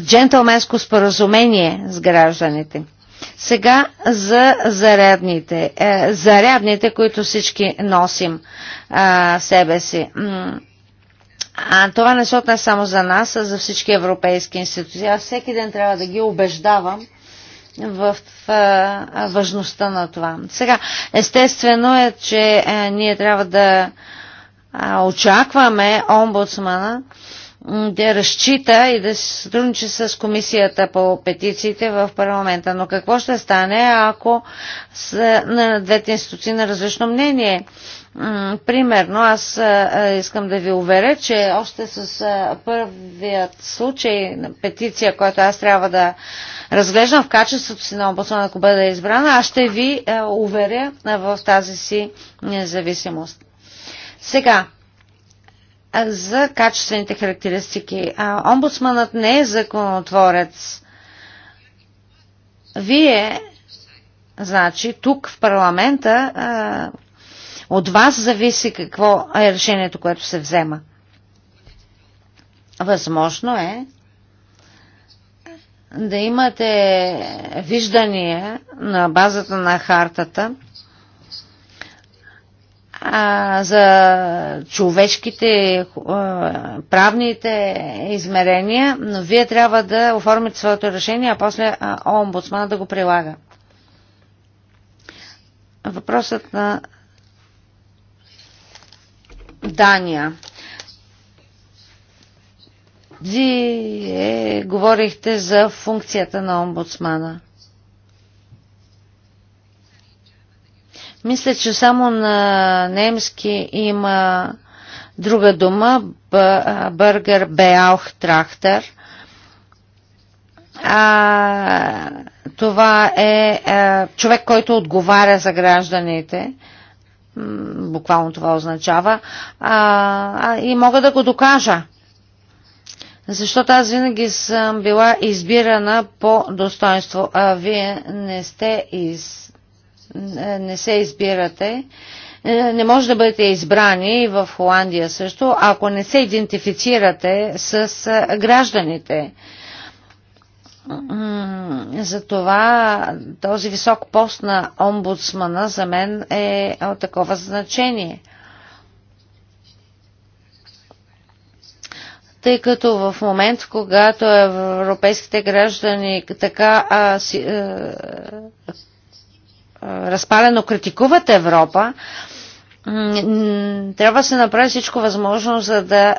джентълменско споразумение с гражданите. Сега за зарядните, е, зарядните които всички носим е, себе си. А това не се отнася само за нас, а за всички европейски институции. Аз всеки ден трябва да ги убеждавам в е, важността на това. Сега, естествено е, че е, ние трябва да очакваме омбудсмана да разчита и да се сътрудничи с комисията по петициите в парламента. Но какво ще стане, ако са е, на двете институции на различно мнение? Примерно, аз е, е, искам да ви уверя, че още с първият случай на петиция, която аз трябва да разглеждам в качеството си на омбудсман, ако бъда избрана, аз ще ви уверя в тази си независимост. Сега, за качествените характеристики. А омбудсманът не е законотворец. Вие, значи, тук в парламента а, от вас зависи какво е решението, което се взема. Възможно е да имате виждания на базата на хартата а, за човешките, а, правните измерения, но вие трябва да оформите своето решение, а после а, омбудсмана да го прилага. Въпросът на Дания. Вие говорихте за функцията на омбудсмана. Мисля, че само на немски има друга дума, бъргер Беалх Трахтер. А, това е а, човек, който отговаря за гражданите. Буквално това означава. А, а, и мога да го докажа. Защото аз винаги съм била избирана по достоинство, а вие не сте из не се избирате, е, не може да бъдете избрани и в Холандия също, ако не се идентифицирате с е, гражданите. Затова този висок пост на омбудсмана за мен е от такова значение. тъй като в момент, когато европейските граждани така а, си, а, е, разпалено критикуват Европа, трябва да се направи всичко възможно, за да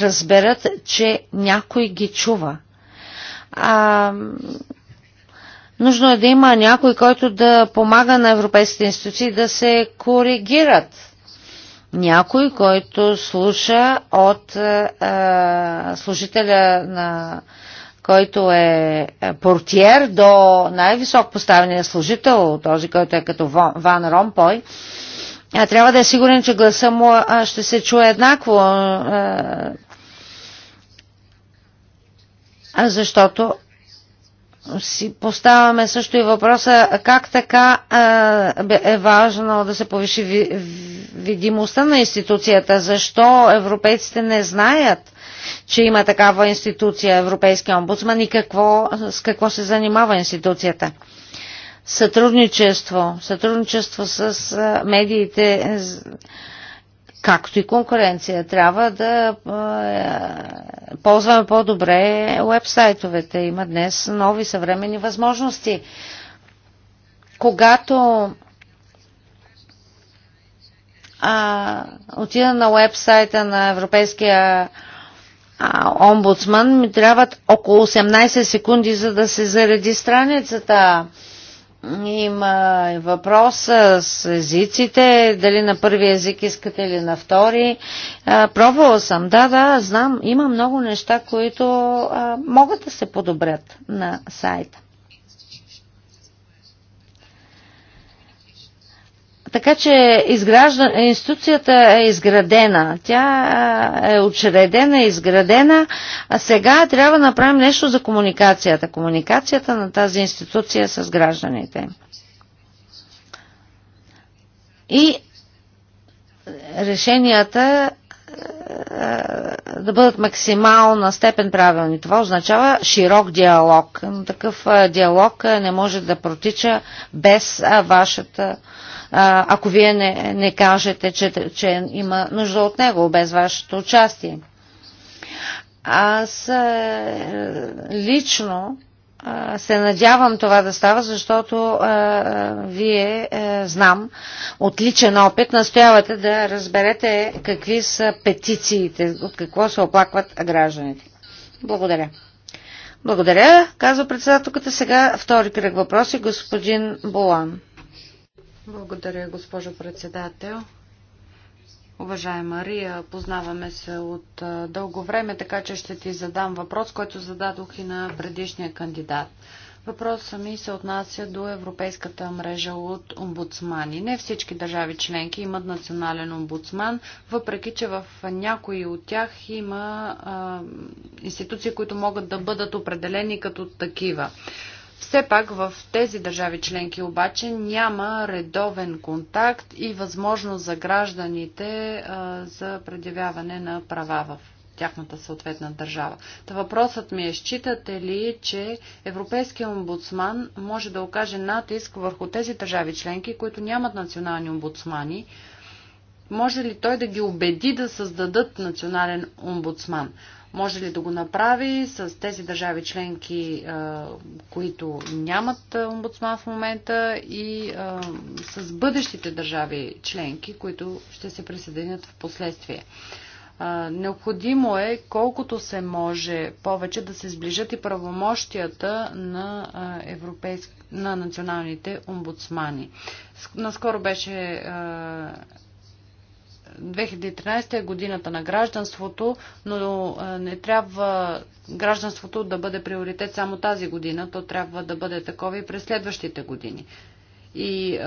разберат, че някой ги чува. А, нужно е да има някой, който да помага на европейските институции да се коригират. Някой, който слуша от а, служителя на а, който е, е портиер до най-висок поставения служител, този, който е като Ван Ромпой, трябва да е сигурен, че гласа му ще се чуе еднакво, е, защото си поставяме също и въпроса как така е важно да се повиши видимостта на институцията, защо европейците не знаят че има такава институция Европейския омбудсман и какво, с какво се занимава институцията. Сътрудничество. Сътрудничество с медиите, както и конкуренция. Трябва да ползваме по-добре уебсайтовете. Има днес нови съвремени възможности. Когато а, отида на уебсайта на Европейския омбудсман, ми трябват около 18 секунди, за да се зареди страницата. Има въпрос с езиците, дали на първи език искате или на втори. А, пробвала съм, да, да, знам, има много неща, които а, могат да се подобрят на сайта. Така че изгражда, институцията е изградена, тя е учредена, изградена, а сега трябва да направим нещо за комуникацията. Комуникацията на тази институция с гражданите. И решенията да бъдат максимална степен правилни. Това означава широк диалог. Такъв диалог не може да протича без вашата ако вие не, не кажете, че, че има нужда от него без вашето участие. Аз е, лично е, се надявам това да става, защото а, е, вие а, знам отличен опит настоявате да разберете какви са петициите, от какво се оплакват гражданите. Благодаря. Благодаря, казва председателката. Сега втори кръг въпроси, господин Болан. Благодаря, госпожо председател. Уважаема Мария, познаваме се от дълго време, така че ще ти задам въпрос, който зададох и на предишния кандидат. Въпросът ми се отнася до Европейската мрежа от омбудсмани. Не всички държави членки имат национален омбудсман, въпреки че в някои от тях има а, институции, които могат да бъдат определени като такива. Все пак в тези държави членки обаче няма редовен контакт и възможност за гражданите а, за предявяване на права в тяхната съответна държава. Та въпросът ми е, считате ли, че Европейския омбудсман може да окаже натиск върху тези държави членки, които нямат национални омбудсмани? Може ли той да ги убеди да създадат национален омбудсман? Може ли да го направи с тези държави членки, които нямат омбудсман в момента и с бъдещите държави членки, които ще се присъединят в последствие? Необходимо е колкото се може повече да се сближат и правомощията на, европейск... на националните омбудсмани. Наскоро беше 2013 е годината на гражданството, но не трябва гражданството да бъде приоритет само тази година, то трябва да бъде такова и през следващите години. И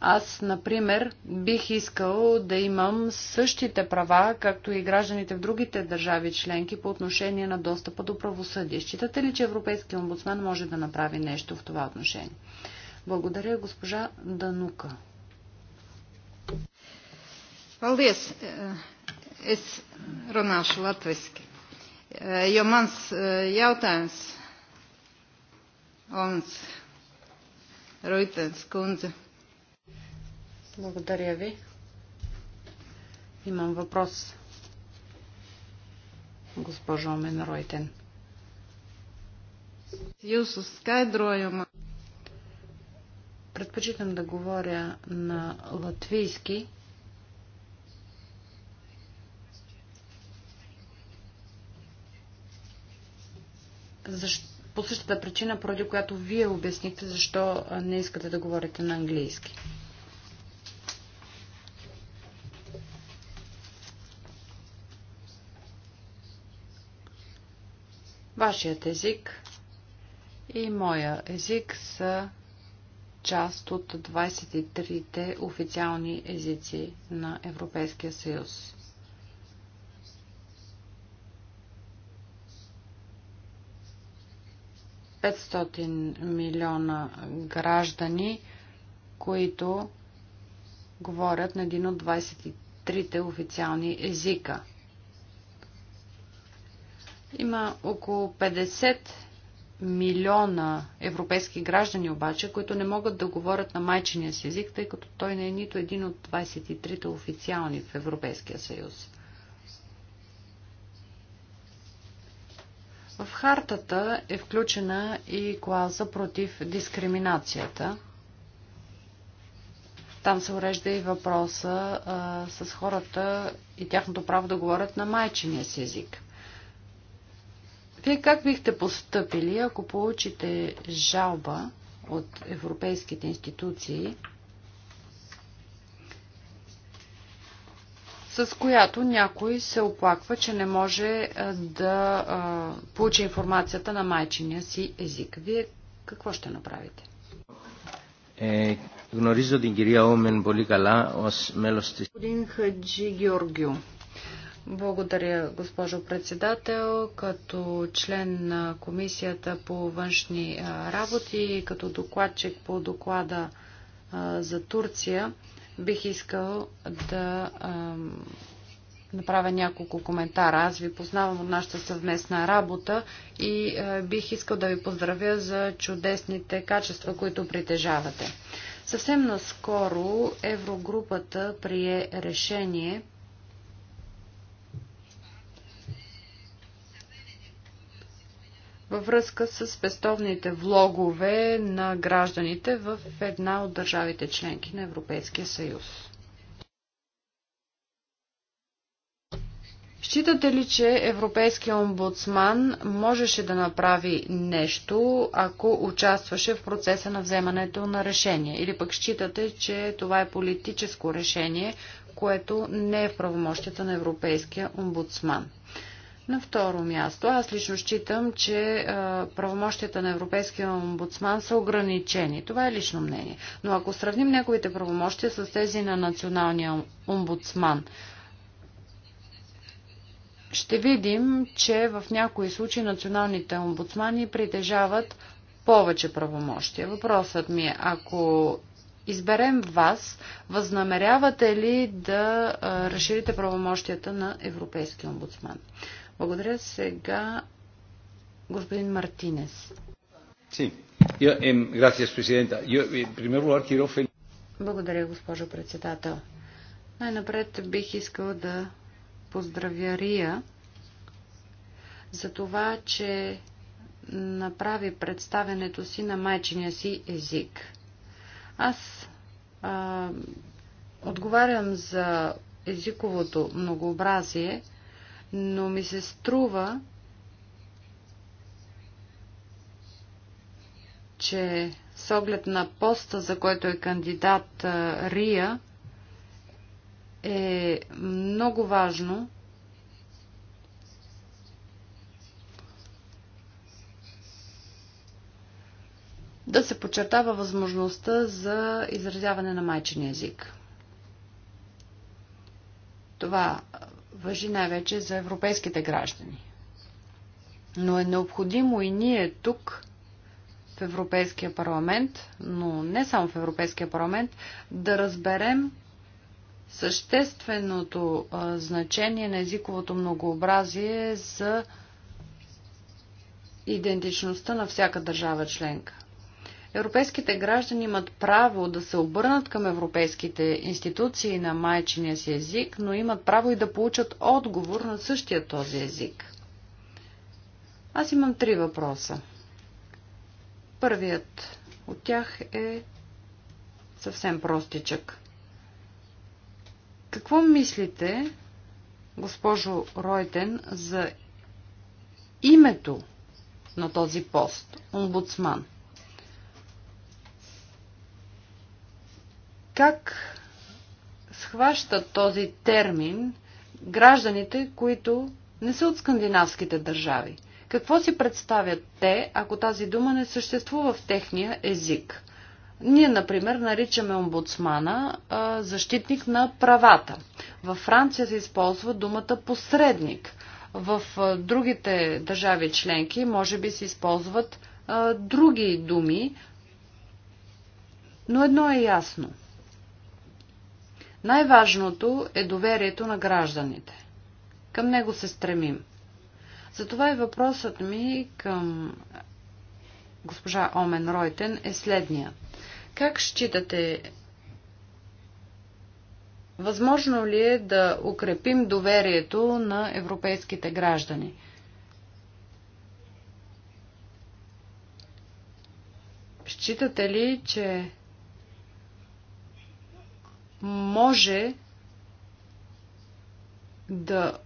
аз, например, бих искал да имам същите права, както и гражданите в другите държави членки по отношение на достъпа до правосъдие. Считате ли, че Европейския омбудсман може да направи нещо в това отношение? Благодаря, госпожа Данука. Paldies! Eh, es runāšu latviski, eh, jo mans eh, jautājums Олнц Ruitens kundze. Благодаря ви. Имам въпрос, госпожо Омен Ройтен. Jūsu skaidrojuma. Предпочитам да говоря на латвийски, защо, по същата причина, поради която вие обяснихте защо не искате да говорите на английски. Вашият език и моя език са част от 23-те официални езици на Европейския съюз. 500 милиона граждани, които говорят на един от 23-те официални езика. Има около 50 милиона европейски граждани обаче, които не могат да говорят на майчиния си език, тъй като той не е нито един от 23-те официални в Европейския съюз. В хартата е включена и клауза против дискриминацията. Там се урежда и въпроса а, с хората и тяхното право да говорят на майчиния си език. Вие как бихте постъпили, ако получите жалба от европейските институции с която някой се оплаква, че не може е, да получи информацията на майчиния си език. Вие какво ще направите? Е, Господин Хаджи Георгио. Благодаря, госпожо председател. Като член на Комисията по външни работи и като докладчик по доклада за Турция, бих искал да ам, направя няколко коментара. Аз ви познавам от нашата съвместна работа и е, бих искал да ви поздравя за чудесните качества, които притежавате. Съвсем наскоро Еврогрупата прие решение – във връзка с пестовните влогове на гражданите в една от държавите членки на Европейския съюз. Считате ли, че Европейския омбудсман можеше да направи нещо, ако участваше в процеса на вземането на решение? Или пък считате, че това е политическо решение, което не е в правомощията на Европейския омбудсман? На второ място, аз лично считам, че правомощията на Европейския омбудсман са ограничени. Това е лично мнение. Но ако сравним неговите правомощия с тези на националния омбудсман, ще видим, че в някои случаи националните омбудсмани притежават повече правомощия. Въпросът ми е, ако изберем вас, възнамерявате ли да разширите правомощията на Европейския омбудсман? Благодаря сега господин Мартинес. Sí. Yo, eh, gracias, Presidenta. Yo, primer lugar, quiero Благодаря, госпожо председател. Най-напред бих искал да поздравя Рия за това, че направи представенето си на майчиния си език. Аз а, отговарям за езиковото многообразие но ми се струва, че с оглед на поста, за който е кандидат Рия, е много важно да се подчертава възможността за изразяване на майчин език. Това въжи най-вече за европейските граждани. Но е необходимо и ние тук в Европейския парламент, но не само в Европейския парламент, да разберем същественото а, значение на езиковото многообразие за идентичността на всяка държава членка. Европейските граждани имат право да се обърнат към европейските институции на майчиния си език, но имат право и да получат отговор на същия този език. Аз имам три въпроса. Първият от тях е съвсем простичък. Какво мислите, госпожо Ройтен, за името на този пост, омбудсман? как схващат този термин гражданите, които не са от скандинавските държави? Какво си представят те, ако тази дума не съществува в техния език? Ние, например, наричаме омбудсмана а, защитник на правата. Във Франция се използва думата посредник. В а, другите държави членки, може би, се използват а, други думи, но едно е ясно – най-важното е доверието на гражданите. Към него се стремим. Затова и въпросът ми към госпожа Омен Ройтен е следния. Как считате, възможно ли е да укрепим доверието на европейските граждани? Считате ли, че може да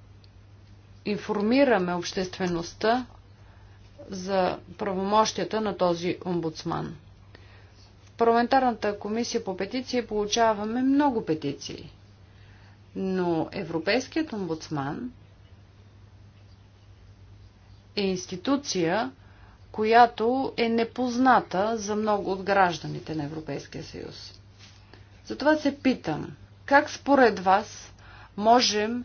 информираме обществеността за правомощията на този омбудсман. В парламентарната комисия по петиции получаваме много петиции, но Европейският омбудсман е институция, която е непозната за много от гражданите на Европейския съюз. Затова се питам, как според вас можем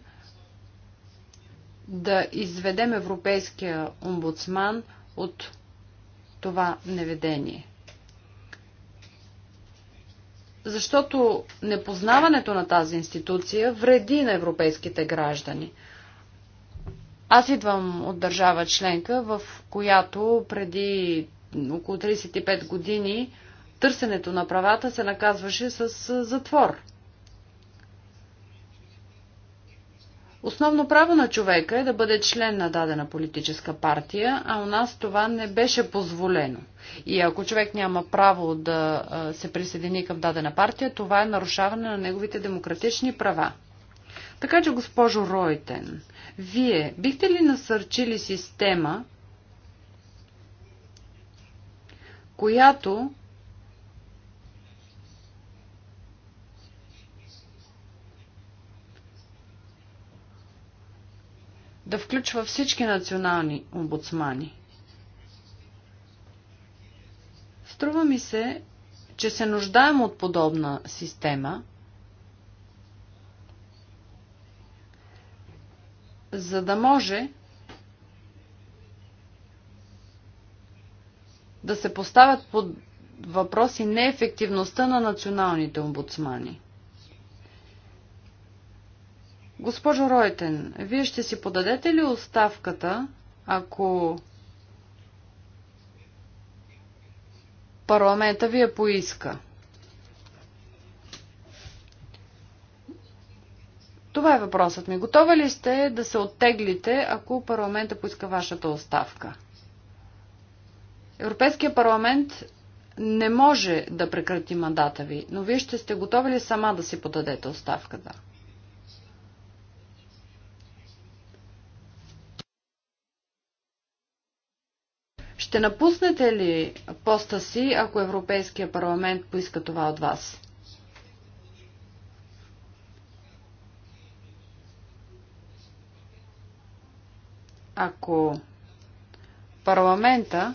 да изведем Европейския омбудсман от това неведение? Защото непознаването на тази институция вреди на европейските граждани. Аз идвам от държава членка, в която преди около 35 години търсенето на правата се наказваше с затвор. Основно право на човека е да бъде член на дадена политическа партия, а у нас това не беше позволено. И ако човек няма право да се присъедини към дадена партия, това е нарушаване на неговите демократични права. Така че, госпожо Ройтен, вие бихте ли насърчили система, която да включва всички национални омбудсмани. Струва ми се, че се нуждаем от подобна система, за да може да се поставят под въпроси неефективността на националните омбудсмани. Госпожо Ройтен, вие ще си подадете ли оставката, ако парламента ви я поиска? Това е въпросът ми. Готова ли сте да се оттеглите, ако парламента поиска вашата оставка? Европейския парламент не може да прекрати мандата ви, но вие ще сте готови ли сама да си подадете оставката? Да? Ще напуснете ли поста си, ако Европейския парламент поиска това от вас? Ако парламента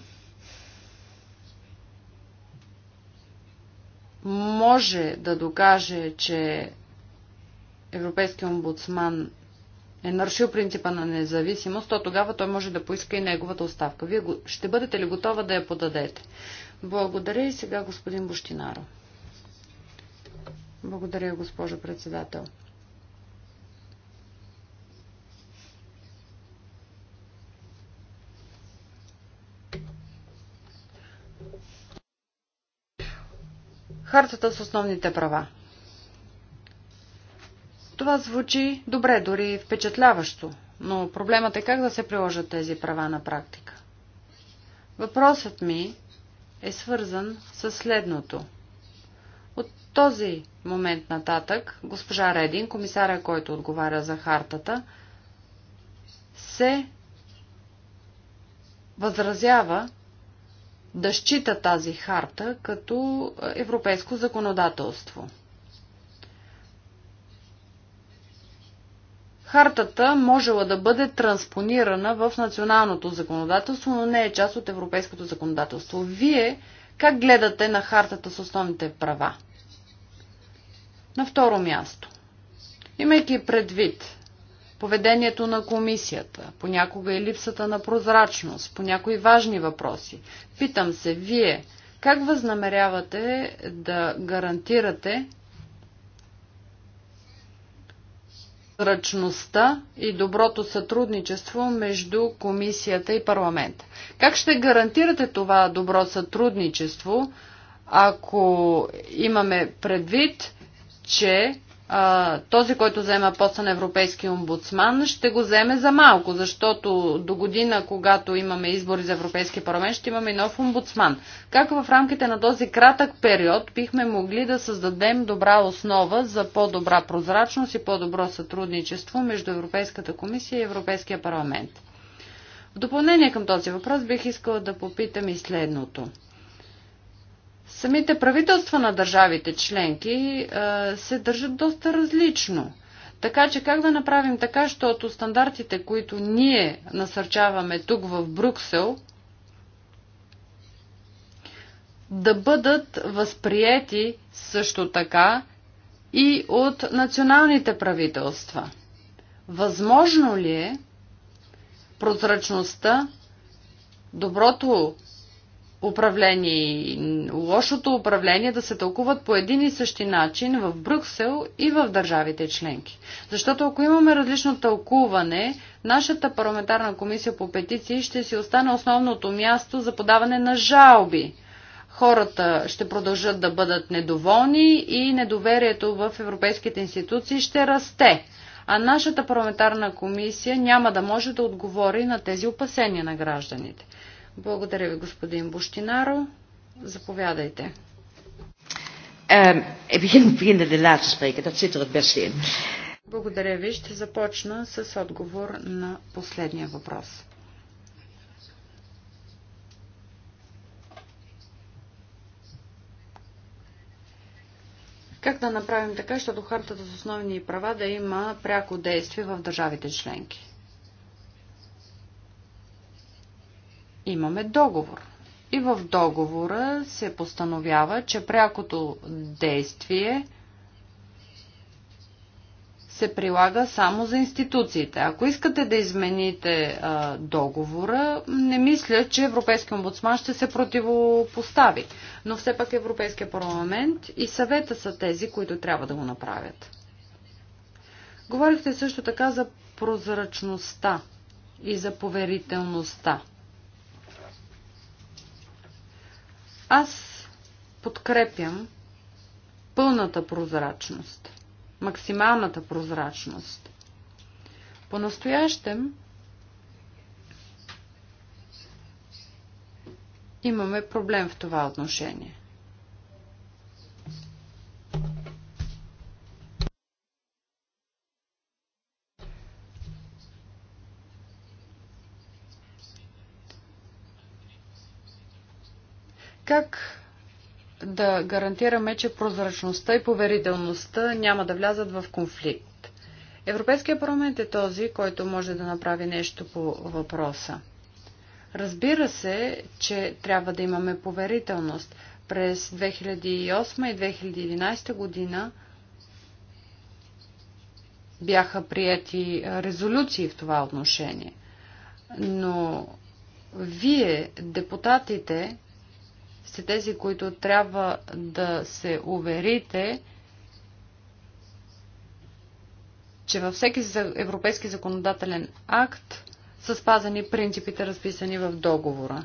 може да докаже, че Европейския омбудсман е нарушил принципа на независимост, то тогава той може да поиска и неговата оставка. Вие ще бъдете ли готова да я подадете? Благодаря и сега господин Бощинаро. Благодаря, госпожо председател. Хартата с основните права. Това звучи добре, дори впечатляващо, но проблемът е как да се приложат тези права на практика. Въпросът ми е свързан с следното. От този момент нататък госпожа Редин, комисаря, който отговаря за хартата, се възразява да счита тази харта като европейско законодателство – Хартата можела да бъде транспонирана в националното законодателство, но не е част от европейското законодателство. Вие как гледате на хартата с основните права? На второ място. Имайки предвид поведението на комисията, понякога и липсата на прозрачност, по някои важни въпроси, питам се, вие как възнамерявате да гарантирате прозрачността и доброто сътрудничество между комисията и парламента. Как ще гарантирате това добро сътрудничество, ако имаме предвид, че този, който взема поста на европейски омбудсман, ще го вземе за малко, защото до година, когато имаме избори за Европейски парламент, ще имаме нов омбудсман. Как в рамките на този кратък период бихме могли да създадем добра основа за по-добра прозрачност и по-добро сътрудничество между Европейската комисия и Европейския парламент? В допълнение към този въпрос бих искала да попитам и следното – Самите правителства на държавите членки е, се държат доста различно. Така че как да направим така, защото стандартите, които ние насърчаваме тук в Брюксел, да бъдат възприети също така и от националните правителства. Възможно ли е прозрачността, доброто управление и лошото управление да се тълкуват по един и същи начин в Брюксел и в държавите членки. Защото ако имаме различно тълкуване, нашата парламентарна комисия по петиции ще си остане основното място за подаване на жалби. Хората ще продължат да бъдат недоволни и недоверието в европейските институции ще расте. А нашата парламентарна комисия няма да може да отговори на тези опасения на гражданите. Благодаря ви, господин Буштинаро. Заповядайте. Е, er Благодаря ви. Ще започна с отговор на последния въпрос. Как да направим така, защото хартата с основни права да има пряко действие в държавите членки? имаме договор. И в договора се постановява, че прякото действие се прилага само за институциите. Ако искате да измените а, договора, не мисля, че Европейския омбудсман ще се противопостави. Но все пак Европейския парламент и съвета са тези, които трябва да го направят. Говорихте също така за прозрачността и за поверителността. Аз подкрепям пълната прозрачност, максималната прозрачност. По-настоящем имаме проблем в това отношение. Как да гарантираме, че прозрачността и поверителността няма да влязат в конфликт? Европейския парламент е този, който може да направи нещо по въпроса. Разбира се, че трябва да имаме поверителност. През 2008 и 2011 година бяха прияти резолюции в това отношение. Но вие, депутатите, сте тези, които трябва да се уверите, че във всеки европейски законодателен акт са спазани принципите, разписани в договора.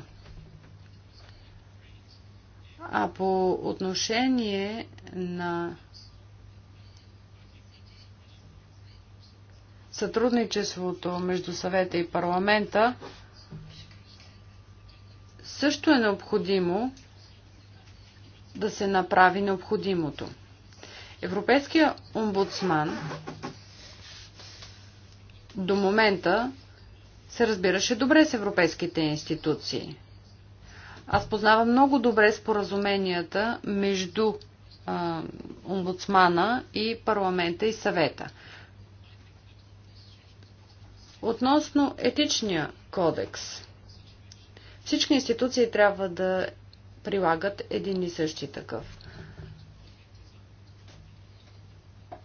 А по отношение на сътрудничеството между съвета и парламента също е необходимо да се направи необходимото. Европейския омбудсман до момента се разбираше добре с европейските институции. Аз познавам много добре споразуменията между а, омбудсмана и парламента и съвета. Относно етичния кодекс. Всички институции трябва да прилагат един и същи такъв.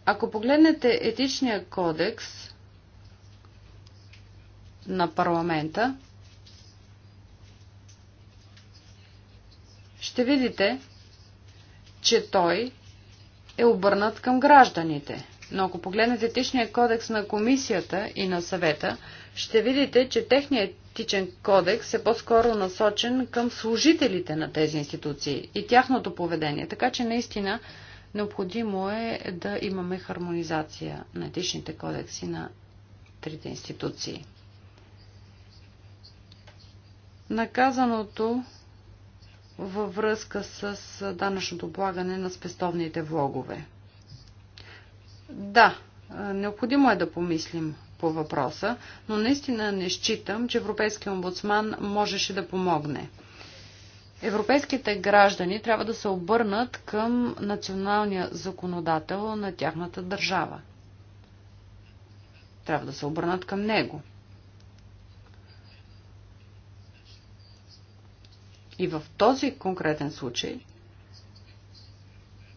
Ако погледнете етичния кодекс на парламента, ще видите, че той е обърнат към гражданите. Но ако погледнете етичния кодекс на комисията и на съвета, ще видите, че техният етичен кодекс е по-скоро насочен към служителите на тези институции и тяхното поведение. Така че наистина необходимо е да имаме хармонизация на етичните кодекси на трите институции. Наказаното във връзка с данъчното облагане на спестовните влогове. Да, необходимо е да помислим по въпроса, но наистина не считам, че Европейския омбудсман можеше да помогне. Европейските граждани трябва да се обърнат към националния законодател на тяхната държава. Трябва да се обърнат към него. И в този конкретен случай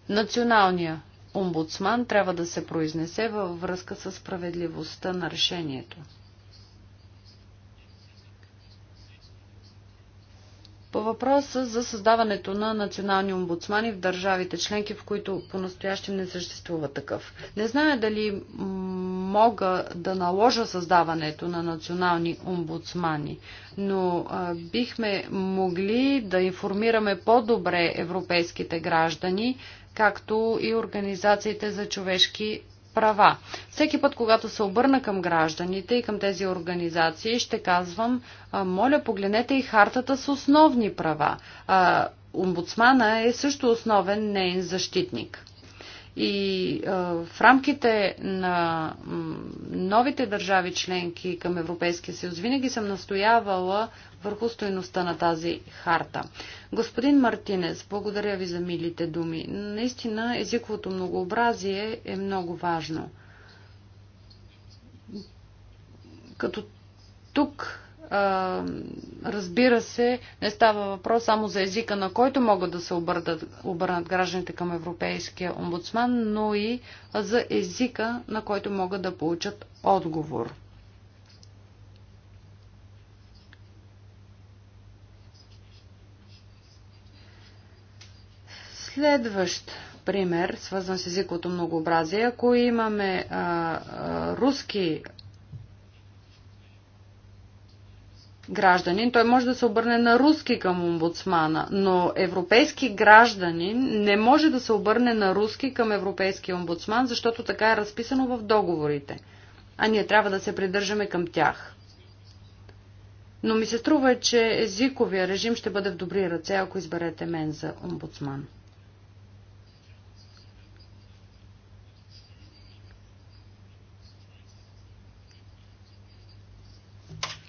националния омбудсман трябва да се произнесе във връзка с справедливостта на решението. По въпроса за създаването на национални омбудсмани в държавите членки, в които по-настоящем не съществува такъв. Не зная дали мога да наложа създаването на национални омбудсмани, но бихме могли да информираме по-добре европейските граждани както и организациите за човешки права. Всеки път, когато се обърна към гражданите и към тези организации, ще казвам, моля, погледнете и хартата с основни права. Омбудсмана е също основен неин защитник. И в рамките на новите държави членки към Европейския съюз винаги съм настоявала върху стоеността на тази харта. Господин Мартинес, благодаря ви за милите думи. Наистина езиковото многообразие е много важно. Като тук разбира се, не става въпрос само за езика, на който могат да се обърнат, обърнат гражданите към Европейския омбудсман, но и за езика, на който могат да получат отговор. Следващ пример, свързан с езиковото многообразие, ако имаме а, а, руски гражданин, той може да се обърне на руски към омбудсмана, но европейски гражданин не може да се обърне на руски към европейски омбудсман, защото така е разписано в договорите. А ние трябва да се придържаме към тях. Но ми се струва, че езиковия режим ще бъде в добри ръце, ако изберете мен за омбудсман.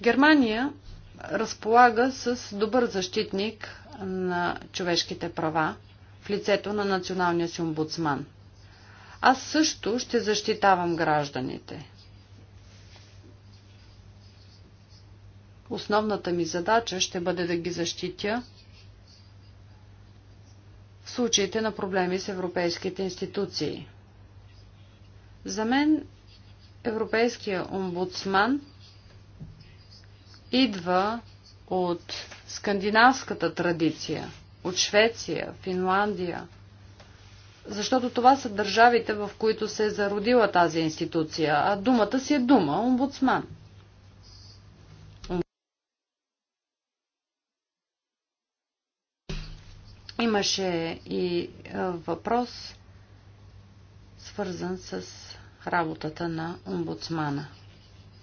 Германия разполага с добър защитник на човешките права в лицето на националния си омбудсман. Аз също ще защитавам гражданите. Основната ми задача ще бъде да ги защитя в случаите на проблеми с европейските институции. За мен Европейския омбудсман – идва от скандинавската традиция, от Швеция, Финландия, защото това са държавите, в които се е зародила тази институция, а думата си е дума, омбудсман. Имаше и е, въпрос, свързан с работата на омбудсмана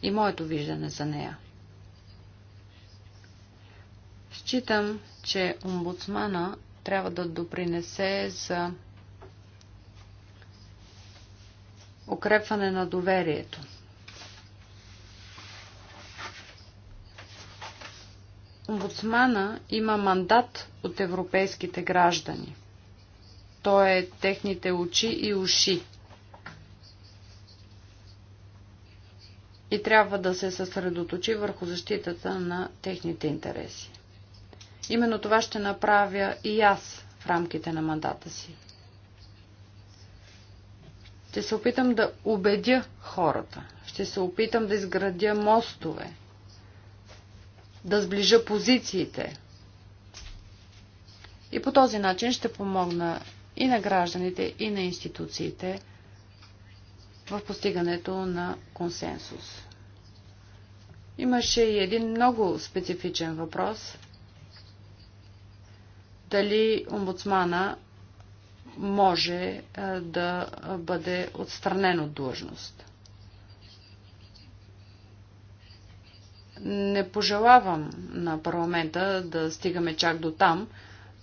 и моето виждане за нея. Считам, че омбудсмана трябва да допринесе за укрепване на доверието. Омбудсмана има мандат от европейските граждани. Той е техните очи и уши. И трябва да се съсредоточи върху защитата на техните интереси. Именно това ще направя и аз в рамките на мандата си. Ще се опитам да убедя хората. Ще се опитам да изградя мостове. Да сближа позициите. И по този начин ще помогна и на гражданите, и на институциите в постигането на консенсус. Имаше и един много специфичен въпрос – дали омбудсмана може е, да бъде отстранен от длъжност. Не пожелавам на парламента да стигаме чак до там,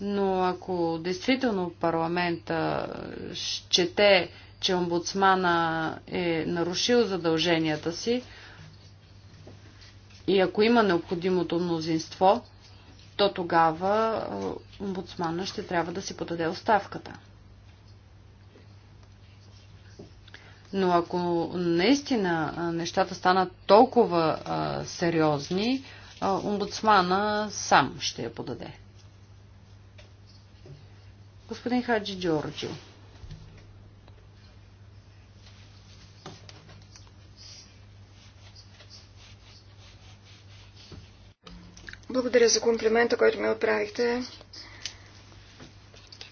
но ако действително парламента счете, че омбудсмана е нарушил задълженията си и ако има необходимото мнозинство, то тогава е, омбудсмана ще трябва да си подаде оставката. Но ако наистина е, нещата станат толкова е, сериозни, омбудсмана сам ще я подаде. Господин Хаджи Джорджио. Благодаря за комплимента, който ми отправихте.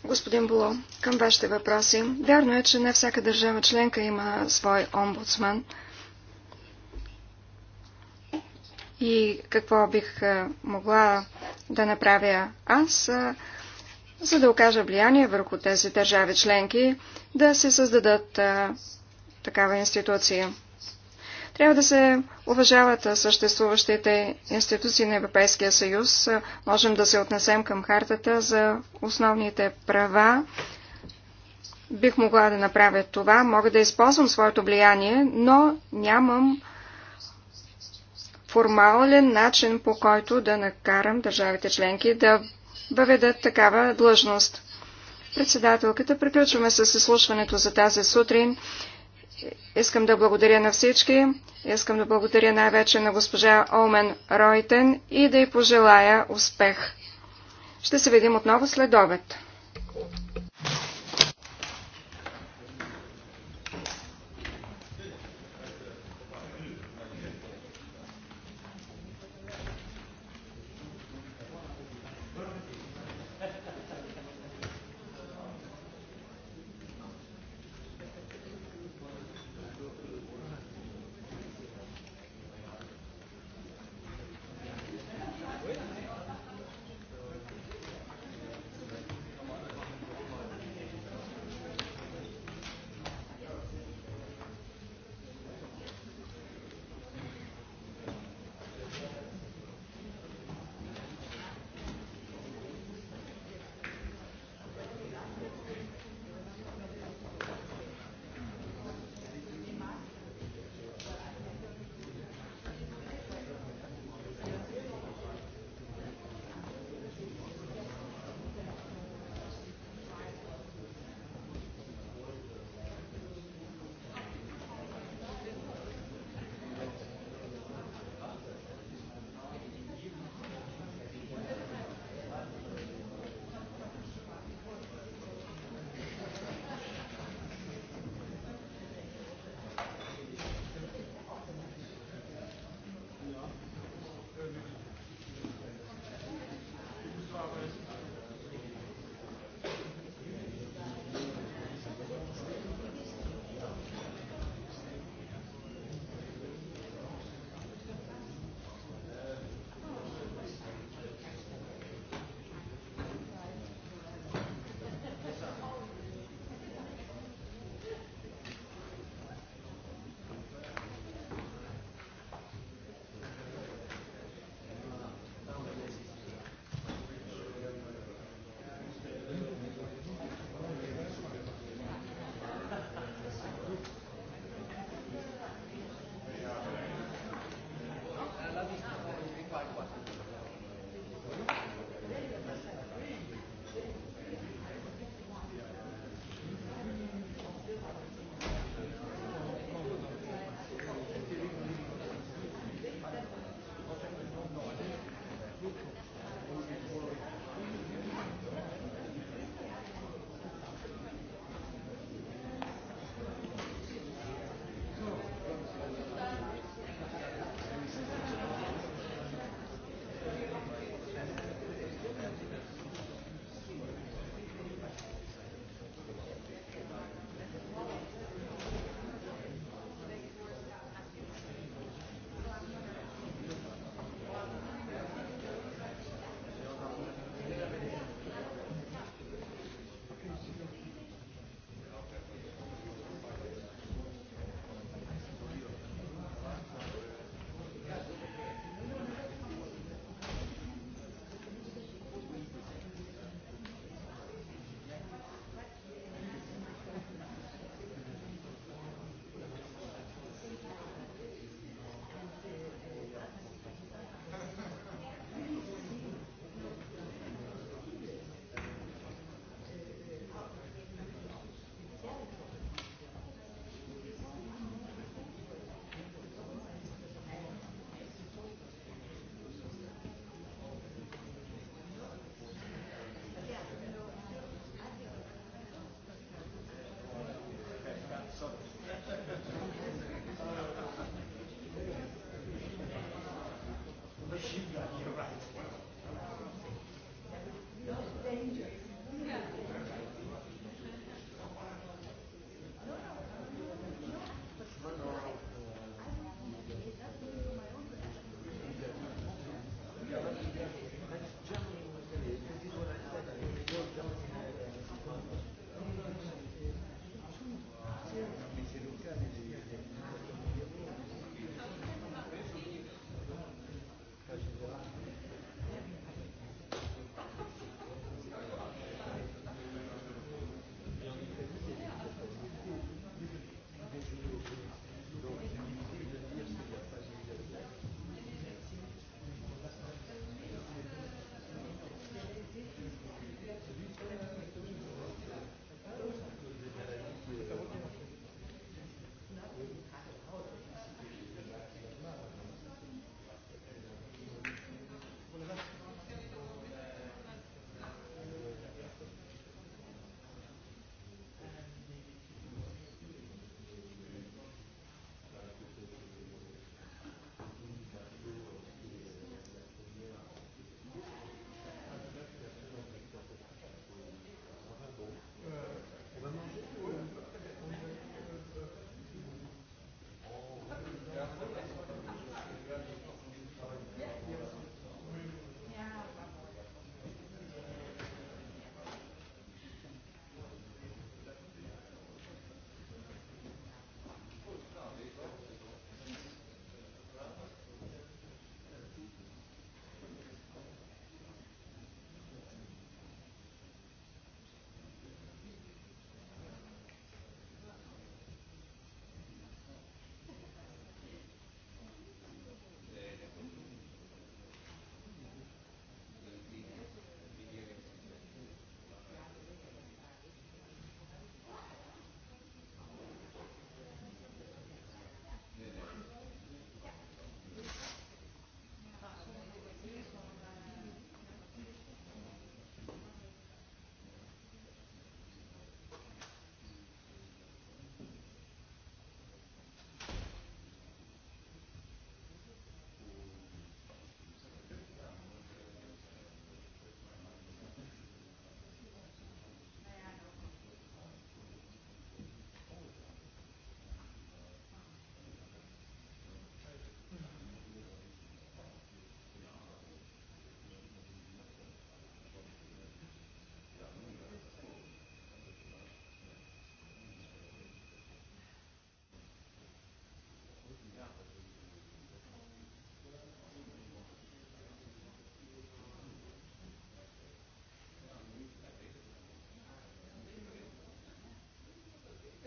Господин Боло, към вашите въпроси. Вярно е, че не всяка държава членка има свой омбудсман. И какво бих е, могла да направя аз, е, за да окажа влияние върху тези държави членки, да се създадат е, такава институция. Трябва да се уважават съществуващите институции на Европейския съюз. Можем да се отнесем към хартата за основните права. Бих могла да направя това, мога да използвам своето влияние, но нямам формален начин по който да накарам държавите членки да въведат такава длъжност. Председателката, приключваме с изслушването за тази сутрин. Искам да благодаря на всички. Искам да благодаря най-вече на госпожа Олмен Ройтен и да й пожелая успех. Ще се видим отново след обед.